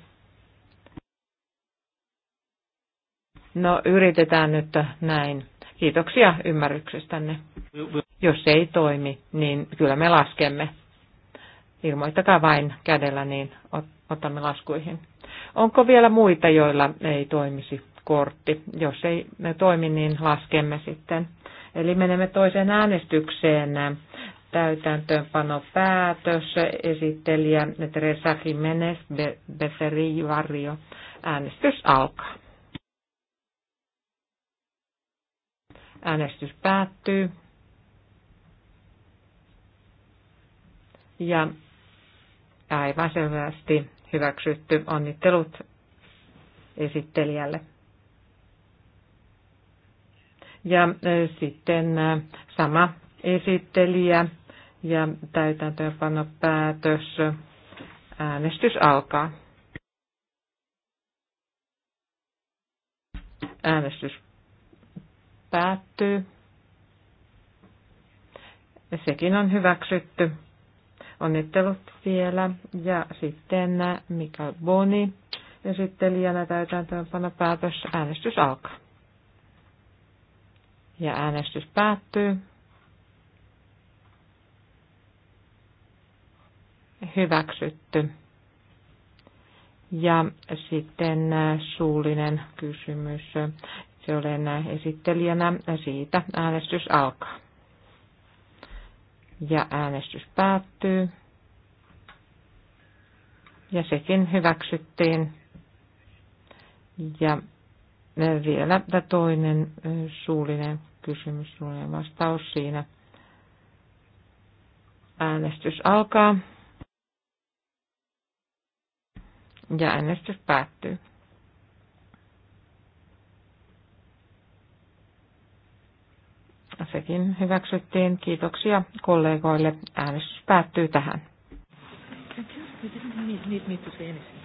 No yritetään nyt näin. Kiitoksia ymmärryksestänne. Jos se ei toimi, niin kyllä me laskemme. Ilmoittakaa vain kädellä, niin otamme laskuihin. Onko vielä muita, joilla ei toimisi kortti? Jos ei ne toimi, niin laskemme sitten. Eli menemme toiseen äänestykseen. Täytäntöönpano päätös, esittelijä Teresa Jimenez Beferi Varjo. Äänestys alkaa. Äänestys päättyy. Ja aivan selvästi hyväksytty. Onnittelut esittelijälle. Ja äh, sitten äh, sama esittelijä ja täytäntöönpanopäätös. Äänestys alkaa. Äänestys päättyy. Sekin on hyväksytty. Onnittelut vielä. Ja sitten Mikael Boni ja sitten esittelijänä täytäntöönpano päätös. Äänestys alkaa. Ja äänestys päättyy. Hyväksytty. Ja sitten suullinen kysymys itse olen esittelijänä. Siitä äänestys alkaa. Ja äänestys päättyy. Ja sekin hyväksyttiin. Ja vielä toinen suullinen kysymys, suullinen vastaus siinä. Äänestys alkaa. Ja äänestys päättyy. Sekin hyväksyttiin. Kiitoksia kollegoille. Äänestys päättyy tähän. Thank you.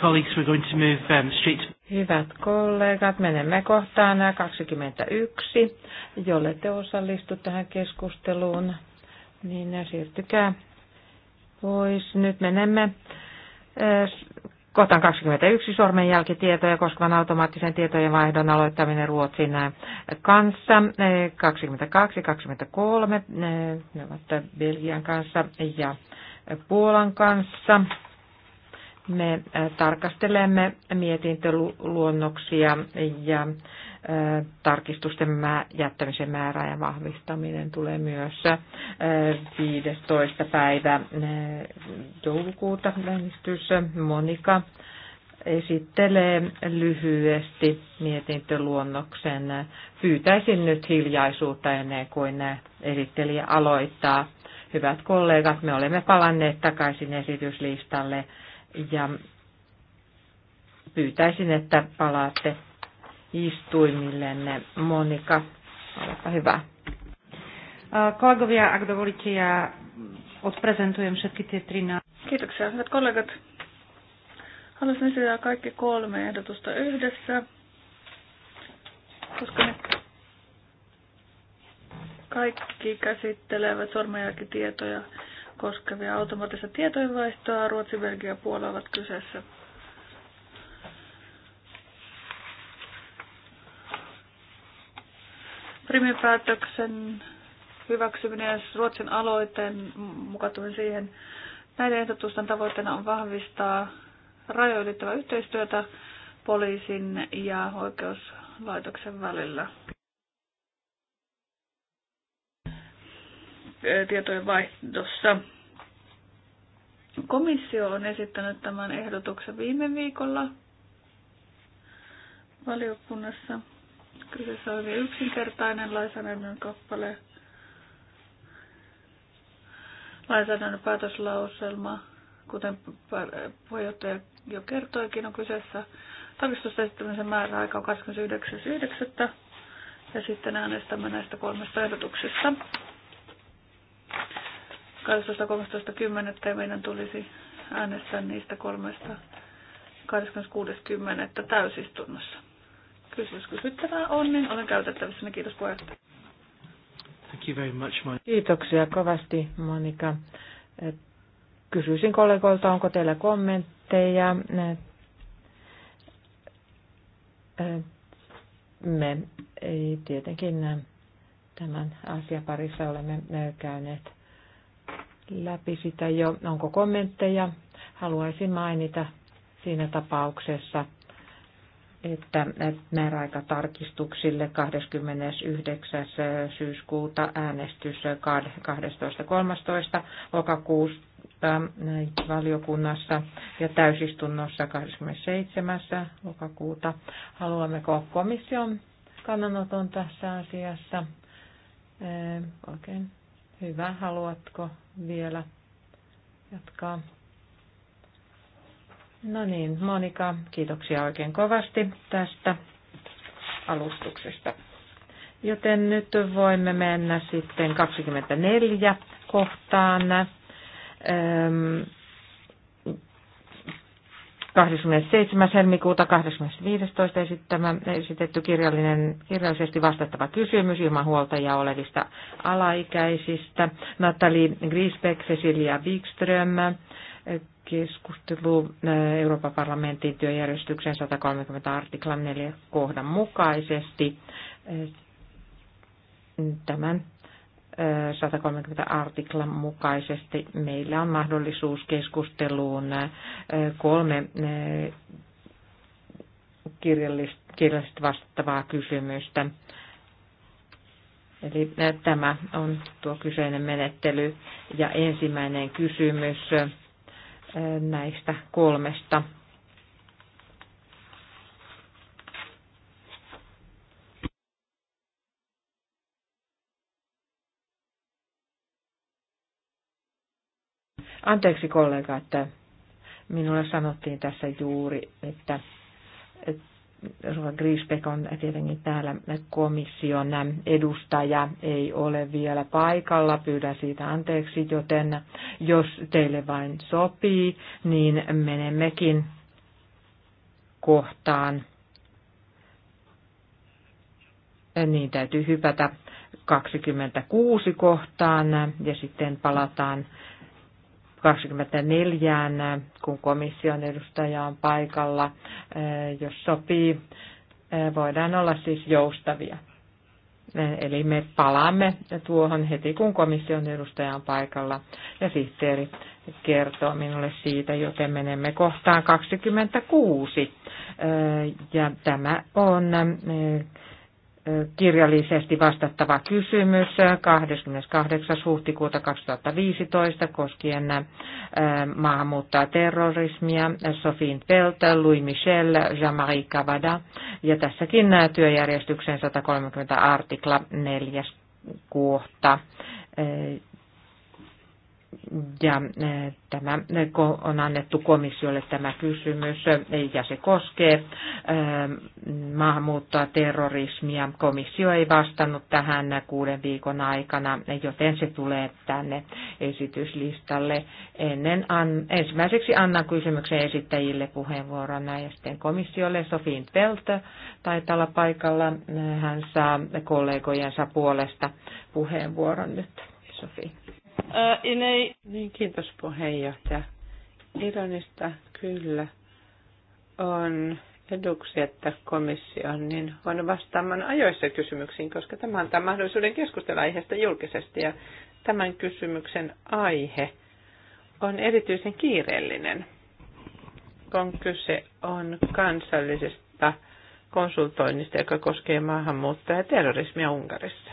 Colleagues, we're going to move um, straight to... Hyvät kollegat, menemme kohtaan 21, jolle te osallistu tähän keskusteluun, niin siirtykää pois. Nyt menemme äh, kohtaan 21 sormenjälkitietoja koskevan automaattisen tietojen vaihdon aloittaminen Ruotsin äh, kanssa. 22-23 äh, ne ovat Belgian kanssa ja Puolan kanssa. Me äh, tarkastelemme mietintöluonnoksia ja äh, tarkistusten jättämisen määrä ja vahvistaminen tulee myös 15. Äh, päivä joulukuuta äänestys. Monika esittelee lyhyesti mietintöluonnoksen. Pyytäisin nyt hiljaisuutta ennen kuin esittelijä aloittaa. Hyvät kollegat, me olemme palanneet takaisin esityslistalle ja pyytäisin, että palaatte istuimillenne. Monika, olepa hyvä. Kollegovia, ak dovolite, ja odprezentujem všetky tie trina. Kiitoksia, hyvät kollegat. Haluaisin esittää kaikki kolme ehdotusta yhdessä, koska ne kaikki käsittelevät sormenjälkitietoja koskevia automaattista tietojenvaihtoa. Ruotsi, Belgia ja Puola ovat kyseessä. Primipäätöksen hyväksyminen ja Ruotsin aloitteen mukautuminen siihen. Näiden ehdotusten tavoitteena on vahvistaa rajoittavaa yhteistyötä poliisin ja oikeuslaitoksen välillä. tietojen vaihdossa. Komissio on esittänyt tämän ehdotuksen viime viikolla valiokunnassa. Kyseessä on hyvin yksinkertainen lainsäädännön kappale. Lainsäädännön päätöslauselma, kuten puheenjohtaja jo kertoikin, on kyseessä Tarkistusta esittämisen määräaika on 29.9. Ja sitten äänestämme näistä kolmesta ehdotuksesta. 12.13.10. meidän tulisi äänestää niistä kolmesta 26.10. täysistunnossa. Kysymys kysyttävää on, niin olen käytettävissä. Niin kiitos puheenjohtaja. Thank you very much, Monica. Kiitoksia kovasti, Monika. Kysyisin kollegoilta, onko teillä kommentteja. Me ei tietenkin tämän asian parissa olemme käyneet läpi sitä jo. Onko kommentteja? Haluaisin mainita siinä tapauksessa, että määräaikatarkistuksille 29. syyskuuta äänestys 12.13. lokakuusta valiokunnassa ja täysistunnossa 27. lokakuuta. Haluammeko komission kannanoton tässä asiassa? Oikein Hyvä, haluatko vielä jatkaa? No niin, Monika, kiitoksia oikein kovasti tästä alustuksesta. Joten nyt voimme mennä sitten 24 kohtaan. 27. helmikuuta 2015 esittämä, esitetty kirjallinen, kirjallisesti vastattava kysymys ilman huoltajia olevista alaikäisistä. Natalie Grisbeck, Cecilia Wikström, keskustelu äh, Euroopan parlamentin työjärjestyksen 130 artiklan 4 kohdan mukaisesti. Äh, tämän 130 artiklan mukaisesti meillä on mahdollisuus keskusteluun kolme kirjallisesti vastaavaa kysymystä. Eli tämä on tuo kyseinen menettely. Ja ensimmäinen kysymys näistä kolmesta Anteeksi kollega, että minulle sanottiin tässä juuri, että Rova Griesbeck on tietenkin täällä komission edustaja, ei ole vielä paikalla, pyydän siitä anteeksi, joten jos teille vain sopii, niin menemmekin kohtaan. Niin täytyy hypätä 26 kohtaan ja sitten palataan 24, kun komission edustaja on paikalla. Eh, jos sopii, eh, voidaan olla siis joustavia. Eh, eli me palaamme tuohon heti, kun komission edustaja on paikalla ja sihteeri kertoo minulle siitä, joten menemme kohtaan 26. Ja tämä on kirjallisesti vastattava kysymys 28. Äh, huhtikuuta 2015 koskien äh, maahanmuuttaa terrorismia Sofin Pelt, Louis Michel, Jean-Marie Cavada ja tässäkin äh, työjärjestyksen 130 artikla 4 kohta ja eh, tämä eh, on annettu komissiolle tämä kysymys, eh, ja se koskee maahanmuuttoa, terrorismia. Komissio ei vastannut tähän kuuden viikon aikana, joten se tulee tänne esityslistalle. Ennen an, ensimmäiseksi annan kysymyksen esittäjille puheenvuorona ja sitten komissiolle Sofiin Pelt taitaa olla paikalla. Hän saa kollegojensa puolesta puheenvuoron nyt. Sofi. Uh, in Niin, kiitos puheenjohtaja. Ironista kyllä on eduksi, että komissio on niin huono vastaamaan ajoissa kysymyksiin, koska tämä antaa mahdollisuuden keskustella aiheesta julkisesti ja tämän kysymyksen aihe on erityisen kiireellinen, kun kyse on kansallisesta konsultoinnista, joka koskee maahanmuuttoa ja terrorismia Unkarissa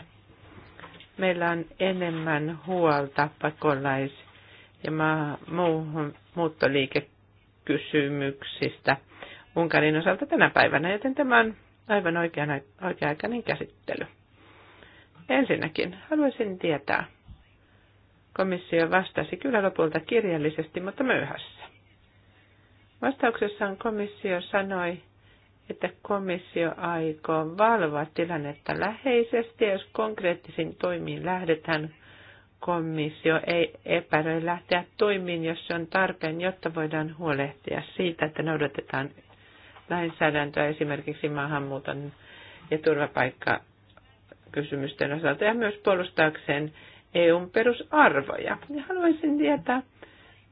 meillä on enemmän huolta pakolais- ja muuhun muuttoliikekysymyksistä Unkarin osalta tänä päivänä, joten tämä on aivan oikea-aikainen käsittely. Ensinnäkin haluaisin tietää, komissio vastasi kyllä lopulta kirjallisesti, mutta myöhässä. Vastauksessaan komissio sanoi, että komissio aikoo valvoa tilannetta läheisesti. Jos konkreettisiin toimiin lähdetään, komissio ei epäröi lähteä toimiin, jos se on tarpeen, jotta voidaan huolehtia siitä, että noudatetaan lainsäädäntöä esimerkiksi maahanmuuton ja turvapaikkakysymysten osalta ja myös puolustaakseen EUn perusarvoja. Ja haluaisin tietää,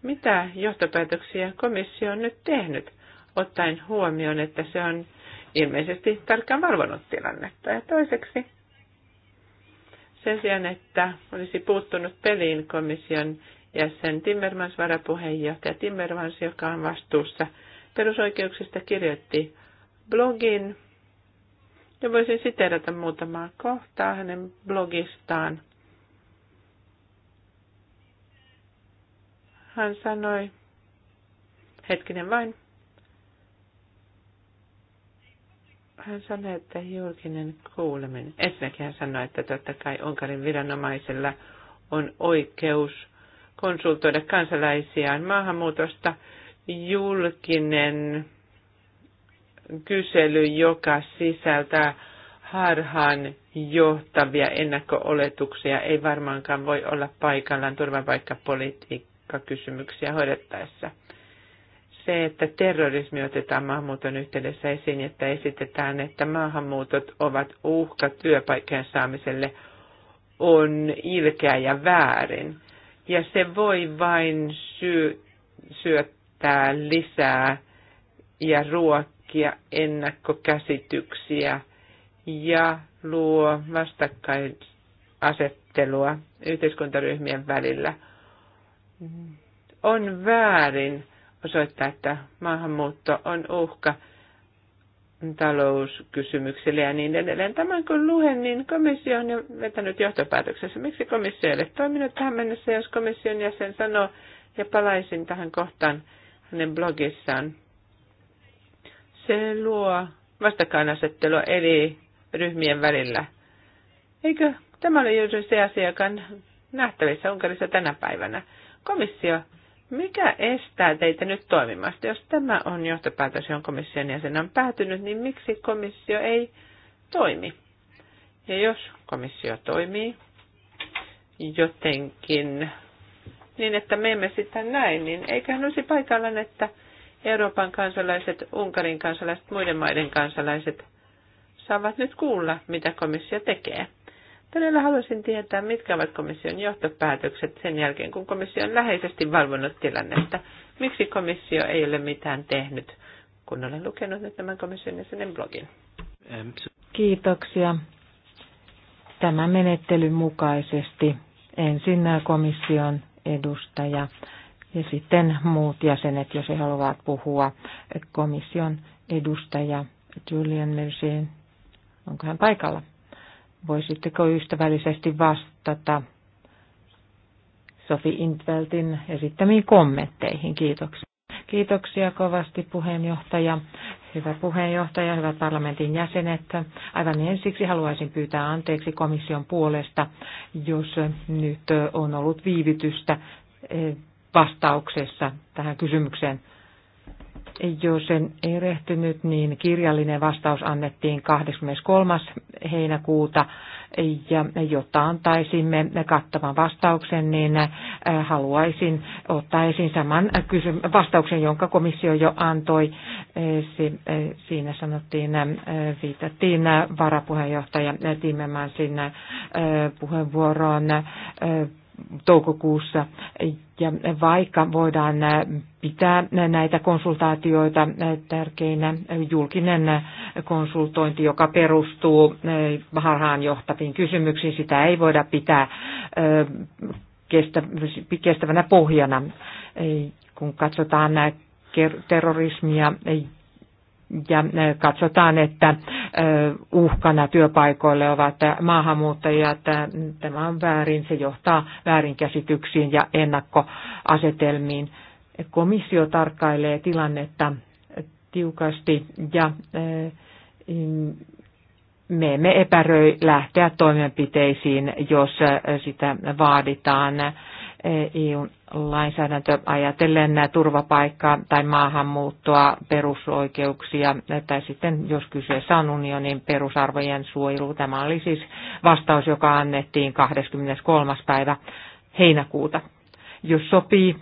mitä johtopäätöksiä komissio on nyt tehnyt ottaen huomioon, että se on ilmeisesti tarkkaan valvonut tilannetta. Ja toiseksi sen sijaan, että olisi puuttunut peliin komission jäsen Timmermans varapuheenjohtaja Timmermans, joka on vastuussa perusoikeuksista, kirjoitti blogin. Ja voisin siteerata muutamaa kohtaa hänen blogistaan. Hän sanoi, hetkinen vain, hän sanoi, että julkinen kuuleminen. Ensinnäkin hän sanoi, että totta kai Unkarin viranomaisilla on oikeus konsultoida kansalaisiaan maahanmuutosta. Julkinen kysely, joka sisältää harhaan johtavia ennakkooletuksia, ei varmaankaan voi olla paikallaan turvapaikkapolitiikkakysymyksiä hoidettaessa se, että terrorismi otetaan maahanmuuton yhteydessä esiin, että esitetään, että maahanmuutot ovat uhka työpaikan saamiselle, on ilkeä ja väärin. Ja se voi vain sy- syöttää lisää ja ruokkia ennakkokäsityksiä ja luo vastakkainasettelua yhteiskuntaryhmien välillä. On väärin osoittaa, että maahanmuutto on uhka talouskysymyksille ja niin edelleen. Tämän kun luen, niin komissio on jo vetänyt johtopäätöksessä. Miksi komissio ei ole toiminut tähän mennessä, jos komission jäsen sanoo, ja palaisin tähän kohtaan hänen blogissaan. Se luo vastakkainasettelua eri ryhmien välillä. Eikö tämä ole juuri se asia, joka on nähtävissä Unkarissa tänä päivänä? Komissio mikä estää teitä nyt toimimasta? Jos tämä on johtopäätös, johon komission jäsen on päätynyt, niin miksi komissio ei toimi? Ja jos komissio toimii jotenkin niin, että me emme sitä näe, niin eiköhän olisi paikallaan, että Euroopan kansalaiset, Unkarin kansalaiset, muiden maiden kansalaiset saavat nyt kuulla, mitä komissio tekee. Todella haluaisin tietää, mitkä ovat komission johtopäätökset sen jälkeen, kun komissio on läheisesti valvonnut tilannetta. Miksi komissio ei ole mitään tehnyt, kun olen lukenut nyt tämän komission jäsenen blogin? Kiitoksia. Tämä menettelyn mukaisesti ensin komission edustaja ja sitten muut jäsenet, jos he haluavat puhua. Komission edustaja Julian Mersin, onko hän paikalla? Voisitteko ystävällisesti vastata Sofi Intveltin esittämiin kommentteihin? Kiitoksia. Kiitoksia kovasti puheenjohtaja. Hyvä puheenjohtaja, hyvät parlamentin jäsenet. Aivan ensiksi haluaisin pyytää anteeksi komission puolesta, jos nyt on ollut viivytystä eh, vastauksessa tähän kysymykseen jos en erehtynyt, niin kirjallinen vastaus annettiin 23. heinäkuuta ja jotta antaisimme kattavan vastauksen, niin äh, haluaisin ottaa esiin saman vastauksen, jonka komissio jo antoi. Äh, äh, siinä sanottiin, viitattiin varapuheenjohtaja Timmermansin puheenvuoroon toukokuussa. Ja vaikka voidaan pitää näitä konsultaatioita tärkeinä, julkinen konsultointi, joka perustuu harhaan johtaviin kysymyksiin, sitä ei voida pitää kestävänä pohjana, kun katsotaan terrorismia ja äh, katsotaan, että äh, uhkana työpaikoille ovat maahanmuuttajat. Äh, tämä on väärin, se johtaa väärinkäsityksiin ja ennakkoasetelmiin. Komissio tarkkailee tilannetta tiukasti ja me emme epäröi lähteä toimenpiteisiin, jos sitä vaaditaan. EUn lainsäädäntö ajatellen turvapaikkaa tai maahanmuuttoa, perusoikeuksia tai sitten jos kyseessä on unionin perusarvojen suojelu. Tämä oli siis vastaus, joka annettiin 23. päivä heinäkuuta. Jos sopii,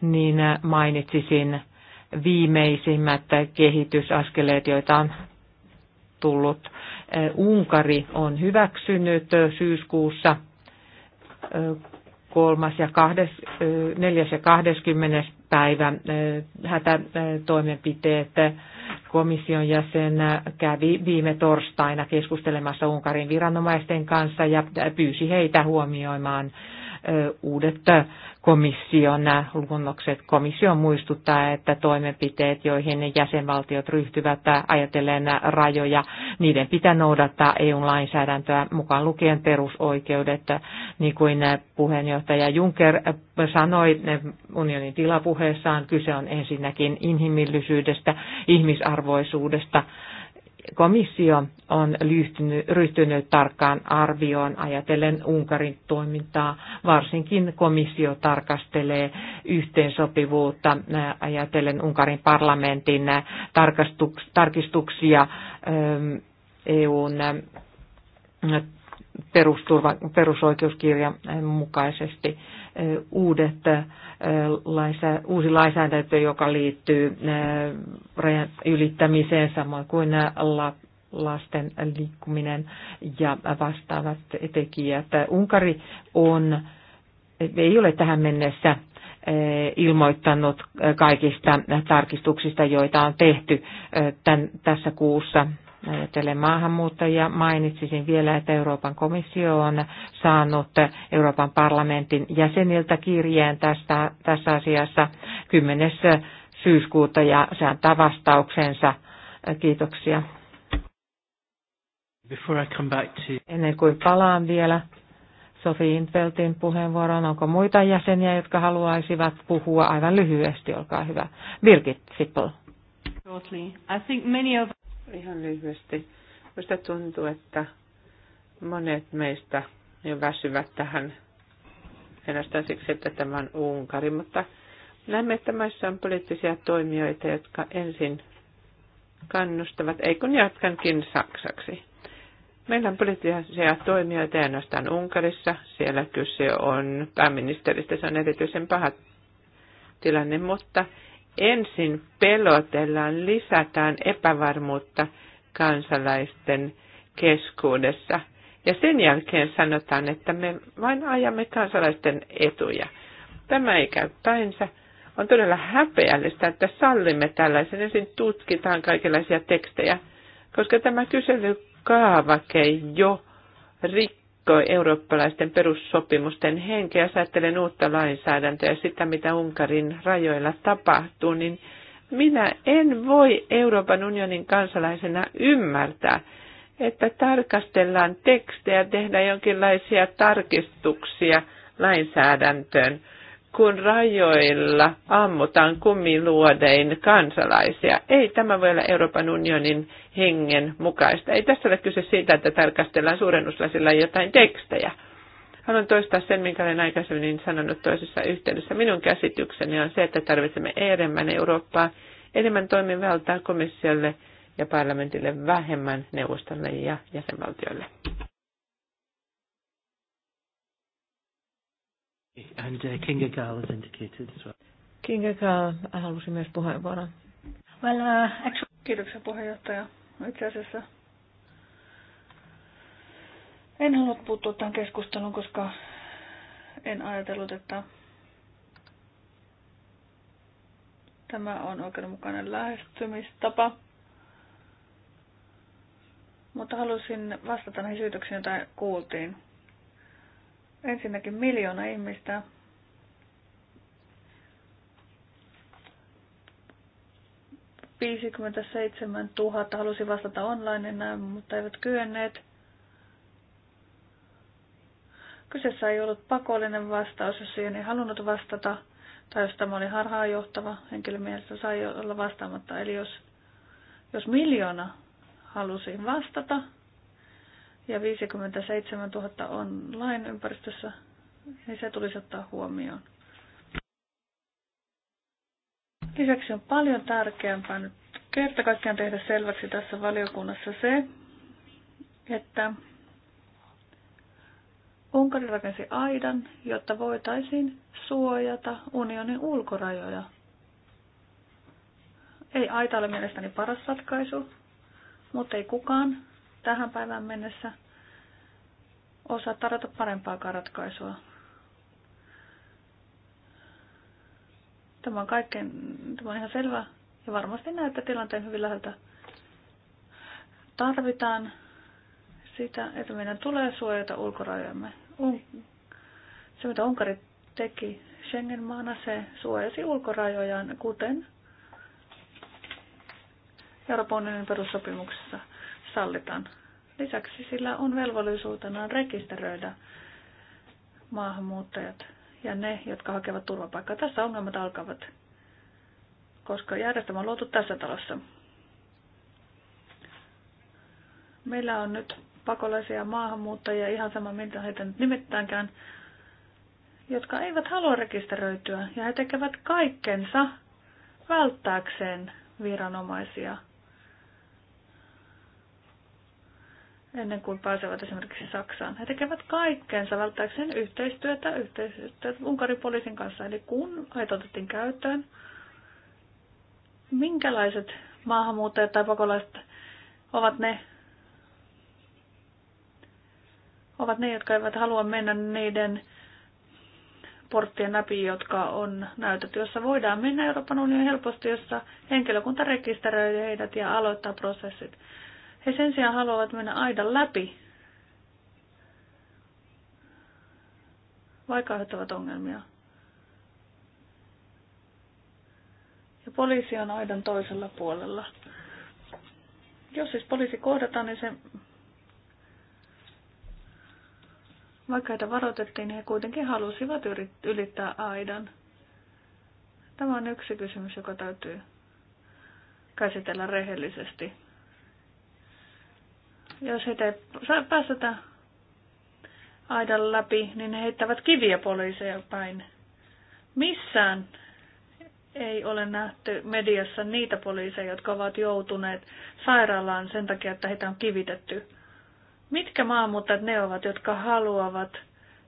niin mainitsisin viimeisimmät kehitysaskeleet, joita on tullut. Unkari on hyväksynyt syyskuussa kolmas ja kahdes, neljäs ja 20. päivä hätätoimenpiteet. Komission jäsen kävi viime torstaina keskustelemassa Unkarin viranomaisten kanssa ja pyysi heitä huomioimaan uudet komission luonnokset. Komissio muistuttaa, että toimenpiteet, joihin jäsenvaltiot ryhtyvät ajatellen rajoja, niiden pitää noudattaa EU-lainsäädäntöä mukaan lukien perusoikeudet. Niin kuin puheenjohtaja Juncker sanoi unionin tilapuheessaan, kyse on ensinnäkin inhimillisyydestä, ihmisarvoisuudesta, komissio on lyhtynyt, ryhtynyt tarkkaan arvioon ajatellen Unkarin toimintaa. Varsinkin komissio tarkastelee yhteensopivuutta äh, ajatellen Unkarin parlamentin äh, tarkistuksia ähm, EUn äh, perusoikeuskirjan mukaisesti uudet uusi lainsäädäntö, joka liittyy rajan ylittämiseen, samoin kuin lasten liikkuminen ja vastaavat tekijät. Unkari on, ei ole tähän mennessä ilmoittanut kaikista tarkistuksista, joita on tehty tämän, tässä kuussa ajatellen maahanmuuttajia, mainitsisin vielä, että Euroopan komissio on saanut Euroopan parlamentin jäseniltä kirjeen tästä, tässä asiassa 10. syyskuuta ja se antaa vastauksensa. Kiitoksia. To... Ennen kuin palaan vielä Sofi Infeltin puheenvuoroon, onko muita jäseniä, jotka haluaisivat puhua aivan lyhyesti? Olkaa hyvä. Birgit Sippel ihan lyhyesti. Minusta tuntuu, että monet meistä jo väsyvät tähän enästään siksi, että tämä on Unkari, mutta näemme, että maissa on poliittisia toimijoita, jotka ensin kannustavat, ei kun jatkankin saksaksi. Meillä on poliittisia toimijoita ainoastaan Unkarissa. Siellä kyse on pääministeristä, se on erityisen paha tilanne, mutta ensin pelotellaan, lisätään epävarmuutta kansalaisten keskuudessa. Ja sen jälkeen sanotaan, että me vain ajamme kansalaisten etuja. Tämä ei käy päinsä. On todella häpeällistä, että sallimme tällaisen. Ensin tutkitaan kaikenlaisia tekstejä, koska tämä kyselykaavake jo rikkoo rikkoi eurooppalaisten perussopimusten henkeä. Jos ajattelen uutta lainsäädäntöä ja sitä, mitä Unkarin rajoilla tapahtuu, niin minä en voi Euroopan unionin kansalaisena ymmärtää, että tarkastellaan tekstejä, tehdään jonkinlaisia tarkistuksia lainsäädäntöön – kun rajoilla ammutaan kummiluodein kansalaisia. Ei tämä voi olla Euroopan unionin hengen mukaista. Ei tässä ole kyse siitä, että tarkastellaan suurennuslasilla jotain tekstejä. Haluan toistaa sen, minkä olen aikaisemmin sanonut toisessa yhteydessä. Minun käsitykseni on se, että tarvitsemme enemmän Eurooppaa, enemmän toimivaltaa komissiolle ja parlamentille, vähemmän neuvostolle ja jäsenvaltioille. And uh, Kinga Gall has indicated as well. Kinga Gall halusi myös puheenvuoron. Well, uh, actually... Kiitoksia puheenjohtaja. Itse asiassa en halua puuttua tämän keskusteluun, koska en ajatellut, että tämä on oikeudenmukainen lähestymistapa. Mutta halusin vastata näihin syytöksiin, joita kuultiin ensinnäkin miljoona ihmistä Viisikymmentäseitsemän tuhatta halusi vastata online enää, mutta eivät kyenneet. Kyseessä ei ollut pakollinen vastaus, jos siihen ei niin halunnut vastata, tai jos tämä oli harhaanjohtava, henkilömielessä sai olla vastaamatta. Eli jos, jos miljoona halusi vastata, ja 57 000 on lain ympäristössä, niin se tulisi ottaa huomioon. Lisäksi on paljon tärkeämpää nyt kerta kaikkiaan tehdä selväksi tässä valiokunnassa se, että Unkari rakensi aidan, jotta voitaisiin suojata unionin ulkorajoja. Ei aita ole mielestäni paras ratkaisu, mutta ei kukaan tähän päivään mennessä osaa tarjota parempaakaan ratkaisua. Tämä on, kaikkein, tämä on ihan selvä ja varmasti näyttää tilanteen hyvin läheltä. Tarvitaan sitä, että meidän tulee suojata Un- Se, mitä Unkari teki Schengen-maana, se suojasi ulkorajojaan, kuten Euroopan unionin perussopimuksessa – sallitaan. Lisäksi sillä on velvollisuutenaan rekisteröidä maahanmuuttajat ja ne, jotka hakevat turvapaikkaa. Tässä ongelmat alkavat, koska järjestelmä on luotu tässä talossa. Meillä on nyt pakolaisia maahanmuuttajia, ihan sama mitä heitä nyt nimittäinkään, jotka eivät halua rekisteröityä ja he tekevät kaikkensa välttääkseen viranomaisia – ennen kuin pääsevät esimerkiksi Saksaan. He tekevät kaikkeensa välttääkseen yhteistyötä, yhteistyötä Unkarin poliisin kanssa. Eli kun heitä otettiin käyttöön, minkälaiset maahanmuuttajat tai pakolaiset ovat ne, ovat ne, jotka eivät halua mennä niiden porttien läpi, jotka on näytetty, jossa voidaan mennä Euroopan unionin helposti, jossa henkilökunta rekisteröi heidät ja aloittaa prosessit. He sen sijaan haluavat mennä aidan läpi, vaikka aiheuttavat ongelmia. Ja poliisi on aidan toisella puolella. Jos siis poliisi kohdataan, niin se Vaikka heitä varoitettiin, niin he kuitenkin halusivat ylittää aidan. Tämä on yksi kysymys, joka täytyy käsitellä rehellisesti. Jos heitä ei päästetä aidan läpi, niin he heittävät kiviä poliiseja päin. Missään ei ole nähty mediassa niitä poliiseja, jotka ovat joutuneet sairaalaan sen takia, että heitä on kivitetty. Mitkä maahanmuuttajat ne ovat, jotka haluavat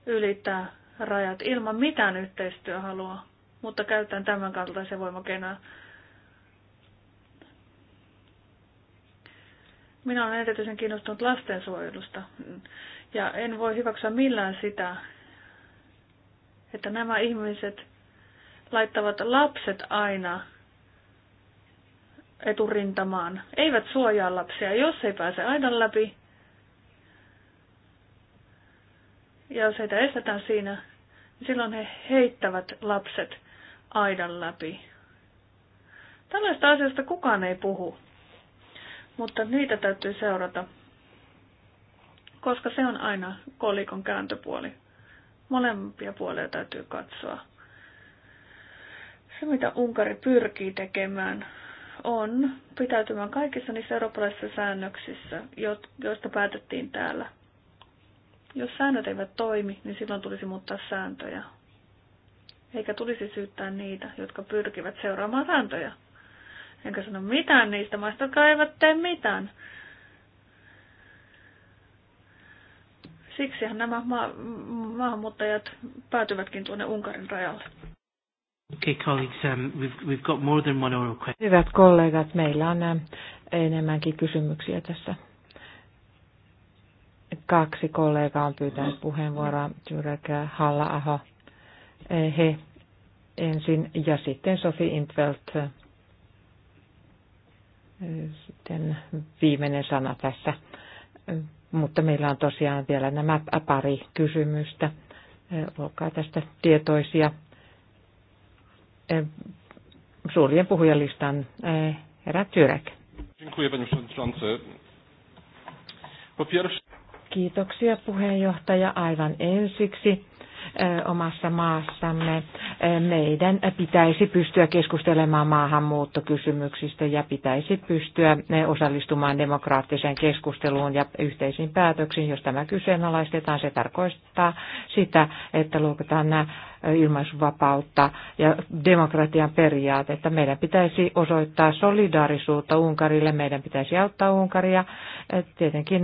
ylittää rajat ilman mitään yhteistyöhalua, mutta käytetään tämän kaltaisia voimakeinoja? Minä olen erityisen kiinnostunut lastensuojelusta ja en voi hyväksyä millään sitä, että nämä ihmiset laittavat lapset aina eturintamaan. Eivät suojaa lapsia, jos ei pääse aidan läpi. Ja jos heitä estetään siinä, niin silloin he heittävät lapset aidan läpi. Tällaista asiasta kukaan ei puhu mutta niitä täytyy seurata, koska se on aina kolikon kääntöpuoli. Molempia puolia täytyy katsoa. Se, mitä Unkari pyrkii tekemään, on pitäytymään kaikissa niissä eurooppalaisissa säännöksissä, joista päätettiin täällä. Jos säännöt eivät toimi, niin silloin tulisi muuttaa sääntöjä. Eikä tulisi syyttää niitä, jotka pyrkivät seuraamaan sääntöjä. Enkä sano mitään niistä maista, jotka eivät tee mitään. Siksihän nämä ma- maahanmuuttajat päätyvätkin tuonne Unkarin rajalle. Okay, colleagues, um, we've, we've got more than one oral question. Hyvät kollegat, meillä on ähm, enemmänkin kysymyksiä tässä. Kaksi kollegaa on pyytänyt puheenvuoroa, Jurek äh, Halla-aho. Äh, he ensin ja sitten Sofi Intvelt äh, sitten viimeinen sana tässä. Mutta meillä on tosiaan vielä nämä pari kysymystä. Olkaa tästä tietoisia. Suurien puhujalistan eh, herra Tyrek. Kiitoksia puheenjohtaja aivan ensiksi omassa maassamme. Meidän pitäisi pystyä keskustelemaan maahanmuuttokysymyksistä ja pitäisi pystyä osallistumaan demokraattiseen keskusteluun ja yhteisiin päätöksiin. Jos tämä kyseenalaistetaan, se tarkoittaa sitä, että luokataan nämä ilmaisuvapautta ja demokratian periaatetta. Meidän pitäisi osoittaa solidaarisuutta Unkarille, meidän pitäisi auttaa Unkaria. Tietenkin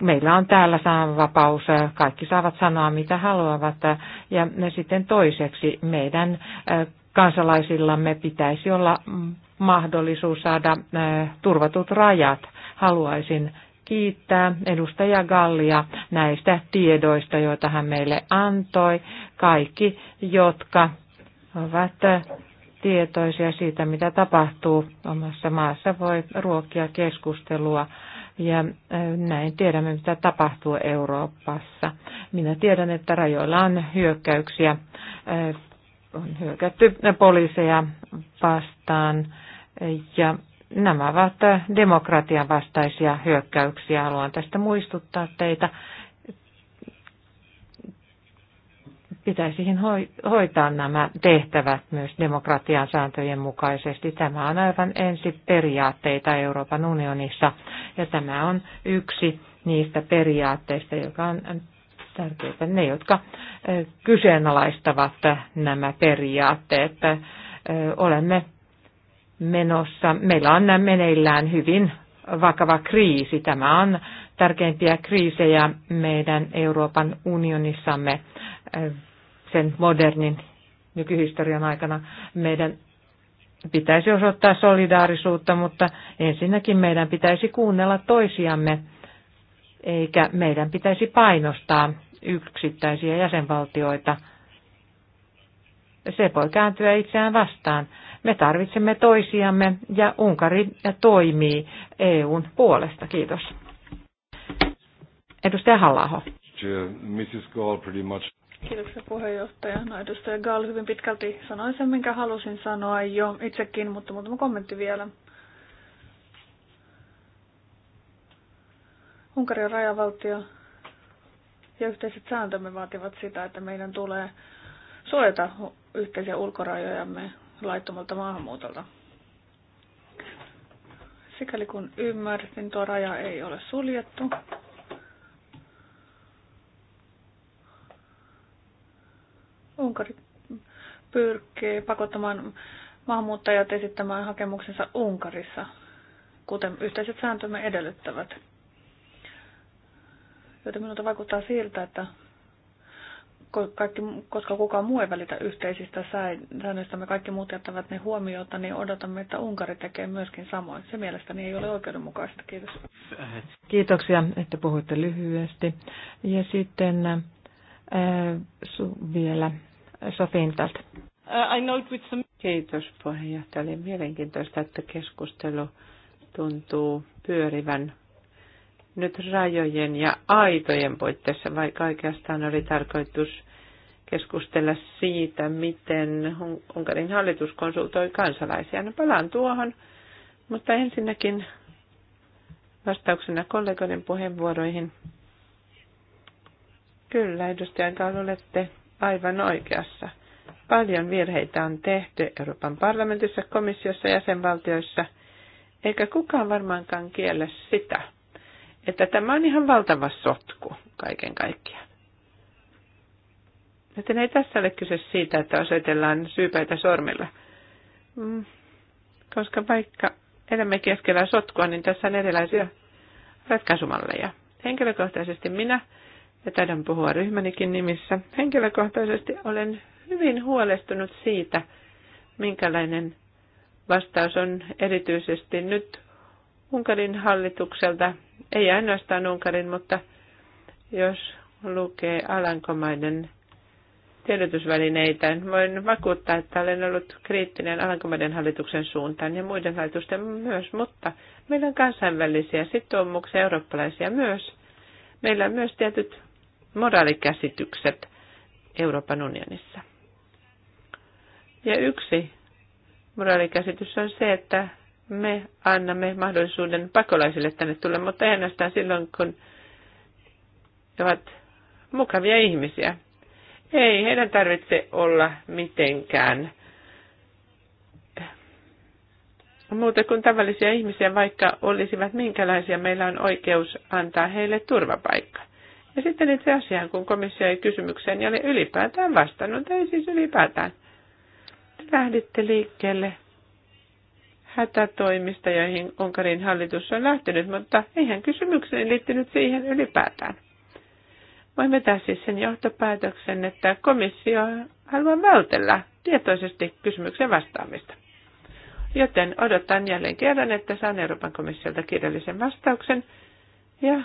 meillä on täällä sananvapaus, kaikki saavat sanoa mitä haluavat. Ja sitten toiseksi meidän kansalaisillamme pitäisi olla mahdollisuus saada turvatut rajat. Haluaisin kiittää edustaja Gallia näistä tiedoista, joita hän meille antoi. Kaikki, jotka ovat tietoisia siitä, mitä tapahtuu omassa maassa, voi ruokkia keskustelua ja näin tiedämme, mitä tapahtuu Euroopassa. Minä tiedän, että rajoilla on hyökkäyksiä, on hyökätty poliiseja vastaan ja Nämä ovat äh, demokratian vastaisia hyökkäyksiä. Haluan tästä muistuttaa teitä. Pitäisi hoitaa nämä tehtävät myös demokratian sääntöjen mukaisesti. Tämä on aivan ensi periaatteita Euroopan unionissa ja tämä on yksi niistä periaatteista, joka on tärkeää. Ne, jotka äh, kyseenalaistavat nämä periaatteet, äh, olemme menossa. Meillä on meneillään hyvin vakava kriisi. Tämä on tärkeimpiä kriisejä meidän Euroopan unionissamme sen modernin nykyhistorian aikana. Meidän pitäisi osoittaa solidaarisuutta, mutta ensinnäkin meidän pitäisi kuunnella toisiamme, eikä meidän pitäisi painostaa yksittäisiä jäsenvaltioita – se voi kääntyä itseään vastaan. Me tarvitsemme toisiamme ja Unkari toimii EUn puolesta. Kiitos. Edustaja Hallaho. Kiitos puheenjohtaja. No edustaja Gall hyvin pitkälti sanoi sen, minkä halusin sanoa jo itsekin, mutta muutama kommentti vielä. Unkarin rajavaltio ja yhteiset sääntömme vaativat sitä, että meidän tulee suojata yhteisiä ulkorajojamme laittomalta maahanmuutolta. Sikäli kun ymmärsin, tuo raja ei ole suljettu. Unkari pyrkii pakottamaan maahanmuuttajat esittämään hakemuksensa Unkarissa, kuten yhteiset sääntömme edellyttävät. Joten minulta vaikuttaa siltä, että kaikki, koska kukaan muu ei välitä yhteisistä säännöistä, me kaikki muut jättävät ne huomiota, niin odotamme, että Unkari tekee myöskin samoin. Se mielestäni ei ole oikeudenmukaista. Kiitos. Kiitoksia, että puhuitte lyhyesti. Ja sitten äh, su, vielä Sofiintalta. Uh, some... Kiitos puheenjohtaja. Oli mielenkiintoista, että keskustelu tuntuu pyörivän nyt rajojen ja aitojen puitteissa, vai oikeastaan oli tarkoitus keskustella siitä, miten Unkarin hallitus konsultoi kansalaisia. No palaan tuohon, mutta ensinnäkin vastauksena kollegoiden puheenvuoroihin. Kyllä, edustajan kanssa olette aivan oikeassa. Paljon virheitä on tehty Euroopan parlamentissa, komissiossa, jäsenvaltioissa, eikä kukaan varmaankaan kiellä sitä – että tämä on ihan valtava sotku kaiken kaikkiaan. Joten ei tässä ole kyse siitä, että osoitellaan syypäitä sormilla. Mm. Koska vaikka elämme keskellä sotkua, niin tässä on erilaisia ratkaisumalleja. Henkilökohtaisesti minä, ja taidan puhua ryhmänikin nimissä, henkilökohtaisesti olen hyvin huolestunut siitä, minkälainen vastaus on erityisesti nyt Unkarin hallitukselta ei ainoastaan Unkarin, mutta jos lukee Alankomaiden tiedotusvälineitä, voin vakuuttaa, että olen ollut kriittinen Alankomaiden hallituksen suuntaan ja muiden hallitusten myös, mutta meillä on kansainvälisiä sitoumuksia, eurooppalaisia myös. Meillä on myös tietyt moraalikäsitykset Euroopan unionissa. Ja yksi moraalikäsitys on se, että me annamme mahdollisuuden pakolaisille tänne tulla, mutta ei ainoastaan silloin, kun he ovat mukavia ihmisiä. Ei heidän tarvitse olla mitenkään muuta kuin tavallisia ihmisiä, vaikka olisivat minkälaisia, meillä on oikeus antaa heille turvapaikka. Ja sitten itse asiaan, kun komissio ei kysymykseen niin oli ylipäätään vastannut, ei siis ylipäätään. Te lähditte liikkeelle hätätoimista, joihin Unkarin hallitus on lähtenyt, mutta eihän kysymykseen liittynyt siihen ylipäätään. Voimme tehdä siis sen johtopäätöksen, että komissio haluaa vältellä tietoisesti kysymyksen vastaamista. Joten odotan jälleen kerran, että saan Euroopan komissiolta kirjallisen vastauksen ja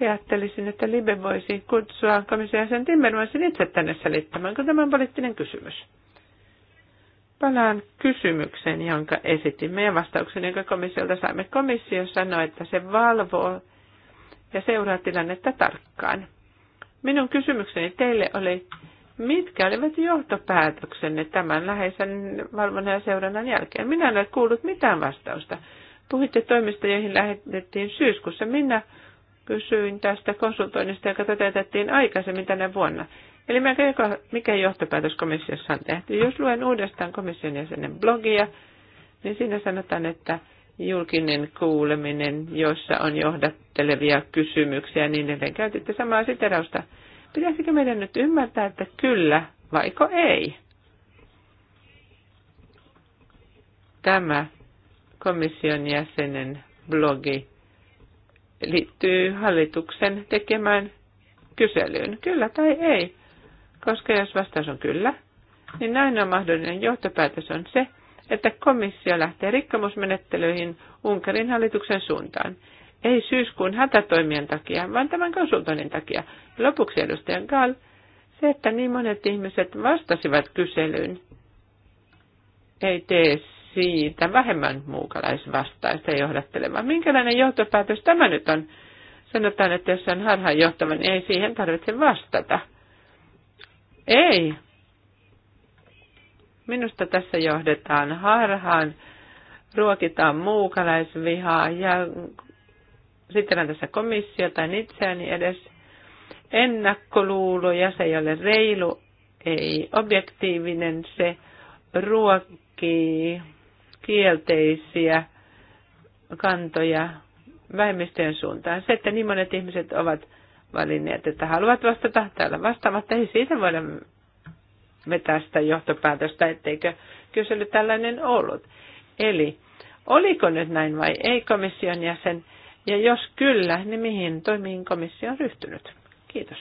ajattelisin, että Libe voisi kutsua komission sen Timmermansin itse tänne selittämään, kun tämä on poliittinen kysymys. Palaan kysymykseen, jonka esitimme ja vastauksen, jonka komissiolta saimme. Komissio sanoi, että se valvoo ja seuraa tilannetta tarkkaan. Minun kysymykseni teille oli, mitkä olivat johtopäätöksenne tämän läheisen valvonnan ja seurannan jälkeen? Minä en ole kuullut mitään vastausta. Puhitte toimista, joihin lähetettiin syyskuussa. Minä kysyin tästä konsultoinnista, joka toteutettiin aikaisemmin tänä vuonna. Eli mikä, mikä johtopäätös komissiossa on tehty? Jos luen uudestaan komission jäsenen blogia, niin siinä sanotaan, että julkinen kuuleminen, jossa on johdattelevia kysymyksiä ja niin edelleen. Käytitte samaa siterausta. Pitäisikö meidän nyt ymmärtää, että kyllä vaiko ei? Tämä komission jäsenen blogi liittyy hallituksen tekemään kyselyyn, kyllä tai ei. Koska jos vastaus on kyllä, niin ainoa mahdollinen johtopäätös on se, että komissio lähtee rikkomusmenettelyihin Unkarin hallituksen suuntaan. Ei syyskuun hätätoimien takia, vaan tämän konsultoinnin takia. Lopuksi edustajan Gall, se, että niin monet ihmiset vastasivat kyselyyn, ei tee siitä vähemmän muukalaisvastaista johdattelemaan. Minkälainen johtopäätös tämä nyt on? Sanotaan, että jos on harhaanjohtava, niin ei siihen tarvitse vastata. Ei. Minusta tässä johdetaan harhaan, ruokitaan muukalaisvihaa ja sitten tässä komissiota itseäni edes ja se ei ole reilu, ei objektiivinen, se ruokkii kielteisiä kantoja vähemmistöjen suuntaan. Se, että niin monet ihmiset ovat valinneet, että haluat vastata täällä vastaamatta. Ei siitä voida vetää sitä johtopäätöstä, etteikö kysely tällainen ollut. Eli oliko nyt näin vai ei komission jäsen? Ja jos kyllä, niin mihin toimiin komissio on ryhtynyt? Kiitos.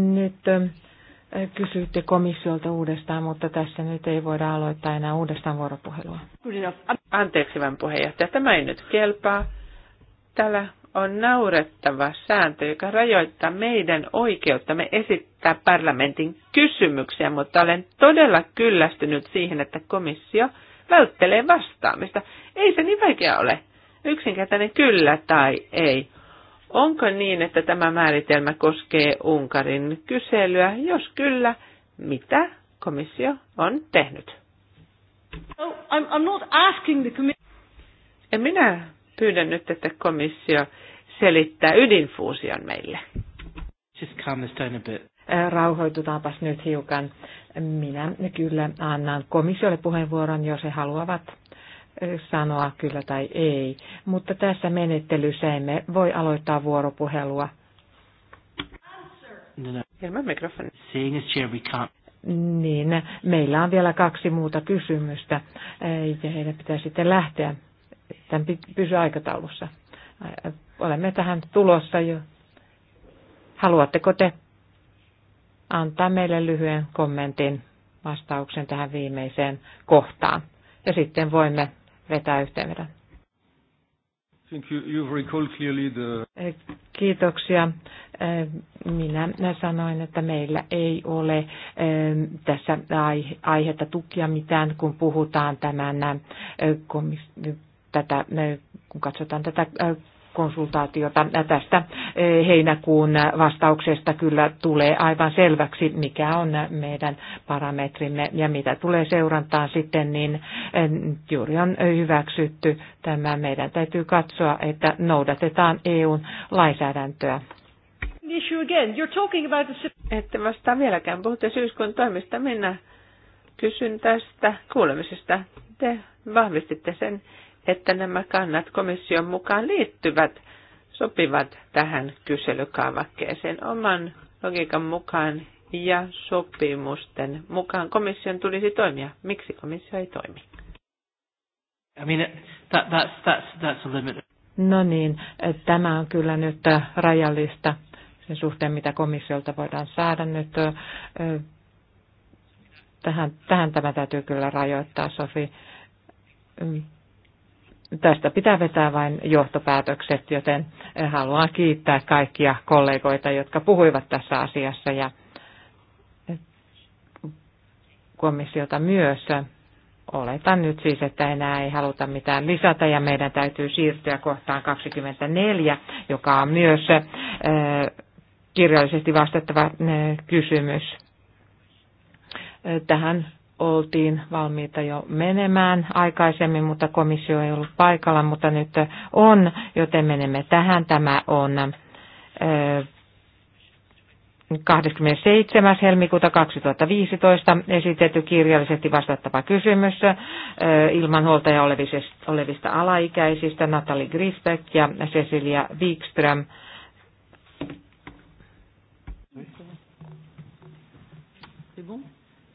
Nyt kysyitte komissiolta uudestaan, mutta tässä nyt ei voida aloittaa enää uudestaan vuoropuhelua. Anteeksi vain puheenjohtaja, tämä ei nyt kelpaa. Täällä on naurettava sääntö, joka rajoittaa meidän oikeuttamme esittää parlamentin kysymyksiä, mutta olen todella kyllästynyt siihen, että komissio välttelee vastaamista. Ei se niin vaikea ole. Yksinkertainen kyllä tai ei. Onko niin, että tämä määritelmä koskee Unkarin kyselyä? Jos kyllä, mitä komissio on tehnyt? Oh, en minä pyydän nyt, että komissio selittää ydinfuusion meille. Rauhoitutaanpas nyt hiukan. Minä kyllä annan komissiolle puheenvuoron, jos he haluavat sanoa kyllä tai ei, mutta tässä menettelyssä emme voi aloittaa vuoropuhelua. No, no. Ilman mikrofoni. Niin, meillä on vielä kaksi muuta kysymystä ja heidän pitää sitten lähteä. Tämän pysyä aikataulussa. Olemme tähän tulossa jo. Haluatteko te antaa meille lyhyen kommentin vastauksen tähän viimeiseen kohtaan? Ja sitten voimme vetää yhteenvedon. Eh, kiitoksia. Eh, minä sanoin, että meillä ei ole eh, tässä aihetta tukia mitään, kun puhutaan tämän, tätä, kun katsotaan tätä konsultaatiota. Tästä eh, heinäkuun vastauksesta kyllä tulee aivan selväksi, mikä on meidän parametrimme ja mitä tulee seurantaan sitten, niin eh, juuri on hyväksytty tämä. Meidän täytyy katsoa, että noudatetaan EUn lainsäädäntöä Ette vastaa vieläkään. Puhutte syyskuun toimista. Minä kysyn tästä kuulemisesta. Te vahvistitte sen että nämä kannat komission mukaan liittyvät, sopivat tähän kyselykaavakkeeseen oman logiikan mukaan ja sopimusten mukaan komission tulisi toimia. Miksi komissio ei toimi? I mean, that, that's, that's, that's a limit. No niin, tämä on kyllä nyt rajallista sen suhteen, mitä komissiolta voidaan saada nyt. Tähän, tähän tämä täytyy kyllä rajoittaa, Sofi tästä pitää vetää vain johtopäätökset, joten haluan kiittää kaikkia kollegoita, jotka puhuivat tässä asiassa ja komissiota myös. Oletan nyt siis, että enää ei haluta mitään lisätä ja meidän täytyy siirtyä kohtaan 24, joka on myös kirjallisesti vastattava kysymys. Tähän oltiin valmiita jo menemään aikaisemmin, mutta komissio ei ollut paikalla, mutta nyt on, joten menemme tähän. Tämä on 27. helmikuuta 2015 esitetty kirjallisesti vastattava kysymys ilman huoltaja olevista alaikäisistä Natalie Grisbeck ja Cecilia Wikström.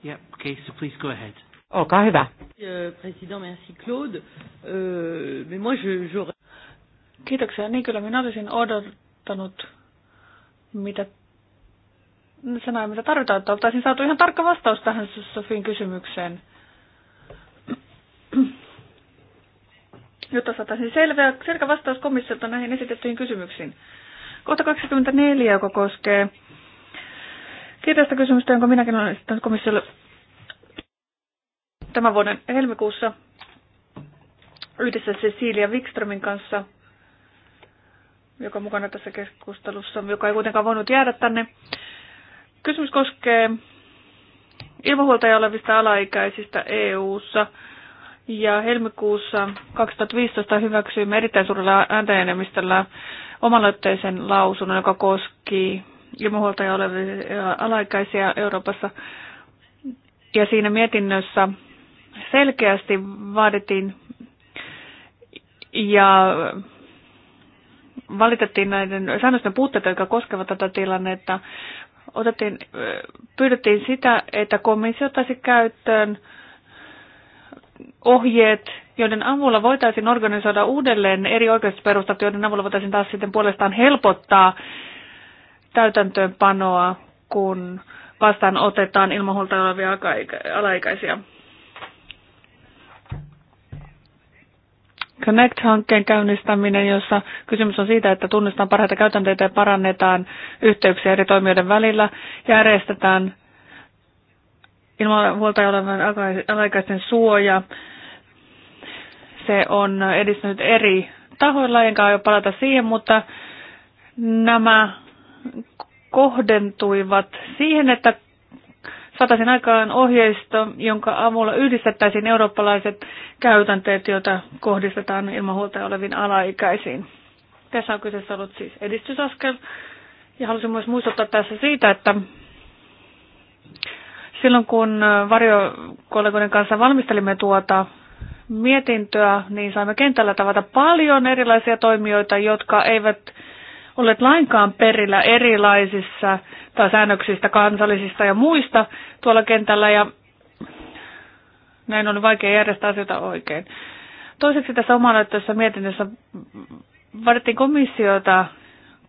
Yep. Okay, so please go ahead. Olkaa hyvä. Euh, President, merci Claude. Euh, mais moi je, je... Kiitoksia. Niin kyllä minä olisin odottanut, mitä sanoin, mitä tarvitaan, että oltaisiin saatu ihan tarkka vastaus tähän Sofin kysymykseen. Jotta saataisiin selvä, selkä vastaus komissiolta näihin esitettyihin kysymyksiin. Kohta 24, joka koskee kirjasta kysymystä, jonka minäkin olen esittänyt komissiolle tämän vuoden helmikuussa yhdessä Cecilia Wikströmin kanssa, joka on mukana tässä keskustelussa, joka ei kuitenkaan voinut jäädä tänne. Kysymys koskee ilmahuoltaja olevista alaikäisistä EU-ssa. Ja helmikuussa 2015 hyväksyimme erittäin suurella ääntäenemmistöllä omaloitteisen lausunnon, joka koski ilmahuoltaja olevia alaikäisiä Euroopassa. Ja siinä mietinnössä selkeästi vaadittiin ja valitettiin näiden säännösten puutteita, jotka koskevat tätä tilannetta. Otettiin, pyydettiin sitä, että komissio ottaisi käyttöön ohjeet, joiden avulla voitaisiin organisoida uudelleen eri oikeusperustat, joiden avulla voitaisiin taas sitten puolestaan helpottaa täytäntöönpanoa, kun vastaan otetaan ilman huolta olevia alaikäisiä. Connect-hankkeen käynnistäminen, jossa kysymys on siitä, että tunnistetaan parhaita käytänteitä ja parannetaan yhteyksiä eri toimijoiden välillä, järjestetään ilman huolta olevan alaikaisten suoja. Se on edistynyt eri tahoilla, enkä aio palata siihen, mutta nämä kohdentuivat siihen, että saataisiin aikaan ohjeisto, jonka avulla yhdistettäisiin eurooppalaiset käytänteet, joita kohdistetaan ilmahuoltaja oleviin alaikäisiin. Tässä on kyseessä ollut siis edistysaskel. Ja halusin myös muistuttaa tässä siitä, että silloin kun varjokollegoiden kanssa valmistelimme tuota mietintöä, niin saimme kentällä tavata paljon erilaisia toimijoita, jotka eivät olleet lainkaan perillä erilaisissa tai säännöksistä, kansallisista ja muista tuolla kentällä ja näin on vaikea järjestää asioita oikein. Toiseksi tässä omalaitteessa mietinnössä vaadittiin komissiota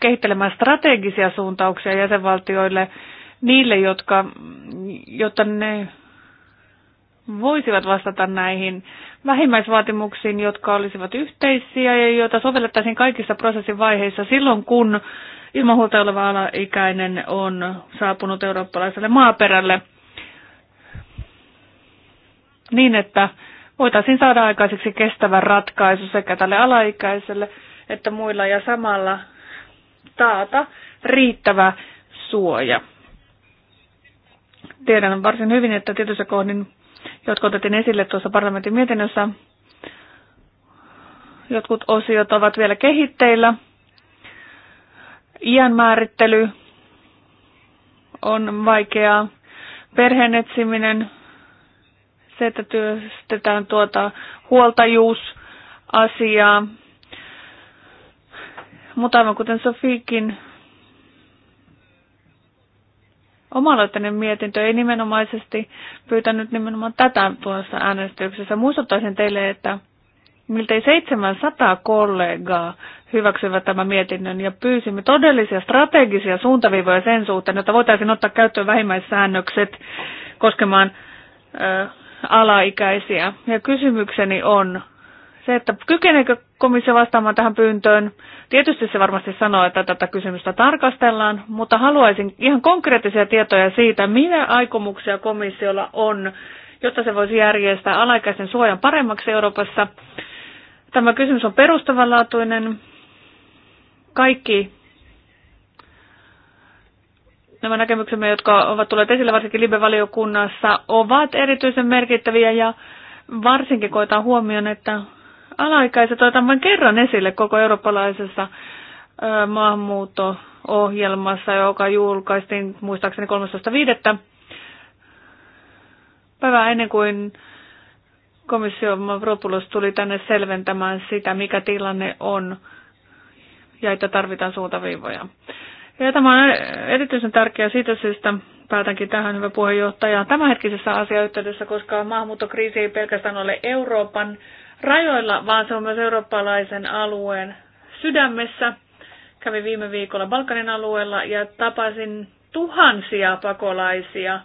kehittelemään strategisia suuntauksia jäsenvaltioille niille, jotka, jotta ne voisivat vastata näihin vähimmäisvaatimuksiin, jotka olisivat yhteisiä ja joita sovellettaisiin kaikissa prosessin vaiheissa silloin, kun ilmahuolta oleva alaikäinen on saapunut eurooppalaiselle maaperälle niin, että voitaisiin saada aikaiseksi kestävä ratkaisu sekä tälle alaikäiselle että muilla ja samalla taata riittävä suoja. Tiedän varsin hyvin, että tietyissä kohdin jotka otettiin esille tuossa parlamentin mietinnössä. Jotkut osiot ovat vielä kehitteillä. Iän määrittely on vaikeaa. Perheen etsiminen, se, että työstetään tuota huoltajuusasiaa. Mutta aivan kuten Sofiikin omaloitteinen mietintö ei nimenomaisesti pyytänyt nimenomaan tätä tuossa äänestyksessä. Muistuttaisin teille, että miltei 700 kollegaa hyväksyivät tämän mietinnön ja pyysimme todellisia strategisia suuntaviivoja sen suhteen, että voitaisiin ottaa käyttöön vähimmäissäännökset koskemaan ö, alaikäisiä. Ja kysymykseni on, se, että kykeneekö komissio vastaamaan tähän pyyntöön, tietysti se varmasti sanoo, että tätä kysymystä tarkastellaan, mutta haluaisin ihan konkreettisia tietoja siitä, mitä aikomuksia komissiolla on, jotta se voisi järjestää alaikäisen suojan paremmaksi Euroopassa. Tämä kysymys on perustavanlaatuinen. Kaikki nämä näkemyksemme, jotka ovat tulleet esille varsinkin Libe-valiokunnassa, ovat erityisen merkittäviä ja varsinkin koetaan huomioon, että alaikäiset otan vain kerran esille koko eurooppalaisessa maahanmuutto-ohjelmassa, joka julkaistiin muistaakseni 13.5. päivää ennen kuin komissio Mavropoulos tuli tänne selventämään sitä, mikä tilanne on ja että tarvitaan suuntaviivoja. Ja tämä on erityisen tärkeä siitä syystä, päätänkin tähän hyvä puheenjohtaja, tämänhetkisessä asiayhteydessä, koska maahanmuuttokriisi ei pelkästään ole Euroopan rajoilla, vaan se on myös eurooppalaisen alueen sydämessä. Kävin viime viikolla Balkanin alueella ja tapasin tuhansia pakolaisia,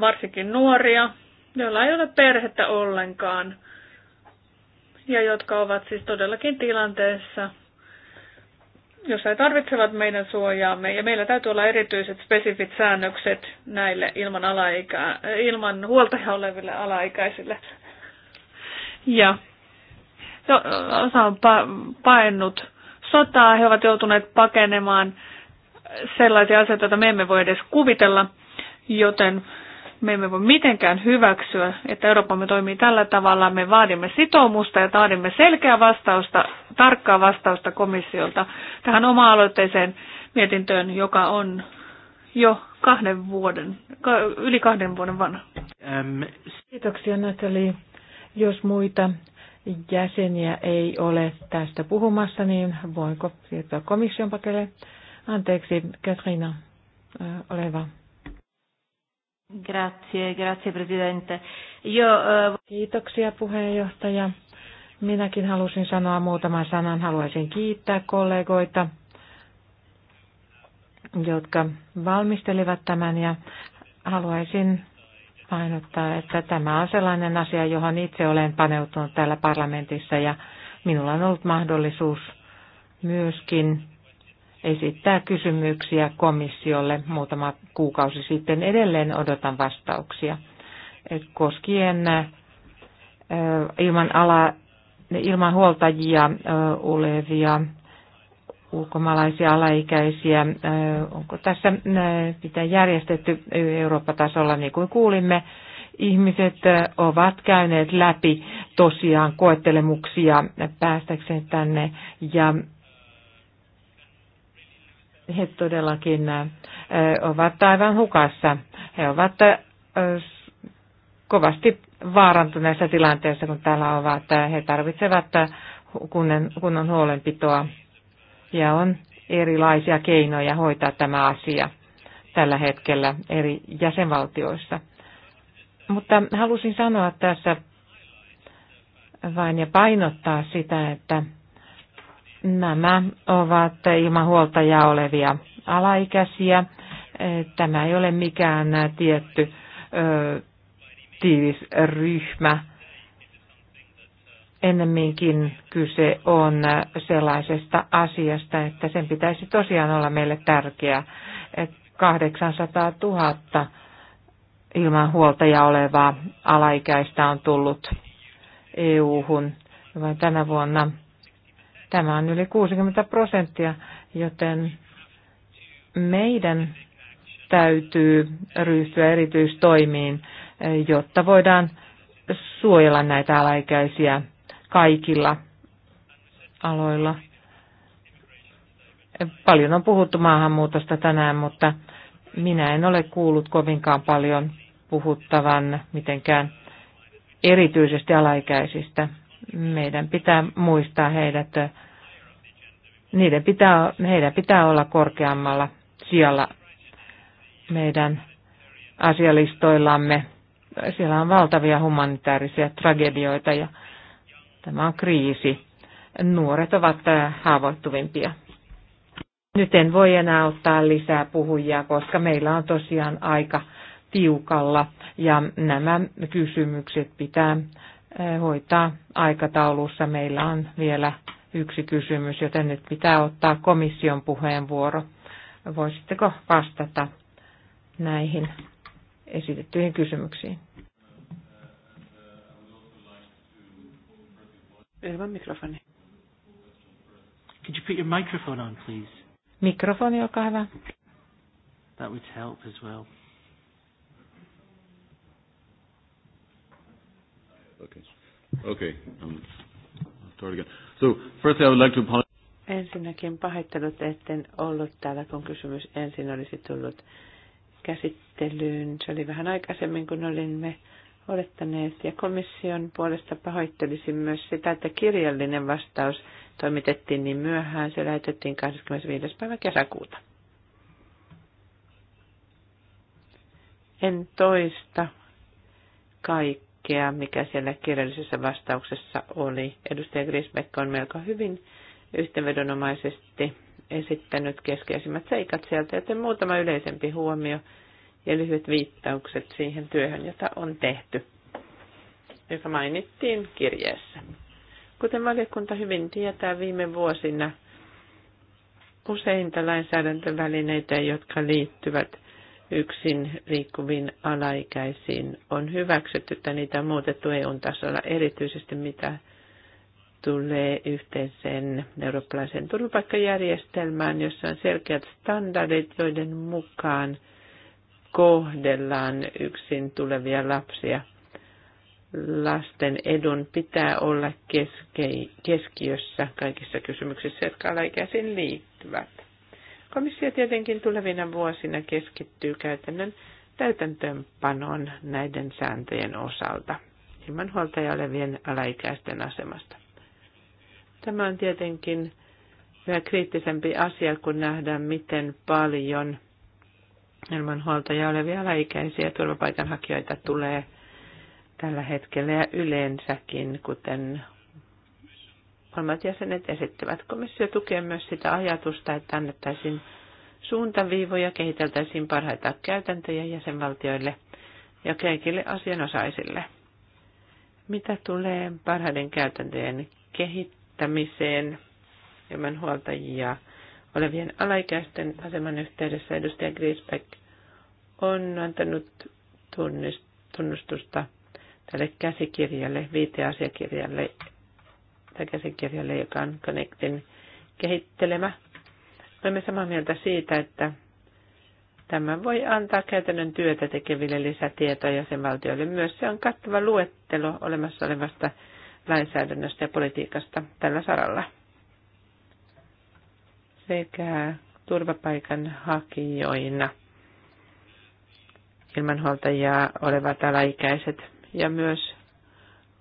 varsinkin nuoria, joilla ei ole perhettä ollenkaan ja jotka ovat siis todellakin tilanteessa, jossa he tarvitsevat meidän suojaamme ja meillä täytyy olla erityiset spesifit säännökset näille ilman, alaikä, ilman huoltaja oleville alaikäisille. Ja jo, osa on pa- paennut sotaa, he ovat joutuneet pakenemaan sellaisia asioita, joita me emme voi edes kuvitella, joten me emme voi mitenkään hyväksyä, että me toimii tällä tavalla. Me vaadimme sitoumusta ja vaadimme selkeää vastausta, tarkkaa vastausta komissiolta tähän oma-aloitteiseen mietintöön, joka on jo kahden vuoden, yli kahden vuoden vanha. Kiitoksia Natali. Jos muita jäseniä ei ole tästä puhumassa, niin voinko siirtyä komission pakelle? Anteeksi, Katrina, äh, ole hyvä. Grazie, grazie presidente. Io, uh... Kiitoksia puheenjohtaja. Minäkin halusin sanoa muutaman sanan. Haluaisin kiittää kollegoita, jotka valmistelivat tämän ja haluaisin painottaa, että tämä on sellainen asia, johon itse olen paneutunut täällä parlamentissa ja minulla on ollut mahdollisuus myöskin esittää kysymyksiä komissiolle muutama kuukausi sitten. Edelleen odotan vastauksia koskien ilman, ala, ilman huoltajia olevia ulkomaalaisia alaikäisiä. Onko tässä mitä järjestetty Eurooppa-tasolla, niin kuin kuulimme, ihmiset ovat käyneet läpi tosiaan koettelemuksia päästäkseen tänne ja he todellakin ovat aivan hukassa. He ovat kovasti vaarantuneessa tilanteessa, kun täällä ovat. He tarvitsevat kunnon huolenpitoa ja on erilaisia keinoja hoitaa tämä asia tällä hetkellä eri jäsenvaltioissa. Mutta halusin sanoa tässä vain ja painottaa sitä, että nämä ovat ilman huoltajaa olevia alaikäisiä. Tämä ei ole mikään tietty tiivis ryhmä ennemminkin kyse on sellaisesta asiasta, että sen pitäisi tosiaan olla meille tärkeä. 800 000 ilman huoltaja olevaa alaikäistä on tullut EU-hun vain tänä vuonna. Tämä on yli 60 prosenttia, joten meidän täytyy ryhtyä erityistoimiin, jotta voidaan suojella näitä alaikäisiä kaikilla aloilla. Paljon on puhuttu maahanmuutosta tänään, mutta minä en ole kuullut kovinkaan paljon puhuttavan mitenkään erityisesti alaikäisistä. Meidän pitää muistaa heidät, niiden pitää, heidän pitää olla korkeammalla sijalla meidän asialistoillamme. Siellä on valtavia humanitaarisia tragedioita ja Tämä on kriisi. Nuoret ovat äh, haavoittuvimpia. Nyt en voi enää ottaa lisää puhujia, koska meillä on tosiaan aika tiukalla ja nämä kysymykset pitää äh, hoitaa aikataulussa. Meillä on vielä yksi kysymys, joten nyt pitää ottaa komission puheenvuoro. Voisitteko vastata näihin esitettyihin kysymyksiin? Could you put your microphone on, please? Mikrofoni, olkaa hyvä. That would help as well. Okay. Okay. Um, I'll start again. So, firstly, I would like to apologize. Ensinnäkin pahoittelut, etten ollut täällä, kun kysymys ensin olisi tullut käsittelyyn. Se oli vähän aikaisemmin, kun olimme Olettaneet, Ja komission puolesta pahoittelisin myös sitä, että kirjallinen vastaus toimitettiin niin myöhään. Se lähetettiin 25. päivä kesäkuuta. En toista kaikkea, mikä siellä kirjallisessa vastauksessa oli. Edustaja Grisbeck on melko hyvin yhteenvedonomaisesti esittänyt keskeisimmät seikat sieltä, joten muutama yleisempi huomio – ja lyhyet viittaukset siihen työhön, jota on tehty, joka mainittiin kirjeessä. Kuten valiokunta hyvin tietää, viime vuosina useinta lainsäädäntövälineitä, jotka liittyvät yksin liikkuviin alaikäisiin, on hyväksytty, että niitä on muutettu EU-tasolla, erityisesti mitä tulee yhteiseen eurooppalaiseen turvapaikkajärjestelmään, jossa on selkeät standardit, joiden mukaan – kohdellaan yksin tulevia lapsia. Lasten edun pitää olla keske- keskiössä kaikissa kysymyksissä, jotka alaikäisiin liittyvät. Komissio tietenkin tulevina vuosina keskittyy käytännön täytäntöönpanoon näiden sääntöjen osalta ilman huoltaja olevien alaikäisten asemasta. Tämä on tietenkin vielä kriittisempi asia, kun nähdään, miten paljon ilman huoltoja olevia alaikäisiä turvapaikanhakijoita tulee tällä hetkellä ja yleensäkin, kuten kolmat jäsenet esittävät. Komissio tukee myös sitä ajatusta, että annettaisiin suuntaviivoja, kehiteltäisiin parhaita käytäntöjä jäsenvaltioille ja kaikille asianosaisille. Mitä tulee parhaiden käytäntöjen kehittämiseen ilman huoltajia – olevien alaikäisten aseman yhteydessä edustaja Griesbeck on antanut tunnustusta tälle käsikirjalle, viiteasiakirjalle tai käsikirjalle, joka on Connectin kehittelemä. Olemme samaa mieltä siitä, että Tämä voi antaa käytännön työtä tekeville lisätietoja jäsenvaltioille. Myös se on kattava luettelo olemassa olevasta lainsäädännöstä ja politiikasta tällä saralla sekä turvapaikan hakijoina, ilmanhuoltajia olevat alaikäiset ja myös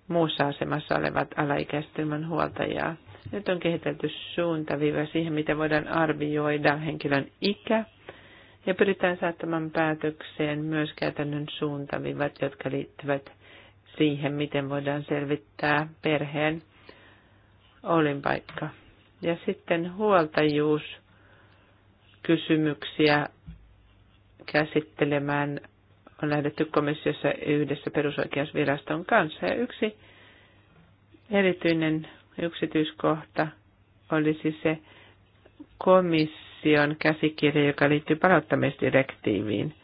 muussa asemassa olevat alaikäiset ilmanhuoltajia. Nyt on kehitelty suuntaviiva siihen, miten voidaan arvioida henkilön ikä ja pyritään saattamaan päätökseen myös käytännön suuntavivat, jotka liittyvät siihen, miten voidaan selvittää perheen olinpaikka. Ja sitten huoltajuus kysymyksiä käsittelemään on lähdetty komissiossa yhdessä perusoikeusviraston kanssa. Ja yksi erityinen yksityiskohta olisi se komission käsikirja, joka liittyy palauttamisdirektiiviin.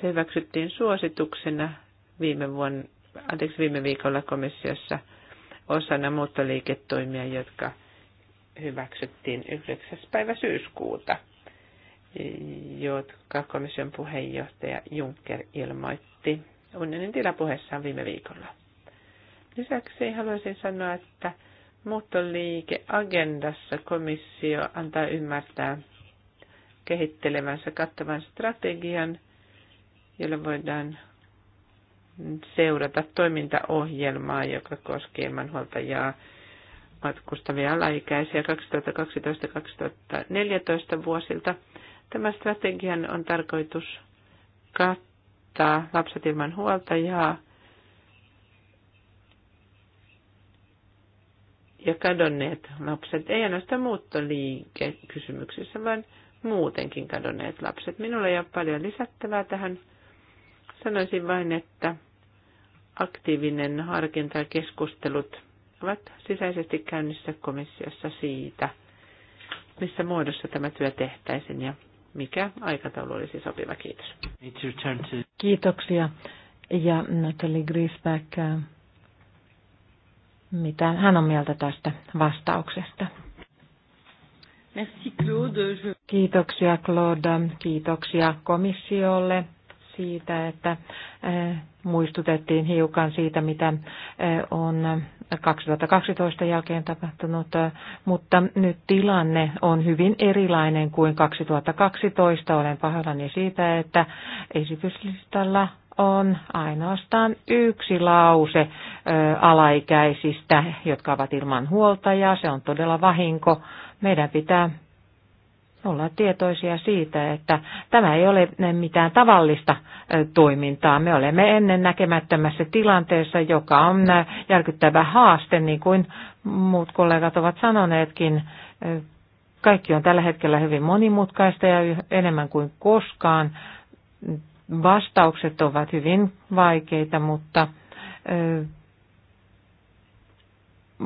Se hyväksyttiin suosituksena viime, vuonna, anteeksi, viime viikolla komissiossa osana muuttoliiketoimia, jotka hyväksyttiin 9. päivä syyskuuta, jotka komission puheenjohtaja Juncker ilmoitti unionin tilapuheessaan viime viikolla. Lisäksi haluaisin sanoa, että muuttoliikeagendassa komissio antaa ymmärtää kehittelevänsä kattavan strategian, jolla voidaan seurata toimintaohjelmaa, joka koskee ilmanhuoltajaa, matkustavia alaikäisiä 2012-2014 vuosilta. Tämä strategian on tarkoitus kattaa lapset ilman huoltajaa ja kadonneet lapset, ei ainoastaan kysymyksissä, vaan muutenkin kadonneet lapset. Minulla ei ole paljon lisättävää tähän. Sanoisin vain, että aktiivinen harkinta ja keskustelut ovat sisäisesti käynnissä komissiossa siitä, missä muodossa tämä työ tehtäisiin ja mikä aikataulu olisi sopiva. Kiitos. Kiitoksia. Ja Natalie Griesbeck, mitä hän on mieltä tästä vastauksesta? Merci Claude. Kiitoksia Claude, kiitoksia komissiolle siitä, että eh, muistutettiin hiukan siitä, mitä eh, on 2012 jälkeen tapahtunut, äh, mutta nyt tilanne on hyvin erilainen kuin 2012. Olen pahoillani siitä, että esityslistalla on ainoastaan yksi lause ö, äh, alaikäisistä, jotka ovat ilman huoltajaa. Se on todella vahinko. Meidän pitää ollaan tietoisia siitä, että tämä ei ole mitään tavallista toimintaa. Me olemme ennen näkemättömässä tilanteessa, joka on järkyttävä haaste, niin kuin muut kollegat ovat sanoneetkin. Kaikki on tällä hetkellä hyvin monimutkaista ja enemmän kuin koskaan. Vastaukset ovat hyvin vaikeita, mutta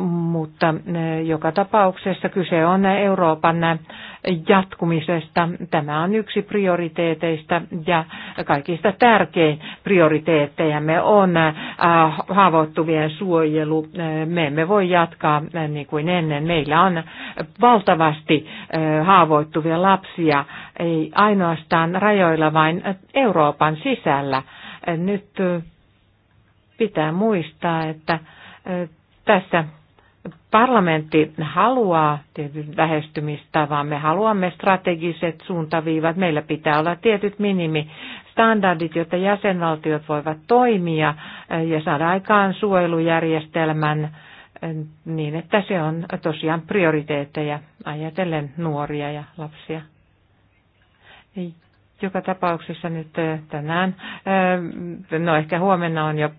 mutta eh, joka tapauksessa kyse on Euroopan jatkumisesta. Tämä on yksi prioriteeteista ja kaikista tärkein prioriteettejamme on eh, haavoittuvien suojelu. Eh, me emme voi jatkaa niin kuin ennen. Meillä on valtavasti haavoittuvia lapsia, ei ainoastaan rajoilla, vaan Euroopan sisällä. Nyt pitää muistaa, että tässä parlamentti haluaa tietyt lähestymistavan. Me haluamme strategiset suuntaviivat. Meillä pitää olla tietyt minimistandardit, jotta jäsenvaltiot voivat toimia ja saada aikaan suojelujärjestelmän eh, niin, että se on tosiaan prioriteetteja ajatellen nuoria ja lapsia. Joka tapauksessa nyt eh, tänään, eh, no ehkä huomenna on jo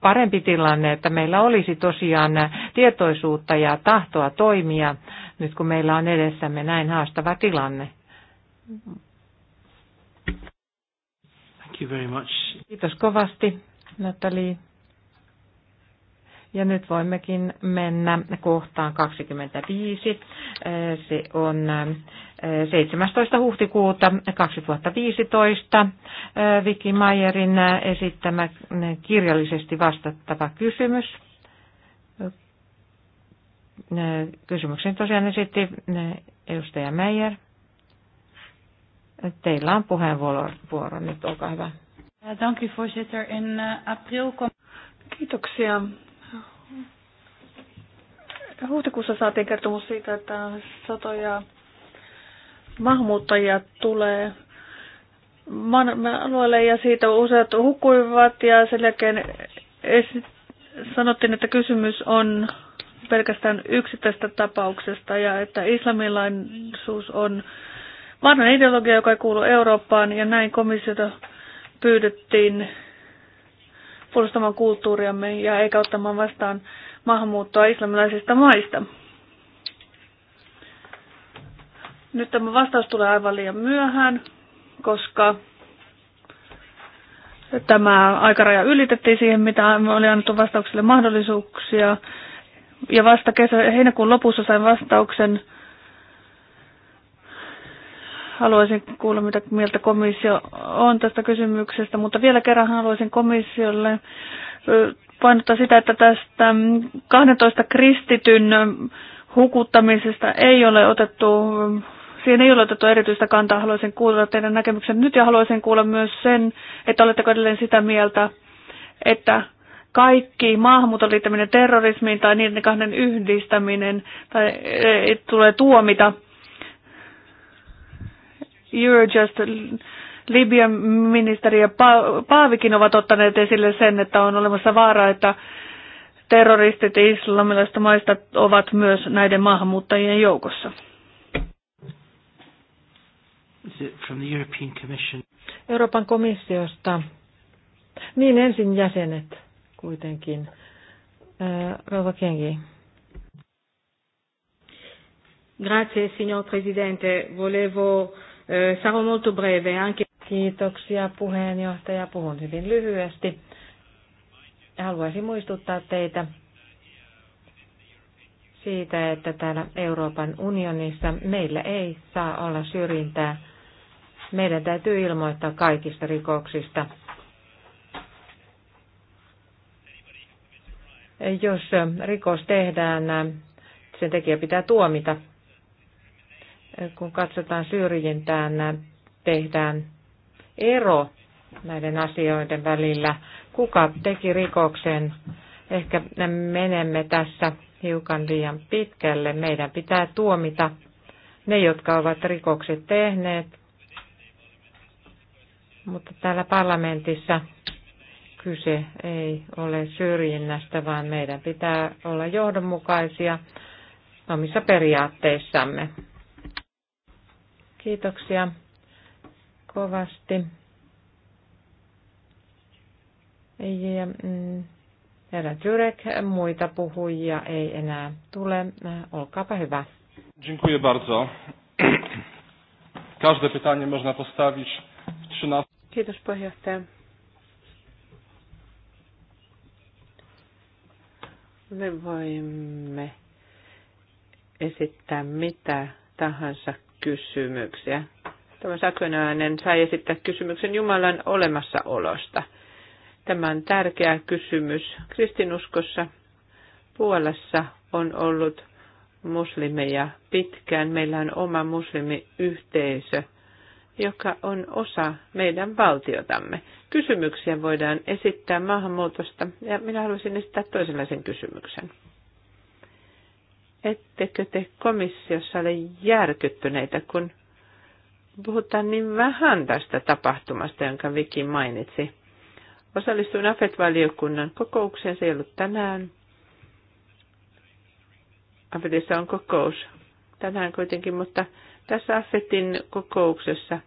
parempi tilanne, että meillä olisi tosiaan tietoisuutta ja tahtoa toimia, nyt kun meillä on edessämme näin haastava tilanne. Thank you very much. Kiitos kovasti, Natalie. Ja nyt voimmekin mennä kohtaan 25. Äh, se on 17. Äh, huhtikuuta 2015 äh, Viki Mayerin esittämä kirjallisesti vastattava kysymys. Kysymyksen tosiaan esitti edustaja Meijer. Teillä on puheenvuoro nyt, olkaa hyvä. In eh, Kiitoksia Huhtikuussa saatiin kertomus siitä, että satoja maahanmuuttajia tulee maan alueelle ja siitä useat hukkuivat ja sen jälkeen sanottiin, että kysymys on pelkästään yksittäistä tapauksesta ja että islamilaisuus on vanhan ideologia, joka ei kuulu Eurooppaan ja näin komissiota pyydettiin puolustamaan kulttuuriamme ja eikä ottamaan vastaan maahanmuuttoa islamilaisista maista. Nyt tämä vastaus tulee aivan liian myöhään, koska tämä aikaraja ylitettiin siihen, mitä oli annettu vastaukselle mahdollisuuksia. Ja vasta kesä, heinäkuun lopussa sain vastauksen Haluaisin kuulla, mitä mieltä komissio on tästä kysymyksestä, mutta vielä kerran haluaisin komissiolle painottaa sitä, että tästä 12 kristityn hukuttamisesta ei ole otettu, siihen ei ole otettu erityistä kantaa. Haluaisin kuulla teidän näkemyksen nyt ja haluaisin kuulla myös sen, että oletteko edelleen sitä mieltä, että kaikki maahanmuuton liittäminen terrorismiin tai niiden kahden yhdistäminen tai, e, e tulee tuomita – Eurojust Libyan ministeri ja Paavikin ovat ottaneet esille sen, että on olemassa vaara, että terroristit islamilaisista maista ovat myös näiden maahanmuuttajien joukossa. Euroopan komissiosta. Niin ensin jäsenet kuitenkin. Äh, Rova Kengi. Grazie signor Presidente. Volevo Eh, sarò molto breve anche. Kiitoksia puheenjohtaja. Puhun hyvin lyhyesti. Haluaisin muistuttaa teitä siitä, että täällä Euroopan unionissa meillä ei saa olla syrjintää. Meidän täytyy ilmoittaa kaikista rikoksista. Jos rikos tehdään, sen tekijä pitää tuomita kun katsotaan syrjintään, tehdään ero näiden asioiden välillä. Kuka teki rikoksen? Ehkä menemme tässä hiukan liian pitkälle. Meidän pitää tuomita ne, jotka ovat rikokset tehneet. Mutta täällä parlamentissa kyse ei ole syrjinnästä, vaan meidän pitää olla johdonmukaisia omissa periaatteissamme. Kiitoksia kovasti. Ja, mm, herra Jurek, muita puhujia ei enää tule. Olkaapa hyvä. Dziękuję bardzo. Każde pytanie można postawić w 13. Kiitos puheenjohtaja. Me voimme esittää mitä tahansa kysymyksiä. Tämä Sakönainen sai esittää kysymyksen Jumalan olemassaolosta. Tämä on tärkeä kysymys. Kristinuskossa Puolassa on ollut muslimeja pitkään. Meillä on oma muslimiyhteisö, joka on osa meidän valtiotamme. Kysymyksiä voidaan esittää maahanmuutosta ja minä haluaisin esittää toisenlaisen kysymyksen ettekö te komissiossa ole järkyttyneitä, kun puhutaan niin vähän tästä tapahtumasta, jonka Viki mainitsi. Osallistuin AFET-valiokunnan kokoukseen, se ei ollut tänään. AFETissa on kokous tänään kuitenkin, mutta tässä AFETin kokouksessa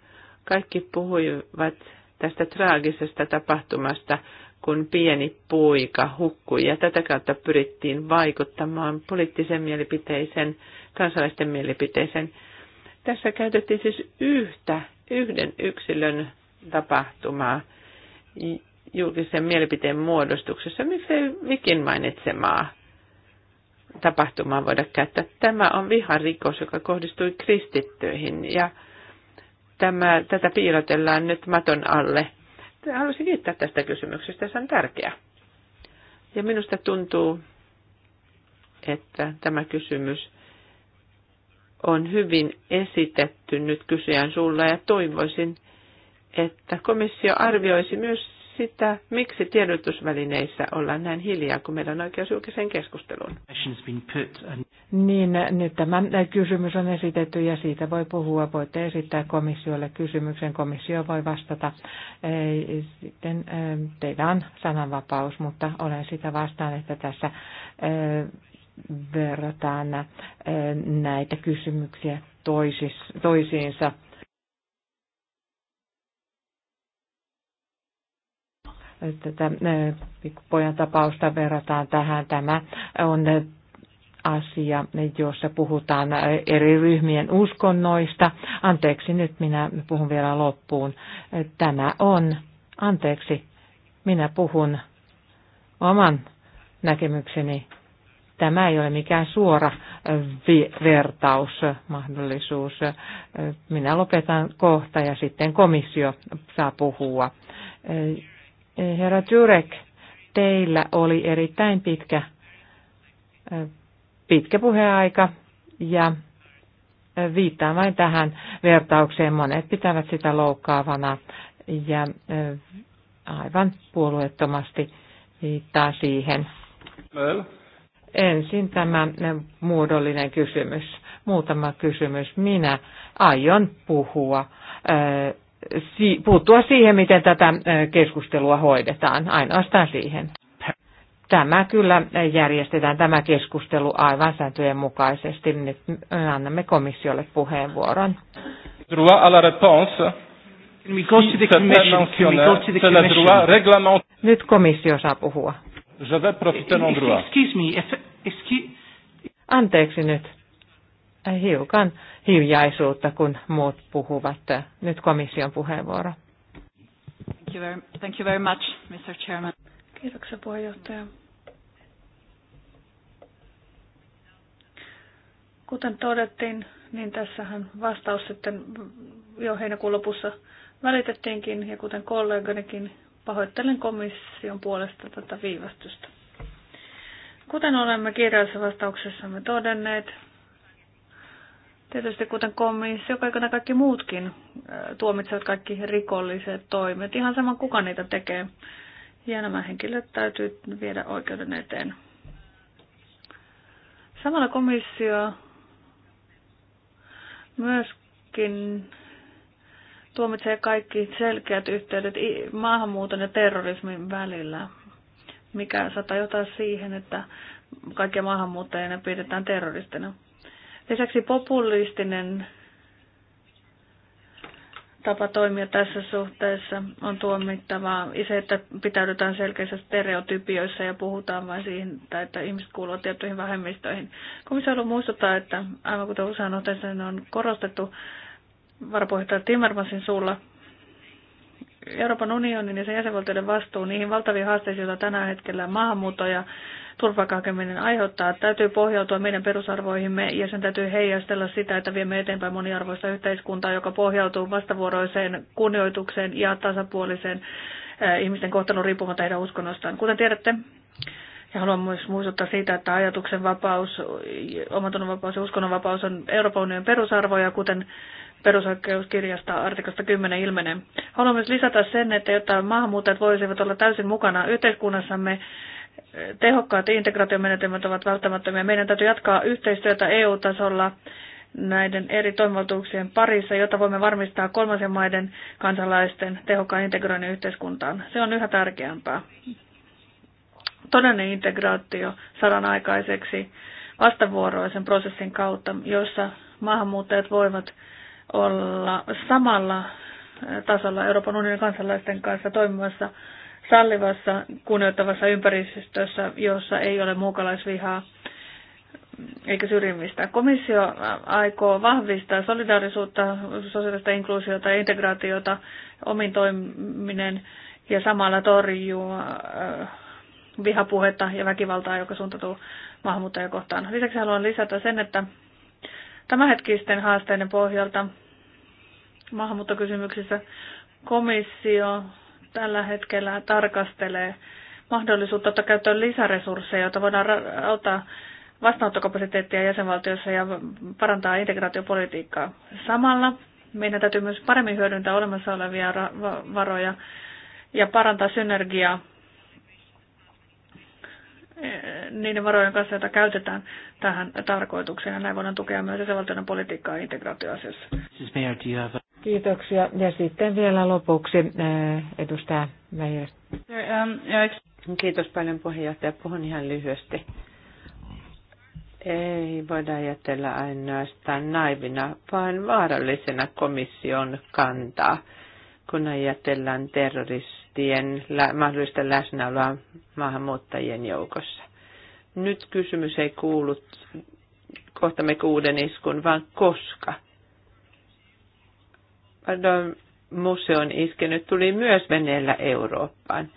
kaikki puhuivat tästä traagisesta tapahtumasta kun pieni puika hukkui. Ja tätä kautta pyrittiin vaikuttamaan poliittisen mielipiteisen, kansalaisten mielipiteisen. Tässä käytettiin siis yhtä, yhden yksilön tapahtumaa julkisen mielipiteen muodostuksessa, miksei Vikin mainitsemaa tapahtumaa voida käyttää. Tämä on viharikos, joka kohdistui kristittyihin ja tämä, tätä piilotellaan nyt maton alle – haluaisin kiittää tästä kysymyksestä, se on tärkeä. Ja minusta tuntuu, että tämä kysymys on hyvin esitetty nyt kysyjän sulla ja toivoisin, että komissio arvioisi myös sitä, miksi tiedotusvälineissä ollaan näin hiljaa, kun meillä on oikeus julkiseen keskusteluun. Niin, nyt tämä kysymys on esitetty ja siitä voi puhua. Voitte esittää komissiolle kysymyksen. Komissio voi vastata. Sitten eh, teillä on sananvapaus, mutta olen sitä vastaan, että tässä eh, verrataan eh, näitä kysymyksiä toisiinsa tätä pikkupojan tapausta verrataan tähän. Tämä on asia, jossa puhutaan eri ryhmien uskonnoista. Anteeksi, nyt minä puhun vielä loppuun. Tämä on, anteeksi, minä puhun oman näkemykseni. Tämä ei ole mikään suora vertausmahdollisuus. Minä lopetan kohta ja sitten komissio saa puhua Herra Jurek, teillä oli erittäin pitkä, pitkä puheaika ja viittaan vain tähän vertaukseen. Monet pitävät sitä loukkaavana ja aivan puolueettomasti viittaa siihen. Ensin tämä muodollinen kysymys. Muutama kysymys. Minä aion puhua puuttua siihen, miten tätä keskustelua hoidetaan, ainoastaan siihen. Tämä kyllä järjestetään, tämä keskustelu aivan sääntöjen mukaisesti. Nyt annamme komissiolle puheenvuoron. Nyt komissio saa puhua. Eh, eh, Anteeksi nyt hiukan hiljaisuutta, kun muut puhuvat. Nyt komission puheenvuoro. Thank you very, thank you very much, Mr. Chairman. Kiitoksia puheenjohtaja. Kuten todettiin, niin tässähän vastaus sitten jo heinäkuun lopussa välitettiinkin ja kuten kolleganikin pahoittelen komission puolesta tätä viivästystä. Kuten olemme kirjallisessa vastauksessamme todenneet, Tietysti kuten komissio, kaikena kaikki muutkin äh, tuomitsevat kaikki rikolliset toimet, ihan sama kuka niitä tekee. Ja nämä henkilöt täytyy viedä oikeuden eteen. Samalla komissio myöskin tuomitsee kaikki selkeät yhteydet maahanmuuton ja terrorismin välillä, mikä saattaa jotain siihen, että kaikkia maahanmuuttajia pidetään terroristina. Lisäksi populistinen tapa toimia tässä suhteessa on tuomittavaa. Se, että pitäydytään selkeissä stereotypioissa ja puhutaan vain siitä, että ihmiset kuuluvat tiettyihin vähemmistöihin. Komissio haluaa muistuttaa, että aivan kuten usein otteeseen on korostettu varapuheenjohtaja Timmermansin suulla, Euroopan unionin ja sen jäsenvaltioiden vastuu niihin valtaviin haasteisiin, joita tänä hetkellä maahanmuutto ja turvapaikkahakeminen aiheuttaa, täytyy pohjautua meidän perusarvoihimme ja sen täytyy heijastella sitä, että viemme eteenpäin moniarvoista yhteiskuntaa, joka pohjautuu vastavuoroiseen kunnioitukseen ja tasapuoliseen eh, ihmisten kohtelun riippumatta heidän uskonnostaan. Kuten tiedätte, ja haluan myös muistuttaa siitä, että ajatuksen vapaus, vapaus, ja vapaus on Euroopan unionin perusarvoja, kuten perusoikeuskirjasta artikosta 10 ilmenee. Haluan myös lisätä sen, että jotta maahanmuuttajat voisivat olla täysin mukana yhteiskunnassamme, tehokkaat integraatiomenetelmät ovat välttämättömiä. Meidän täytyy jatkaa yhteistyötä EU-tasolla näiden eri toimivaltuuksien parissa, jotta voimme varmistaa kolmansien maiden kansalaisten tehokkaan integroinnin yhteiskuntaan. Se on yhä tärkeämpää. Todellinen integraatio saadaan aikaiseksi vastavuoroisen prosessin kautta, jossa maahanmuuttajat voivat olla samalla tasolla Euroopan unionin kansalaisten kanssa toimimassa sallivassa, kunnioittavassa ympäristössä, jossa ei ole muukalaisvihaa eikä syrjimistä. Komissio aikoo vahvistaa solidaarisuutta, sosiaalista inkluusiota ja integraatiota omin toiminen ja samalla torjuu äh, vihapuhetta ja väkivaltaa, joka suuntautuu maahanmuuttajakohtaan. Lisäksi haluan lisätä sen, että tämänhetkisten haasteiden pohjalta maahanmuuttokysymyksissä komissio tällä hetkellä tarkastelee mahdollisuutta ottaa käyttöön lisäresursseja, joita voidaan auttaa vastaanottokapasiteettia jäsenvaltioissa ja parantaa integraatiopolitiikkaa. Samalla meidän täytyy myös paremmin hyödyntää olemassa olevia varoja ja parantaa synergiaa eh, niiden varojen kanssa, joita käytetään tähän tarkoitukseen. Näin voidaan tukea myös jäsenvaltioiden politiikkaa integraatioasioissa. Kiitoksia. Ja sitten vielä lopuksi eh, edustaja Meijer. Kiitos paljon puheenjohtaja. Puhun ihan lyhyesti. Ei voida ajatella ainoastaan naivina, vaan vaarallisena komission kantaa, kun ajatellaan terroristien mahdollista läsnäoloa maahanmuuttajien joukossa. Nyt kysymys ei kuulu kohtamme kuuden iskun, vaan koska – pardon, museon iskenyt tuli myös veneellä Eurooppaan.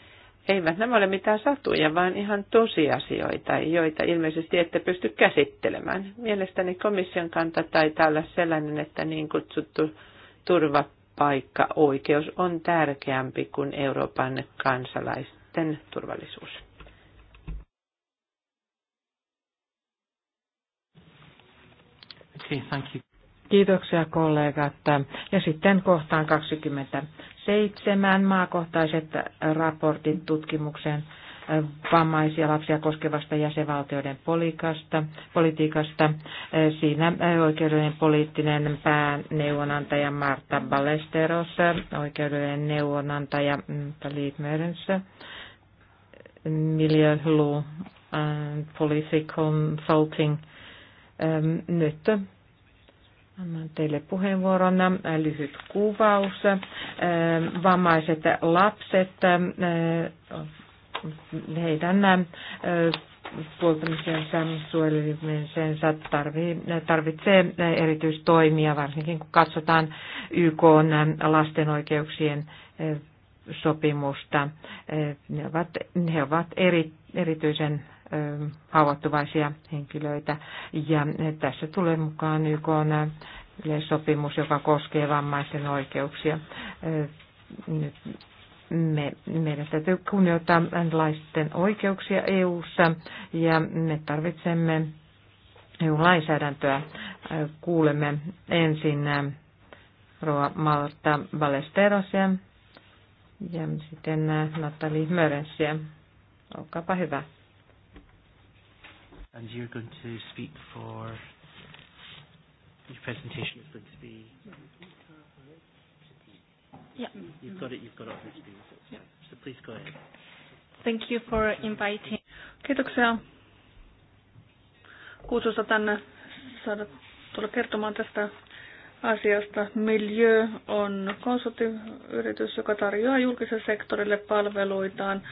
Eivät nämä ole mitään satuja, vaan ihan tosiasioita, joita ilmeisesti ette pysty käsittelemään. Mielestäni komission kanta taitaa olla sellainen, että niin kutsuttu turvapaikkaoikeus on tärkeämpi kuin Euroopan kansalaisten turvallisuus. Okay, thank you. Kiitoksia kollegat. Ja sitten kohtaan 27 maakohtaiset raportit tutkimuksen vammaisia lapsia koskevasta jäsenvaltioiden politiikasta. Siinä oikeudellinen poliittinen pääneuvonantaja Marta Ballesteros, oikeudellinen neuvonantaja Talit Mörens, Milieu eh, Policy Consulting. Nyt Annan teille puheenvuoron. Lyhyt kuvaus. Vammaiset lapset, heidän puoltamisensa, suojelemisensa tarvitsee erityistoimia, varsinkin kun katsotaan YK lasten oikeuksien sopimusta. Ne ovat, ne ovat eri, erityisen haavoittuvaisia henkilöitä. Ja tässä tulee mukaan YK on yleissopimus, joka koskee vammaisten oikeuksia. Nyt me, meidän täytyy kunnioittaa laisten oikeuksia EU:ssa ja me tarvitsemme EU-lainsäädäntöä. Kuulemme ensin Roa Malta Balesterosia ja sitten Natali Mörensiä. Olkaapa hyvä and you're going to speak for your presentation is going to be. Yeah. You've got it. You've got it on the screen. Yeah. So please go ahead. Thank you for inviting. Kiitoksia kutsusta tänne saada tulla kertomaan tästä asiasta. Miljö on konsulttiyritys, joka tarjoaa julkisen sektorille palveluitaan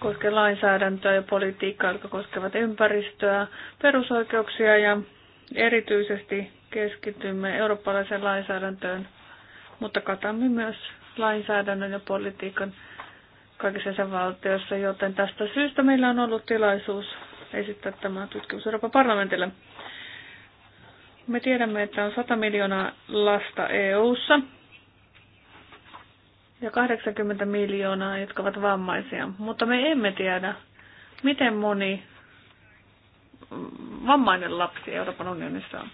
koskee lainsäädäntöä ja politiikkaa, jotka koskevat ympäristöä, perusoikeuksia ja erityisesti keskitymme eurooppalaiseen lainsäädäntöön, mutta katamme myös lainsäädännön ja politiikan kaikissa sen valtiossa, joten tästä syystä meillä on ollut tilaisuus esittää tämä tutkimus Euroopan parlamentille. Me tiedämme, että on 100 miljoonaa lasta EU:ssa, ja 80 miljoonaa, jotka ovat vammaisia. Mutta me emme tiedä, miten moni vammainen lapsi Euroopan unionissa on.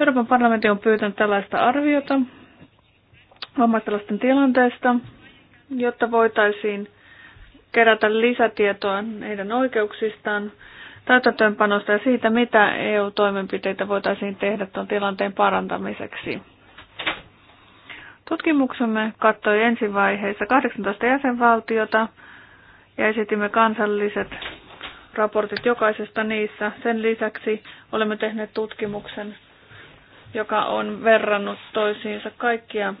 Euroopan parlamentti on pyytänyt tällaista arviota vammaisten tilanteesta, jotta voitaisiin kerätä lisätietoa heidän oikeuksistaan, täytäntöönpanosta ja siitä, mitä EU-toimenpiteitä voitaisiin tehdä tuon tilanteen parantamiseksi. Tutkimuksemme kattoi ensivaiheessa 18 jäsenvaltiota ja esitimme kansalliset raportit jokaisesta niissä. Sen lisäksi olemme tehneet tutkimuksen, joka on verrannut toisiinsa kaikkia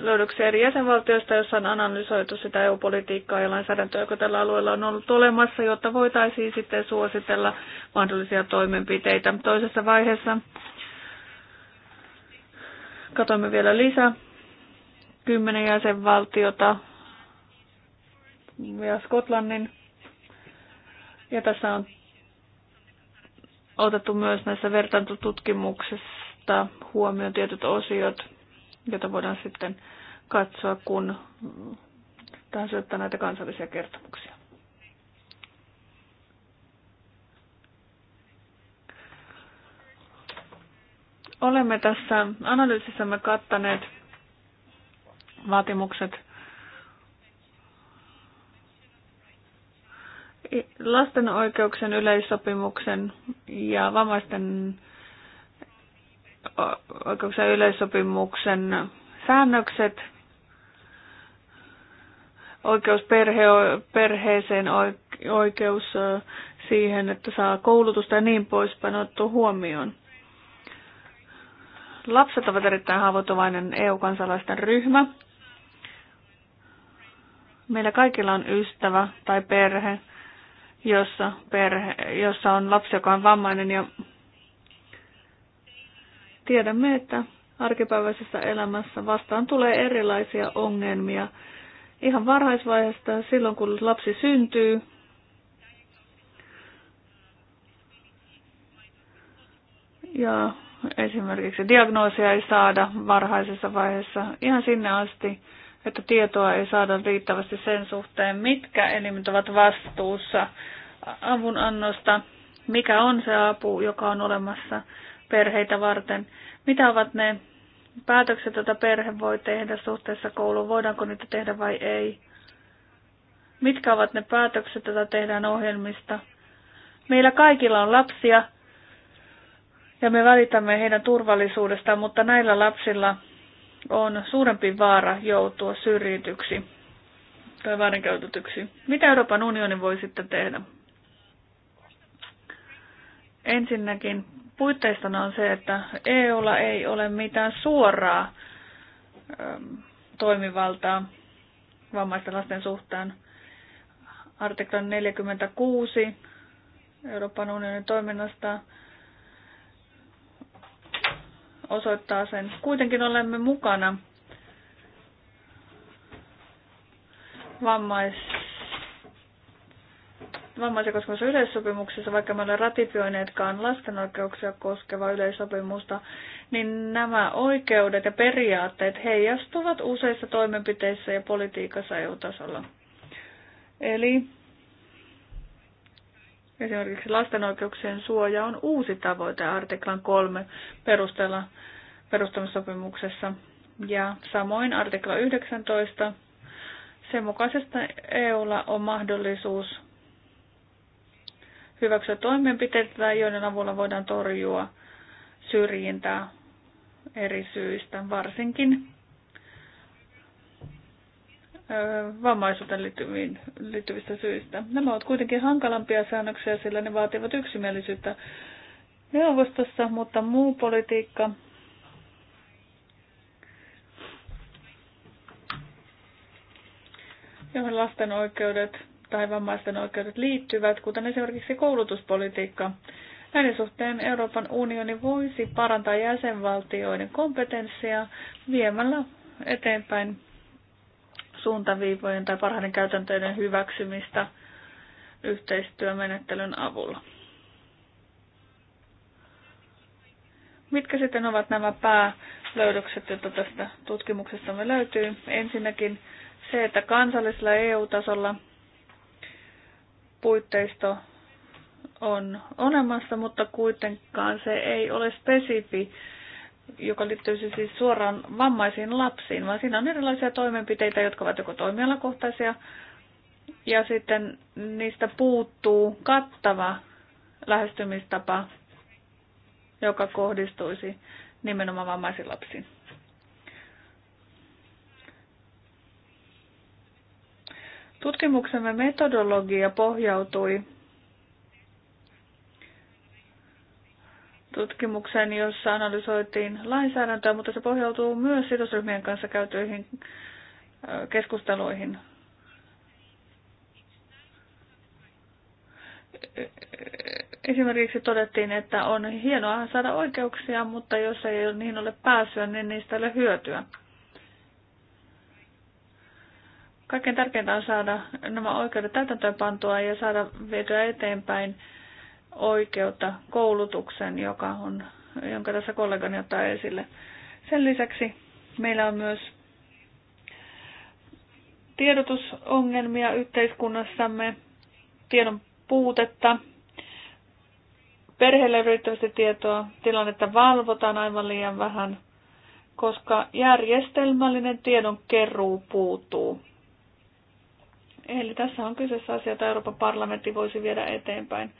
löydöksiä eri jäsenvaltioista, jossa on analysoitu sitä EU-politiikkaa ja lainsäädäntöä, joka tällä alueella on ollut olemassa, jotta voitaisiin sitten suositella mahdollisia toimenpiteitä. Toisessa vaiheessa Katoimme vielä lisää. Kymmenen jäsenvaltiota ja Skotlannin. Ja tässä on otettu myös näissä vertailututkimuksista huomioon tietyt osiot, joita voidaan sitten katsoa, kun tähän syöttää näitä kansallisia kertomuksia. Olemme tässä analyysissämme kattaneet vaatimukset lasten oikeuksien yleissopimuksen ja vammaisten oikeuksien yleissopimuksen säännökset, oikeus perhe, perheeseen, oikeus siihen, että saa koulutusta ja niin poispäin, ottu huomioon. Lapset ovat erittäin haavoittuvainen EU-kansalaisten ryhmä. Meillä kaikilla on ystävä tai perhe, jossa, perhe, jossa on lapsi, joka on vammainen ja tiedämme, että arkipäiväisessä elämässä vastaan tulee erilaisia ongelmia. Ihan varhaisvaiheesta silloin, kun lapsi syntyy, ja esimerkiksi diagnoosia ei saada varhaisessa vaiheessa ihan sinne asti, että tietoa ei saada riittävästi sen suhteen, mitkä elimet ovat vastuussa avun annosta, mikä on se apu, joka on olemassa perheitä varten, mitä ovat ne päätökset, joita perhe voi tehdä suhteessa kouluun, voidaanko niitä tehdä vai ei, mitkä ovat ne päätökset, joita tehdään ohjelmista. Meillä kaikilla on lapsia, ja me välitämme heidän turvallisuudestaan, mutta näillä lapsilla on suurempi vaara joutua syrjityksi tai väärinkäytetyksi. Mitä Euroopan unioni voi sitten tehdä? Ensinnäkin puitteista on se, että EUlla ei ole mitään suoraa ähm, toimivaltaa vammaisten lasten suhteen. Artiklan 46 Euroopan unionin toiminnasta osoittaa sen. Kuitenkin olemme mukana vammais, vammaisia koskevassa yleissopimuksessa, vaikka me olemme ratifioineetkaan lasten oikeuksia koskeva yleissopimusta, niin nämä oikeudet ja periaatteet heijastuvat useissa toimenpiteissä ja politiikassa EU-tasolla. Eli Esimerkiksi lasten oikeuksien suoja on uusi tavoite artiklan 3 perusteella perustamissopimuksessa ja samoin artikla 19. Sen mukaisesta EUlla on mahdollisuus hyväksyä toimenpiteitä, joiden avulla voidaan torjua syrjintää eri syistä, varsinkin vammaisuuteen liittyviin, liittyvistä syistä. Nämä ovat kuitenkin hankalampia säännöksiä, sillä ne vaativat yksimielisyyttä neuvostossa, mutta muu politiikka johon lasten oikeudet tai vammaisten oikeudet liittyvät, kuten esimerkiksi koulutuspolitiikka. Näiden suhteen Euroopan unioni voisi parantaa jäsenvaltioiden kompetenssia viemällä eteenpäin suuntaviivojen tai parhaiden käytänteiden hyväksymistä yhteistyömenettelyn avulla. Mitkä sitten ovat nämä päälöydökset, joita tästä me löytyy? Ensinnäkin se, että kansallisella EU-tasolla puitteisto on olemassa, mutta kuitenkaan se ei ole spesifi joka liittyisi siis, siis suoraan vammaisiin lapsiin, vaan siinä on erilaisia toimenpiteitä, jotka ovat joko toimialakohtaisia ja sitten niistä puuttuu kattava lähestymistapa, joka kohdistuisi nimenomaan vammaisiin lapsiin. Tutkimuksemme metodologia pohjautui tutkimukseen, jossa analysoitiin lainsäädäntöä, mutta se pohjautuu myös sidosryhmien kanssa käytyihin keskusteluihin. Esimerkiksi todettiin, että on hienoa saada oikeuksia, mutta jos ei niihin ole pääsyä, niin niistä ei ole hyötyä. Kaikkein tärkeintä on saada nämä oikeudet pantua ja saada vietyä eteenpäin oikeutta koulutuksen, joka on, jonka tässä kollegani ottaa esille. Sen lisäksi meillä on myös tiedotusongelmia yhteiskunnassamme, tiedon puutetta, perheelle riittävästi tietoa, tilannetta valvotaan aivan liian vähän, koska järjestelmällinen tiedon keruu puuttuu. Eli tässä on kyseessä asia, jota Euroopan parlamentti voisi viedä eteenpäin.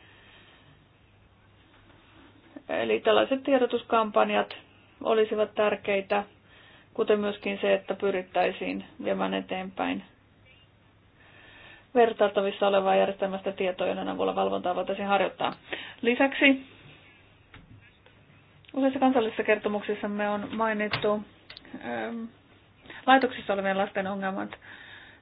Eli tällaiset tiedotuskampanjat olisivat tärkeitä, kuten myöskin se, että pyrittäisiin viemään eteenpäin vertailtavissa olevaa järjestelmästä tietoa, joiden avulla valvontaa voitaisiin harjoittaa. Lisäksi useissa kansallisissa kertomuksissa me on mainittu ähm, laitoksissa olevien lasten ongelmat.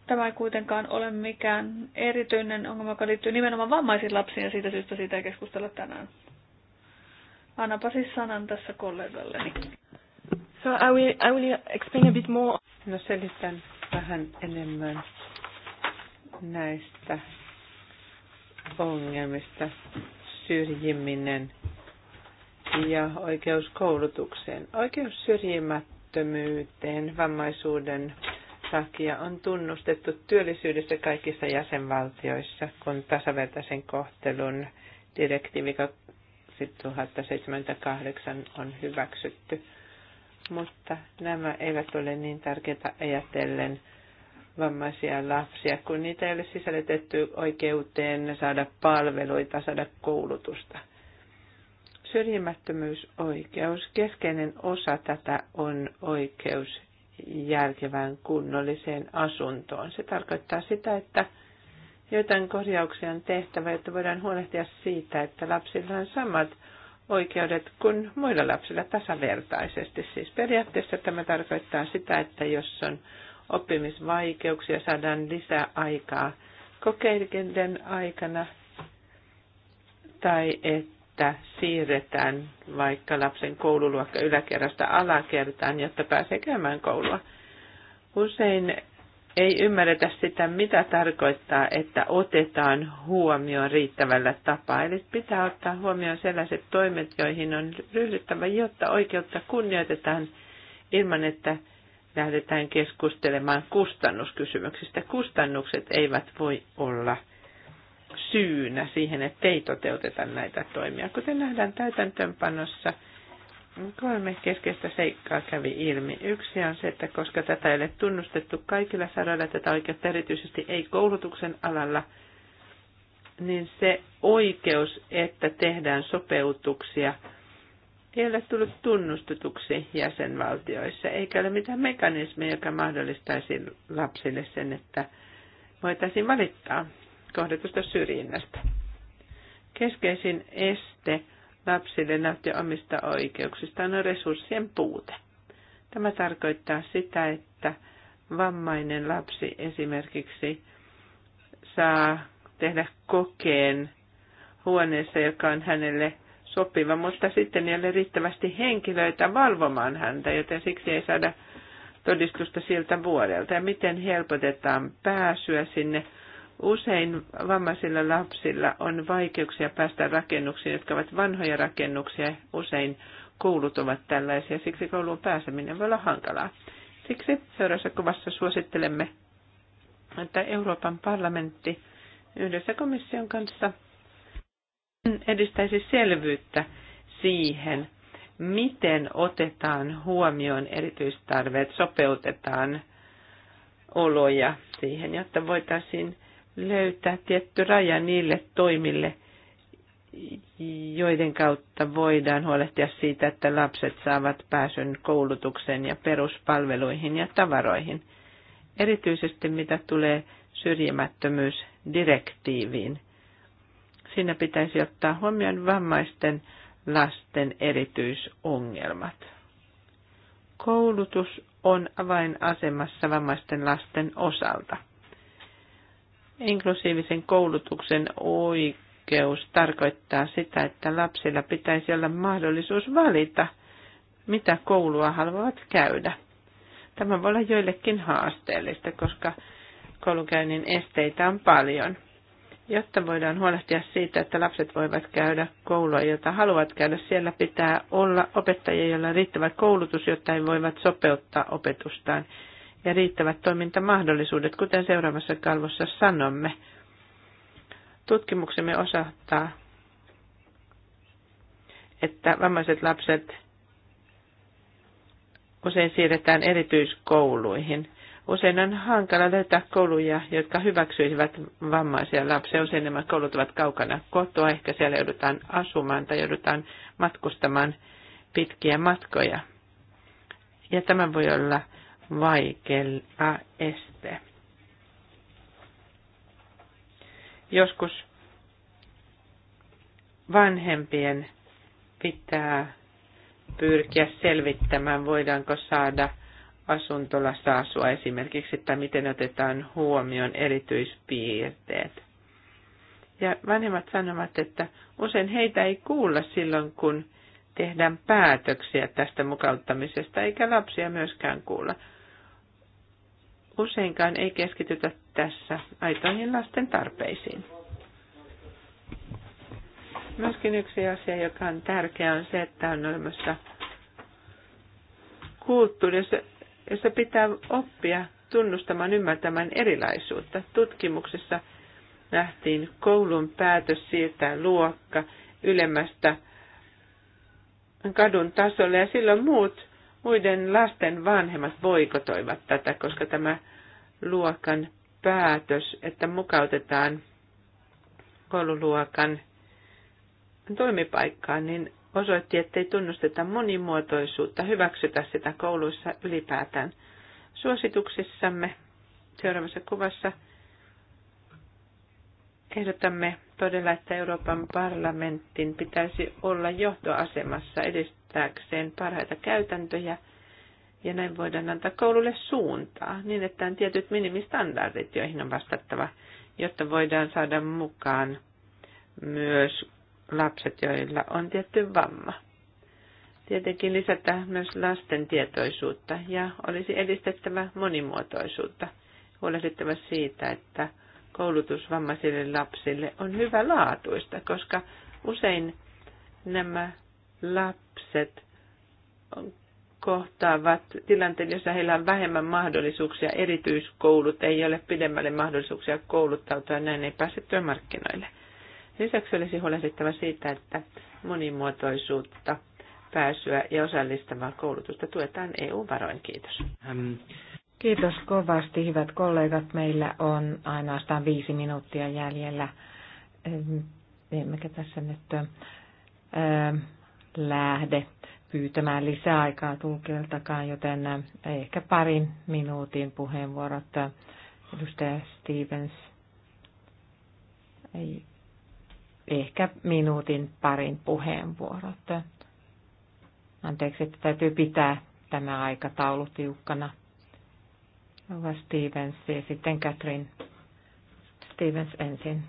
Tämä ei kuitenkaan ole mikään erityinen ongelma, joka liittyy nimenomaan vammaisiin lapsiin ja siitä syystä siitä ei keskustella tänään. Annapa siis sanan tässä kollegalleni. So I will, I will explain a bit more. No selitän vähän enemmän näistä ongelmista. Syrjiminen ja oikeuskoulutukseen, Oikeus syrjimättömyyteen vammaisuuden takia on tunnustettu työllisyydessä kaikissa jäsenvaltioissa, kun tasavertaisen kohtelun direktiivi sitten 1078 on hyväksytty. Mutta nämä eivät ole niin tärkeitä ajatellen vammaisia lapsia, kun niitä ei ole sisällytetty oikeuteen saada palveluita, saada koulutusta. Syrjimättömyysoikeus, keskeinen osa tätä on oikeus järkevään kunnolliseen asuntoon. Se tarkoittaa sitä, että Joitain korjauksia on tehtävä, jotta voidaan huolehtia siitä, että lapsilla on samat oikeudet kuin muilla lapsilla tasavertaisesti. Siis periaatteessa tämä tarkoittaa sitä, että jos on oppimisvaikeuksia, saadaan lisää aikaa kokeilkenden aikana tai että siirretään vaikka lapsen koululuokka yläkerrasta alakertaan, jotta pääsee käymään koulua. Usein ei ymmärretä sitä, mitä tarkoittaa, että otetaan huomioon riittävällä tapaa. Eli pitää ottaa huomioon sellaiset toimet, joihin on ryhdyttävä, jotta oikeutta kunnioitetaan ilman, että lähdetään keskustelemaan kustannuskysymyksistä. Kustannukset eivät voi olla syynä siihen, että ei toteuteta näitä toimia. Kuten nähdään täytäntöönpanossa, Kolme keskeistä seikkaa kävi ilmi. Yksi on se, että koska tätä ei ole tunnustettu kaikilla saroilla, tätä oikeutta erityisesti ei koulutuksen alalla, niin se oikeus, että tehdään sopeutuksia, ei ole tullut tunnustetuksi jäsenvaltioissa, eikä ole mitään mekanismia, joka mahdollistaisi lapsille sen, että voitaisiin valittaa kohdetusta syrjinnästä. Keskeisin este – lapsille nauttia omista oikeuksistaan on resurssien puute. Tämä tarkoittaa sitä, että vammainen lapsi esimerkiksi saa tehdä kokeen huoneessa, joka on hänelle sopiva, mutta sitten ei ole riittävästi henkilöitä valvomaan häntä, joten siksi ei saada todistusta siltä vuodelta. Ja miten helpotetaan pääsyä sinne Usein vammaisilla lapsilla on vaikeuksia päästä rakennuksiin, jotka ovat vanhoja rakennuksia. Usein koulut ovat tällaisia, siksi kouluun pääseminen voi olla hankalaa. Siksi seuraavassa kuvassa suosittelemme, että Euroopan parlamentti yhdessä komission kanssa edistäisi selvyyttä siihen, miten otetaan huomioon erityistarveet, sopeutetaan oloja siihen, jotta voitaisiin löytää tietty raja niille toimille, joiden kautta voidaan huolehtia siitä, että lapset saavat pääsyn koulutukseen ja peruspalveluihin ja tavaroihin. Erityisesti mitä tulee syrjimättömyysdirektiiviin. Siinä pitäisi ottaa huomioon vammaisten lasten erityisongelmat. Koulutus on avainasemassa vammaisten lasten osalta. Inklusiivisen koulutuksen oikeus tarkoittaa sitä, että lapsilla pitäisi olla mahdollisuus valita, mitä koulua haluavat käydä. Tämä voi olla joillekin haasteellista, koska koulukäynnin esteitä on paljon. Jotta voidaan huolehtia siitä, että lapset voivat käydä koulua, jota haluavat käydä, siellä pitää olla opettajia, joilla on riittävä koulutus, jotta he voivat sopeuttaa opetustaan ja riittävät toimintamahdollisuudet, kuten seuraavassa kalvossa sanomme. Tutkimuksemme osoittaa, että vammaiset lapset usein siirretään erityiskouluihin. Usein on hankala löytää kouluja, jotka hyväksyisivät vammaisia lapsia. Usein nämä koulut ovat kaukana kotoa, ehkä siellä joudutaan asumaan tai joudutaan matkustamaan pitkiä matkoja. Ja tämä voi olla vaikea este. Joskus vanhempien pitää pyrkiä selvittämään, voidaanko saada asuntolassa asua esimerkiksi, tai miten otetaan huomioon erityispiirteet. Ja vanhemmat sanovat, että usein heitä ei kuulla silloin, kun tehdään päätöksiä tästä mukauttamisesta, eikä lapsia myöskään kuulla useinkaan ei keskitytä tässä aitoihin lasten tarpeisiin. Myöskin yksi asia, joka on tärkeä, on se, että on olemassa kulttuuri, jossa, jossa pitää oppia tunnustamaan, ymmärtämään erilaisuutta. Tutkimuksessa nähtiin koulun päätös siirtää luokka ylemmästä kadun tasolle ja silloin muut muiden lasten vanhemmat voikotoivat tätä, koska tämä luokan päätös, että mukautetaan koululuokan toimipaikkaan, niin osoitti, ei tunnusteta monimuotoisuutta, hyväksytä sitä kouluissa ylipäätään. Suosituksissamme seuraavassa kuvassa ehdotamme todella, että Euroopan parlamentin pitäisi olla johtoasemassa edistää kehittääkseen parhaita käytäntöjä ja näin voidaan antaa koululle suuntaa niin, että on tietyt minimistandardit, joihin on vastattava, jotta voidaan saada mukaan myös lapset, joilla on tietty vamma. Tietenkin lisätään myös lasten tietoisuutta ja olisi edistettävä monimuotoisuutta. Huolehdittava siitä, että koulutus vammaisille lapsille on hyvä laatuista, koska usein nämä lapset kohtaavat tilanteen, jossa heillä on vähemmän mahdollisuuksia, erityiskoulut, ei ole pidemmälle mahdollisuuksia kouluttautua, näin ei pääse työmarkkinoille. Lisäksi olisi huolehdittava siitä, että monimuotoisuutta, pääsyä ja osallistavaa koulutusta tuetaan EU-varoin. Kiitos. Ähm. Kiitos kovasti, hyvät kollegat. Meillä on ainoastaan viisi minuuttia jäljellä. Emmekä tässä nyt lähde pyytämään lisäaikaa tulkiltakaan, joten ehkä parin minuutin puheenvuorot. Edustaja Stevens, ei, ehkä minuutin parin puheenvuorot. Anteeksi, että täytyy pitää tämä aikataulu tiukkana. Rova Stevens ja sitten Catherine Stevens ensin.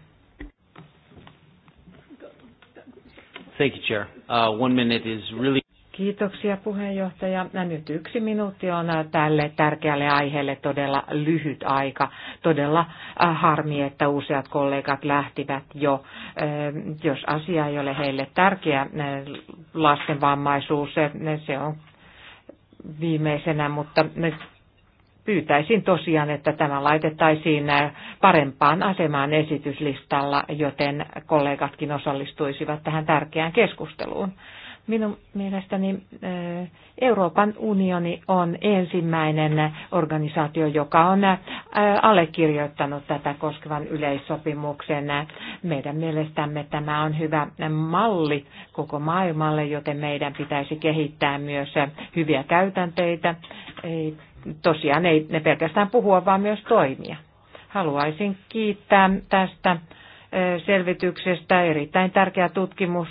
Thank you, Chair. Uh, one minute is really... Kiitoksia puheenjohtaja. Nyt yksi minuutti on uh, tälle tärkeälle aiheelle todella lyhyt aika. Todella uh, harmi, että useat kollegat lähtivät jo. Uh, jos asia ei ole heille tärkeä, lastenvammaisuus, se on viimeisenä, mutta pyytäisin tosiaan, että tämä laitettaisiin äh, parempaan asemaan esityslistalla, joten kollegatkin osallistuisivat tähän tärkeään keskusteluun. Minun mielestäni eh, Euroopan unioni on ensimmäinen organisaatio, joka on eh, allekirjoittanut tätä koskevan yleissopimuksen. Meidän mielestämme tämä on hyvä malli koko maailmalle, joten meidän pitäisi kehittää myös hyviä käytänteitä. Ei, tosiaan ei ne pelkästään puhua, vaan myös toimia. Haluaisin kiittää tästä eh, selvityksestä. Erittäin tärkeä tutkimus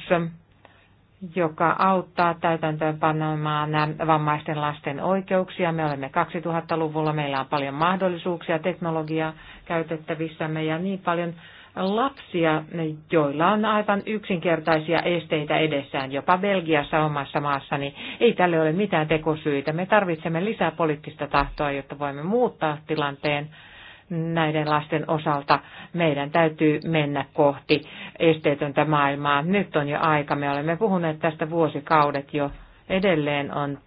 joka auttaa täytäntöönpanomaan vammaisten lasten oikeuksia. Me olemme 2000-luvulla, meillä on paljon mahdollisuuksia, teknologiaa käytettävissämme ja niin paljon lapsia, joilla on aivan yksinkertaisia esteitä edessään, jopa Belgiassa omassa maassani. Ei tälle ole mitään tekosyitä. Me tarvitsemme lisää poliittista tahtoa, jotta voimme muuttaa tilanteen näiden lasten osalta meidän täytyy mennä kohti esteetöntä maailmaa. Nyt on jo aika, me olemme puhuneet tästä vuosikaudet jo. Edelleen on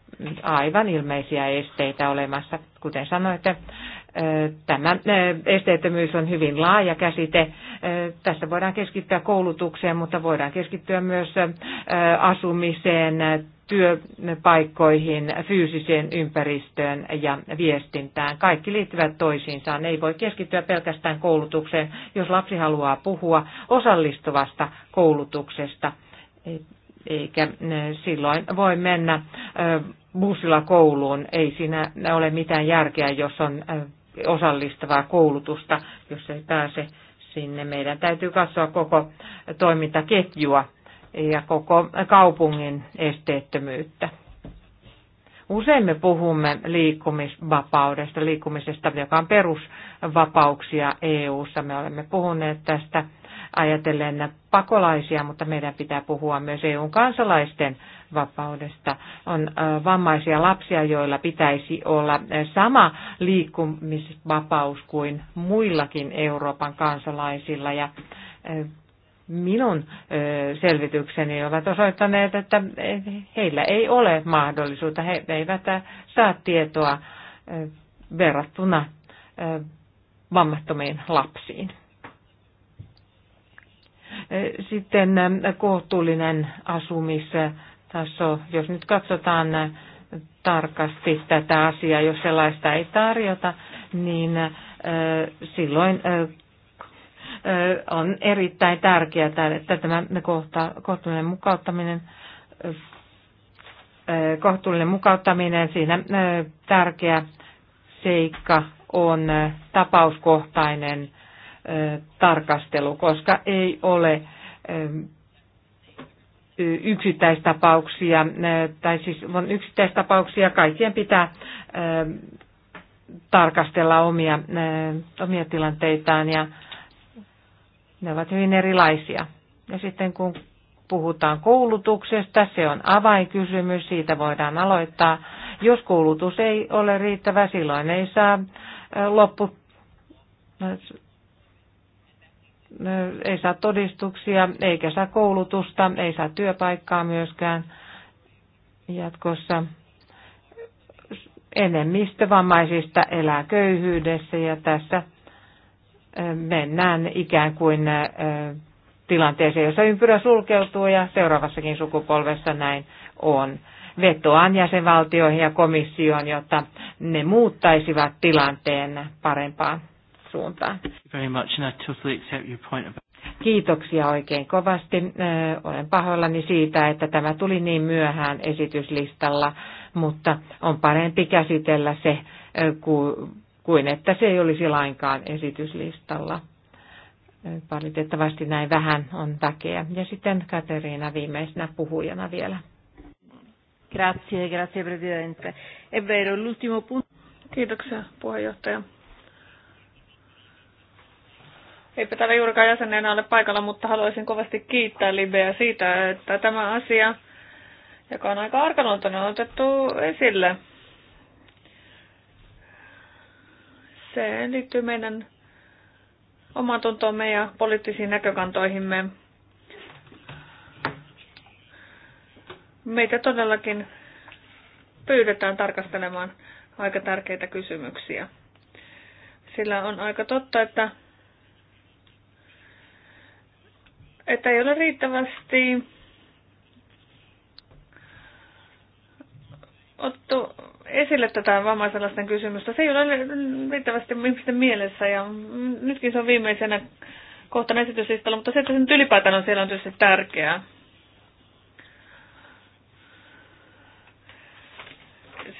aivan ilmeisiä esteitä olemassa. Kuten sanoitte, tämä esteettömyys on hyvin laaja käsite. Tässä voidaan keskittyä koulutukseen, mutta voidaan keskittyä myös asumiseen, työpaikkoihin, fyysiseen ympäristöön ja viestintään. Kaikki liittyvät toisiinsa. Ei voi keskittyä pelkästään koulutukseen, jos lapsi haluaa puhua osallistuvasta koulutuksesta. Eikä silloin voi mennä bussilla kouluun. Ei siinä ole mitään järkeä, jos on osallistavaa koulutusta, jos ei pääse sinne. Meidän täytyy katsoa koko toimintaketjua ja koko kaupungin esteettömyyttä. Usein me puhumme liikkumisvapaudesta, liikkumisesta, joka on perusvapauksia EU-ssa. Me olemme puhuneet tästä ajatellen pakolaisia, mutta meidän pitää puhua myös eu kansalaisten vapaudesta. On vammaisia lapsia, joilla pitäisi olla sama liikkumisvapaus kuin muillakin Euroopan kansalaisilla. Ja minun selvitykseni ovat osoittaneet, että heillä ei ole mahdollisuutta, he eivät saa tietoa verrattuna vammattomiin lapsiin. Sitten kohtuullinen asumistaso, jos nyt katsotaan tarkasti tätä asiaa, jos sellaista ei tarjota, niin silloin on erittäin tärkeää, että tämä kohta, kohtuullinen mukauttaminen kohtuullinen mukauttaminen, siinä tärkeä seikka on tapauskohtainen tarkastelu, koska ei ole yksittäistapauksia, tai siis on yksittäistapauksia, kaikkien pitää tarkastella omia, omia tilanteitaan ja ne ovat hyvin erilaisia. Ja sitten kun puhutaan koulutuksesta, se on avainkysymys, siitä voidaan aloittaa. Jos koulutus ei ole riittävä, silloin ei saa loppu ei saa todistuksia, eikä saa koulutusta, ei saa työpaikkaa myöskään jatkossa. Enemmistö vammaisista elää köyhyydessä ja tässä mennään ikään kuin tilanteeseen, jossa ympyrä sulkeutuu ja seuraavassakin sukupolvessa näin on. Vetoan jäsenvaltioihin ja komissioon, jotta ne muuttaisivat tilanteen parempaan suuntaan. Kiitoksia oikein kovasti. Olen pahoillani siitä, että tämä tuli niin myöhään esityslistalla, mutta on parempi käsitellä se kuin että se ei olisi lainkaan esityslistalla. Valitettavasti näin vähän on väkeä. Ja sitten Kateriina viimeisenä puhujana vielä. Grazie, grazie Presidente. È vero, l'ultimo punto. Kiitoksia puheenjohtaja. Eipä täällä juurikaan jäsenenä ole paikalla, mutta haluaisin kovasti kiittää Libeä siitä, että tämä asia, joka on aika arkaluontoinen, on otettu esille Se liittyy meidän omatuntoomme ja poliittisiin näkökantoihimme. Meitä todellakin pyydetään tarkastelemaan aika tärkeitä kysymyksiä. Sillä on aika totta, että, että ei ole riittävästi otettu esille tätä vammaisalaisten kysymystä. Se ei ole riittävästi ihmisten mielessä ja nytkin se on viimeisenä kohtana esityslistalla, mutta se, että se nyt ylipäätään on siellä on tietysti tärkeää.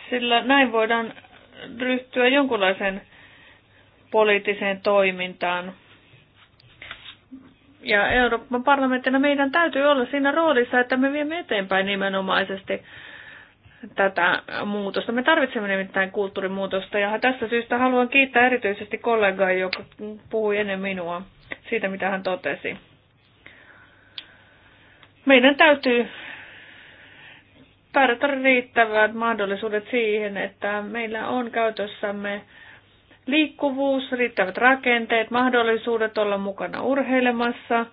Sillä näin voidaan ryhtyä jonkunlaiseen poliittiseen toimintaan. Ja Euroopan parlamenttina meidän täytyy olla siinä roolissa, että me viemme eteenpäin nimenomaisesti tätä muutosta. Me tarvitsemme nimittäin kulttuurimuutosta ja tästä syystä haluan kiittää erityisesti kollegaa, joka puhui ennen minua siitä, mitä hän totesi. Meidän täytyy tarjota riittävät mahdollisuudet siihen, että meillä on käytössämme liikkuvuus, riittävät rakenteet, mahdollisuudet olla mukana urheilemassa –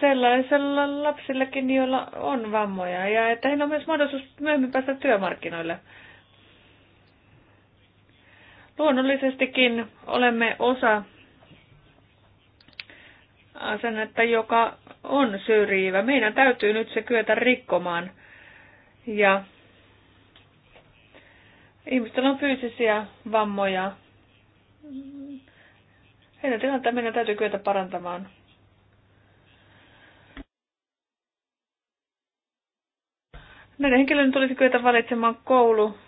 sellaisella lapsillakin, joilla on vammoja, ja että heillä on myös mahdollisuus myöhemmin päästä työmarkkinoille. Luonnollisestikin olemme osa asennetta, joka on syrjivä. Meidän täytyy nyt se kyetä rikkomaan. Ja ihmisillä on fyysisiä vammoja. Heidän tilannetta meidän täytyy kyetä parantamaan. Näiden henkilöiden tulisi kyetä valitsemaan koulu,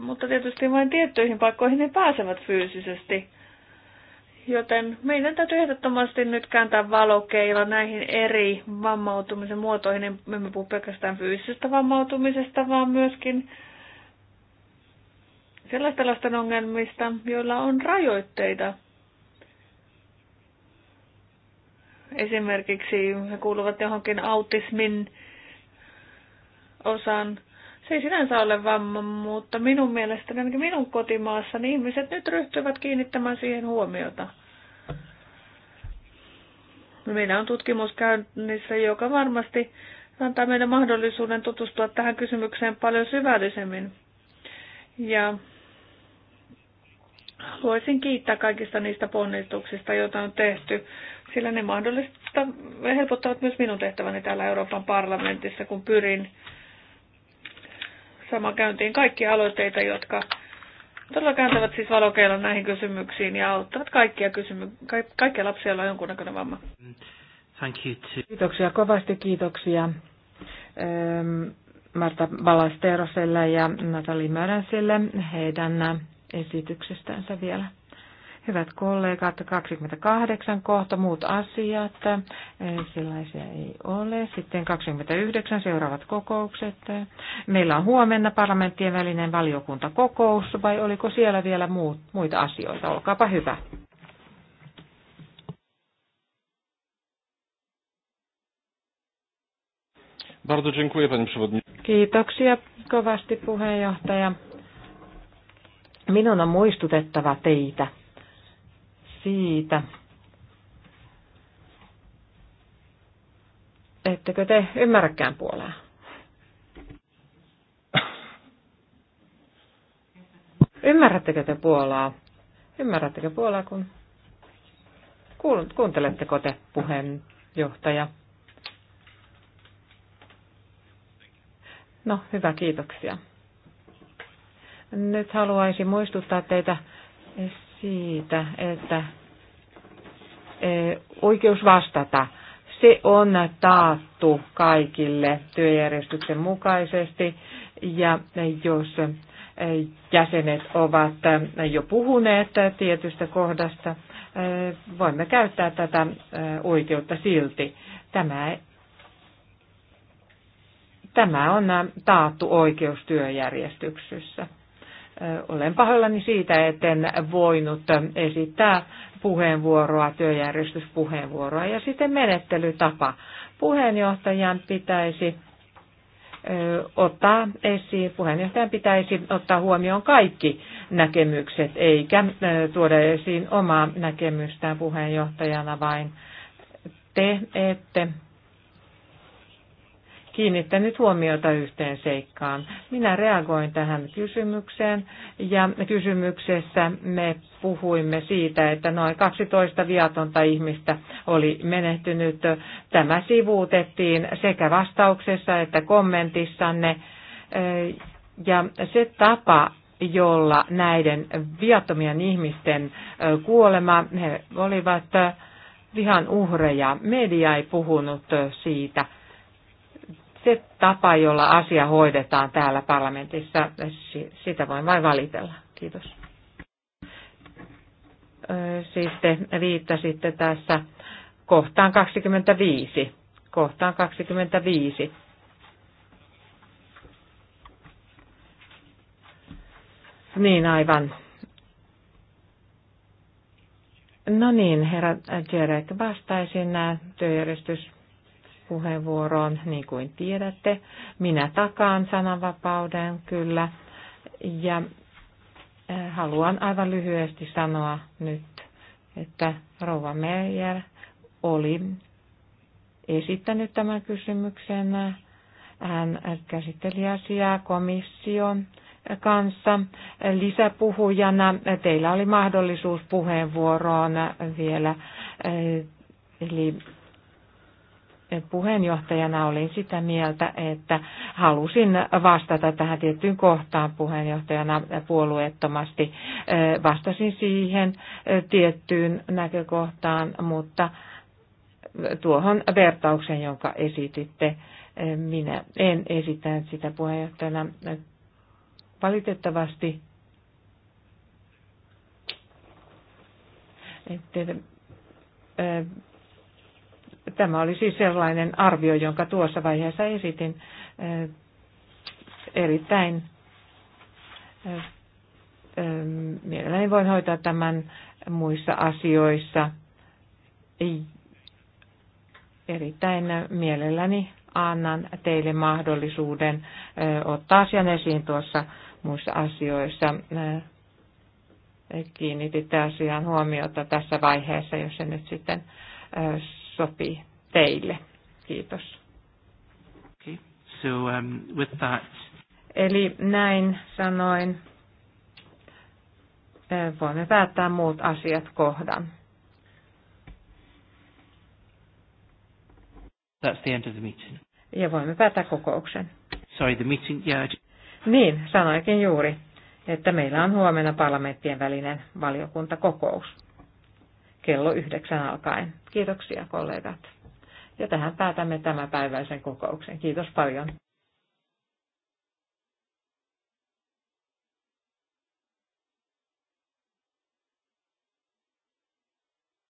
mutta tietysti vain tiettyihin paikkoihin ne pääsevät fyysisesti. Joten meidän täytyy ehdottomasti nyt kääntää valokeila näihin eri vammautumisen muotoihin. Me emme puhu pelkästään fyysisestä vammautumisesta, vaan myöskin sellaista lasten ongelmista, joilla on rajoitteita Esimerkiksi he kuuluvat johonkin autismin osaan. Se ei sinänsä ole vamma, mutta minun mielestäni, ainakin minun kotimaassani, ihmiset nyt ryhtyvät kiinnittämään siihen huomiota. Meillä on tutkimus käynnissä, joka varmasti antaa meille mahdollisuuden tutustua tähän kysymykseen paljon syvällisemmin. Ja haluaisin kiittää kaikista niistä ponnistuksista, joita on tehty sillä ne mahdollista helpottavat myös minun tehtäväni täällä Euroopan parlamentissa, kun pyrin sama käyntiin kaikkia aloitteita, jotka todella kääntävät siis valokeilla näihin kysymyksiin ja auttavat kaikkia, kysymy- ka- kaikkia lapsia, joilla on jonkunnäköinen vamma. Thank you too. Kiitoksia kovasti, kiitoksia ähm, Marta Balasteroselle ja Natali Mörensille heidän esityksestänsä vielä. Hyvät kollegat, 28 kohta muut asiat, sellaisia ei ole. Sitten 29 seuraavat kokoukset. Meillä on huomenna parlamenttien välinen valiokuntakokous, vai oliko siellä vielä muut, muita asioita? Olkaapa hyvä. Bardzo dziękuję, panie przewodniczący. Kiitoksia kovasti puheenjohtaja. Minun on muistutettava teitä siitä, ettekö te ymmärräkään puolaa. Ymmärrättekö te Puolaa? Ymmärrättekö Puolaa, kun kuunteletteko te puheenjohtaja? No, hyvä, kiitoksia. Nyt haluaisin muistuttaa teitä siitä, että e, oikeus vastata, se on taattu kaikille työjärjestyksen mukaisesti ja jos e, jäsenet ovat jo puhuneet tietystä kohdasta, e, voimme käyttää tätä oikeutta silti. Tämä, tämä on taattu oikeus työjärjestyksessä. Olen pahoillani siitä, etten voinut esittää puheenvuoroa, työjärjestyspuheenvuoroa ja sitten menettelytapa. Puheenjohtajan pitäisi ottaa esiin, puheenjohtajan pitäisi ottaa huomioon kaikki näkemykset, eikä tuoda esiin omaa näkemystään puheenjohtajana vain te ette kiinnittänyt huomiota yhteen seikkaan. Minä reagoin tähän kysymykseen ja kysymyksessä me puhuimme siitä, että noin 12 viatonta ihmistä oli menehtynyt. Tämä sivuutettiin sekä vastauksessa että kommentissanne. Ja se tapa, jolla näiden viattomien ihmisten kuolema, he olivat vihan uhreja. Media ei puhunut siitä se tapa, jolla asia hoidetaan täällä parlamentissa, sitä voin vain valitella. Kiitos. Sitten siis viittasitte tässä kohtaan 25. Kohtaan 25. Niin aivan. No niin, herra Jerek, vastaisin työjärjestys puheenvuoroon, niin kuin tiedätte. Minä takaan sananvapauden kyllä ja eh, haluan aivan lyhyesti sanoa nyt, että Rova Meijer oli esittänyt tämän kysymyksen. Hän käsitteli asiaa komission kanssa lisäpuhujana. Teillä oli mahdollisuus puheenvuoroon vielä. Eh, eli puheenjohtajana olin sitä mieltä, että halusin vastata tähän tiettyyn kohtaan puheenjohtajana puolueettomasti. Vastasin siihen tiettyyn näkökohtaan, mutta tuohon vertauksen, jonka esititte, minä en esittänyt sitä puheenjohtajana valitettavasti. Että Tämä oli siis sellainen arvio, jonka tuossa vaiheessa esitin erittäin mielelläni voin hoitaa tämän muissa asioissa. Erittäin mielelläni annan teille mahdollisuuden ottaa asian esiin tuossa muissa asioissa. Kiinnititte asiaan huomiota tässä vaiheessa, jos se nyt sitten sopii teille. Kiitos. Okay. So, um, with that... Eli näin sanoin, voimme päättää muut asiat kohdan. That's the end of the meeting. Ja voimme päättää kokouksen. Sorry, the meeting, yeah. Niin, sanoikin juuri, että meillä on huomenna parlamenttien välinen valiokuntakokous kello yhdeksän alkaen. Kiitoksia kollegat. Ja tähän päätämme tämän päiväisen kokouksen. Kiitos paljon.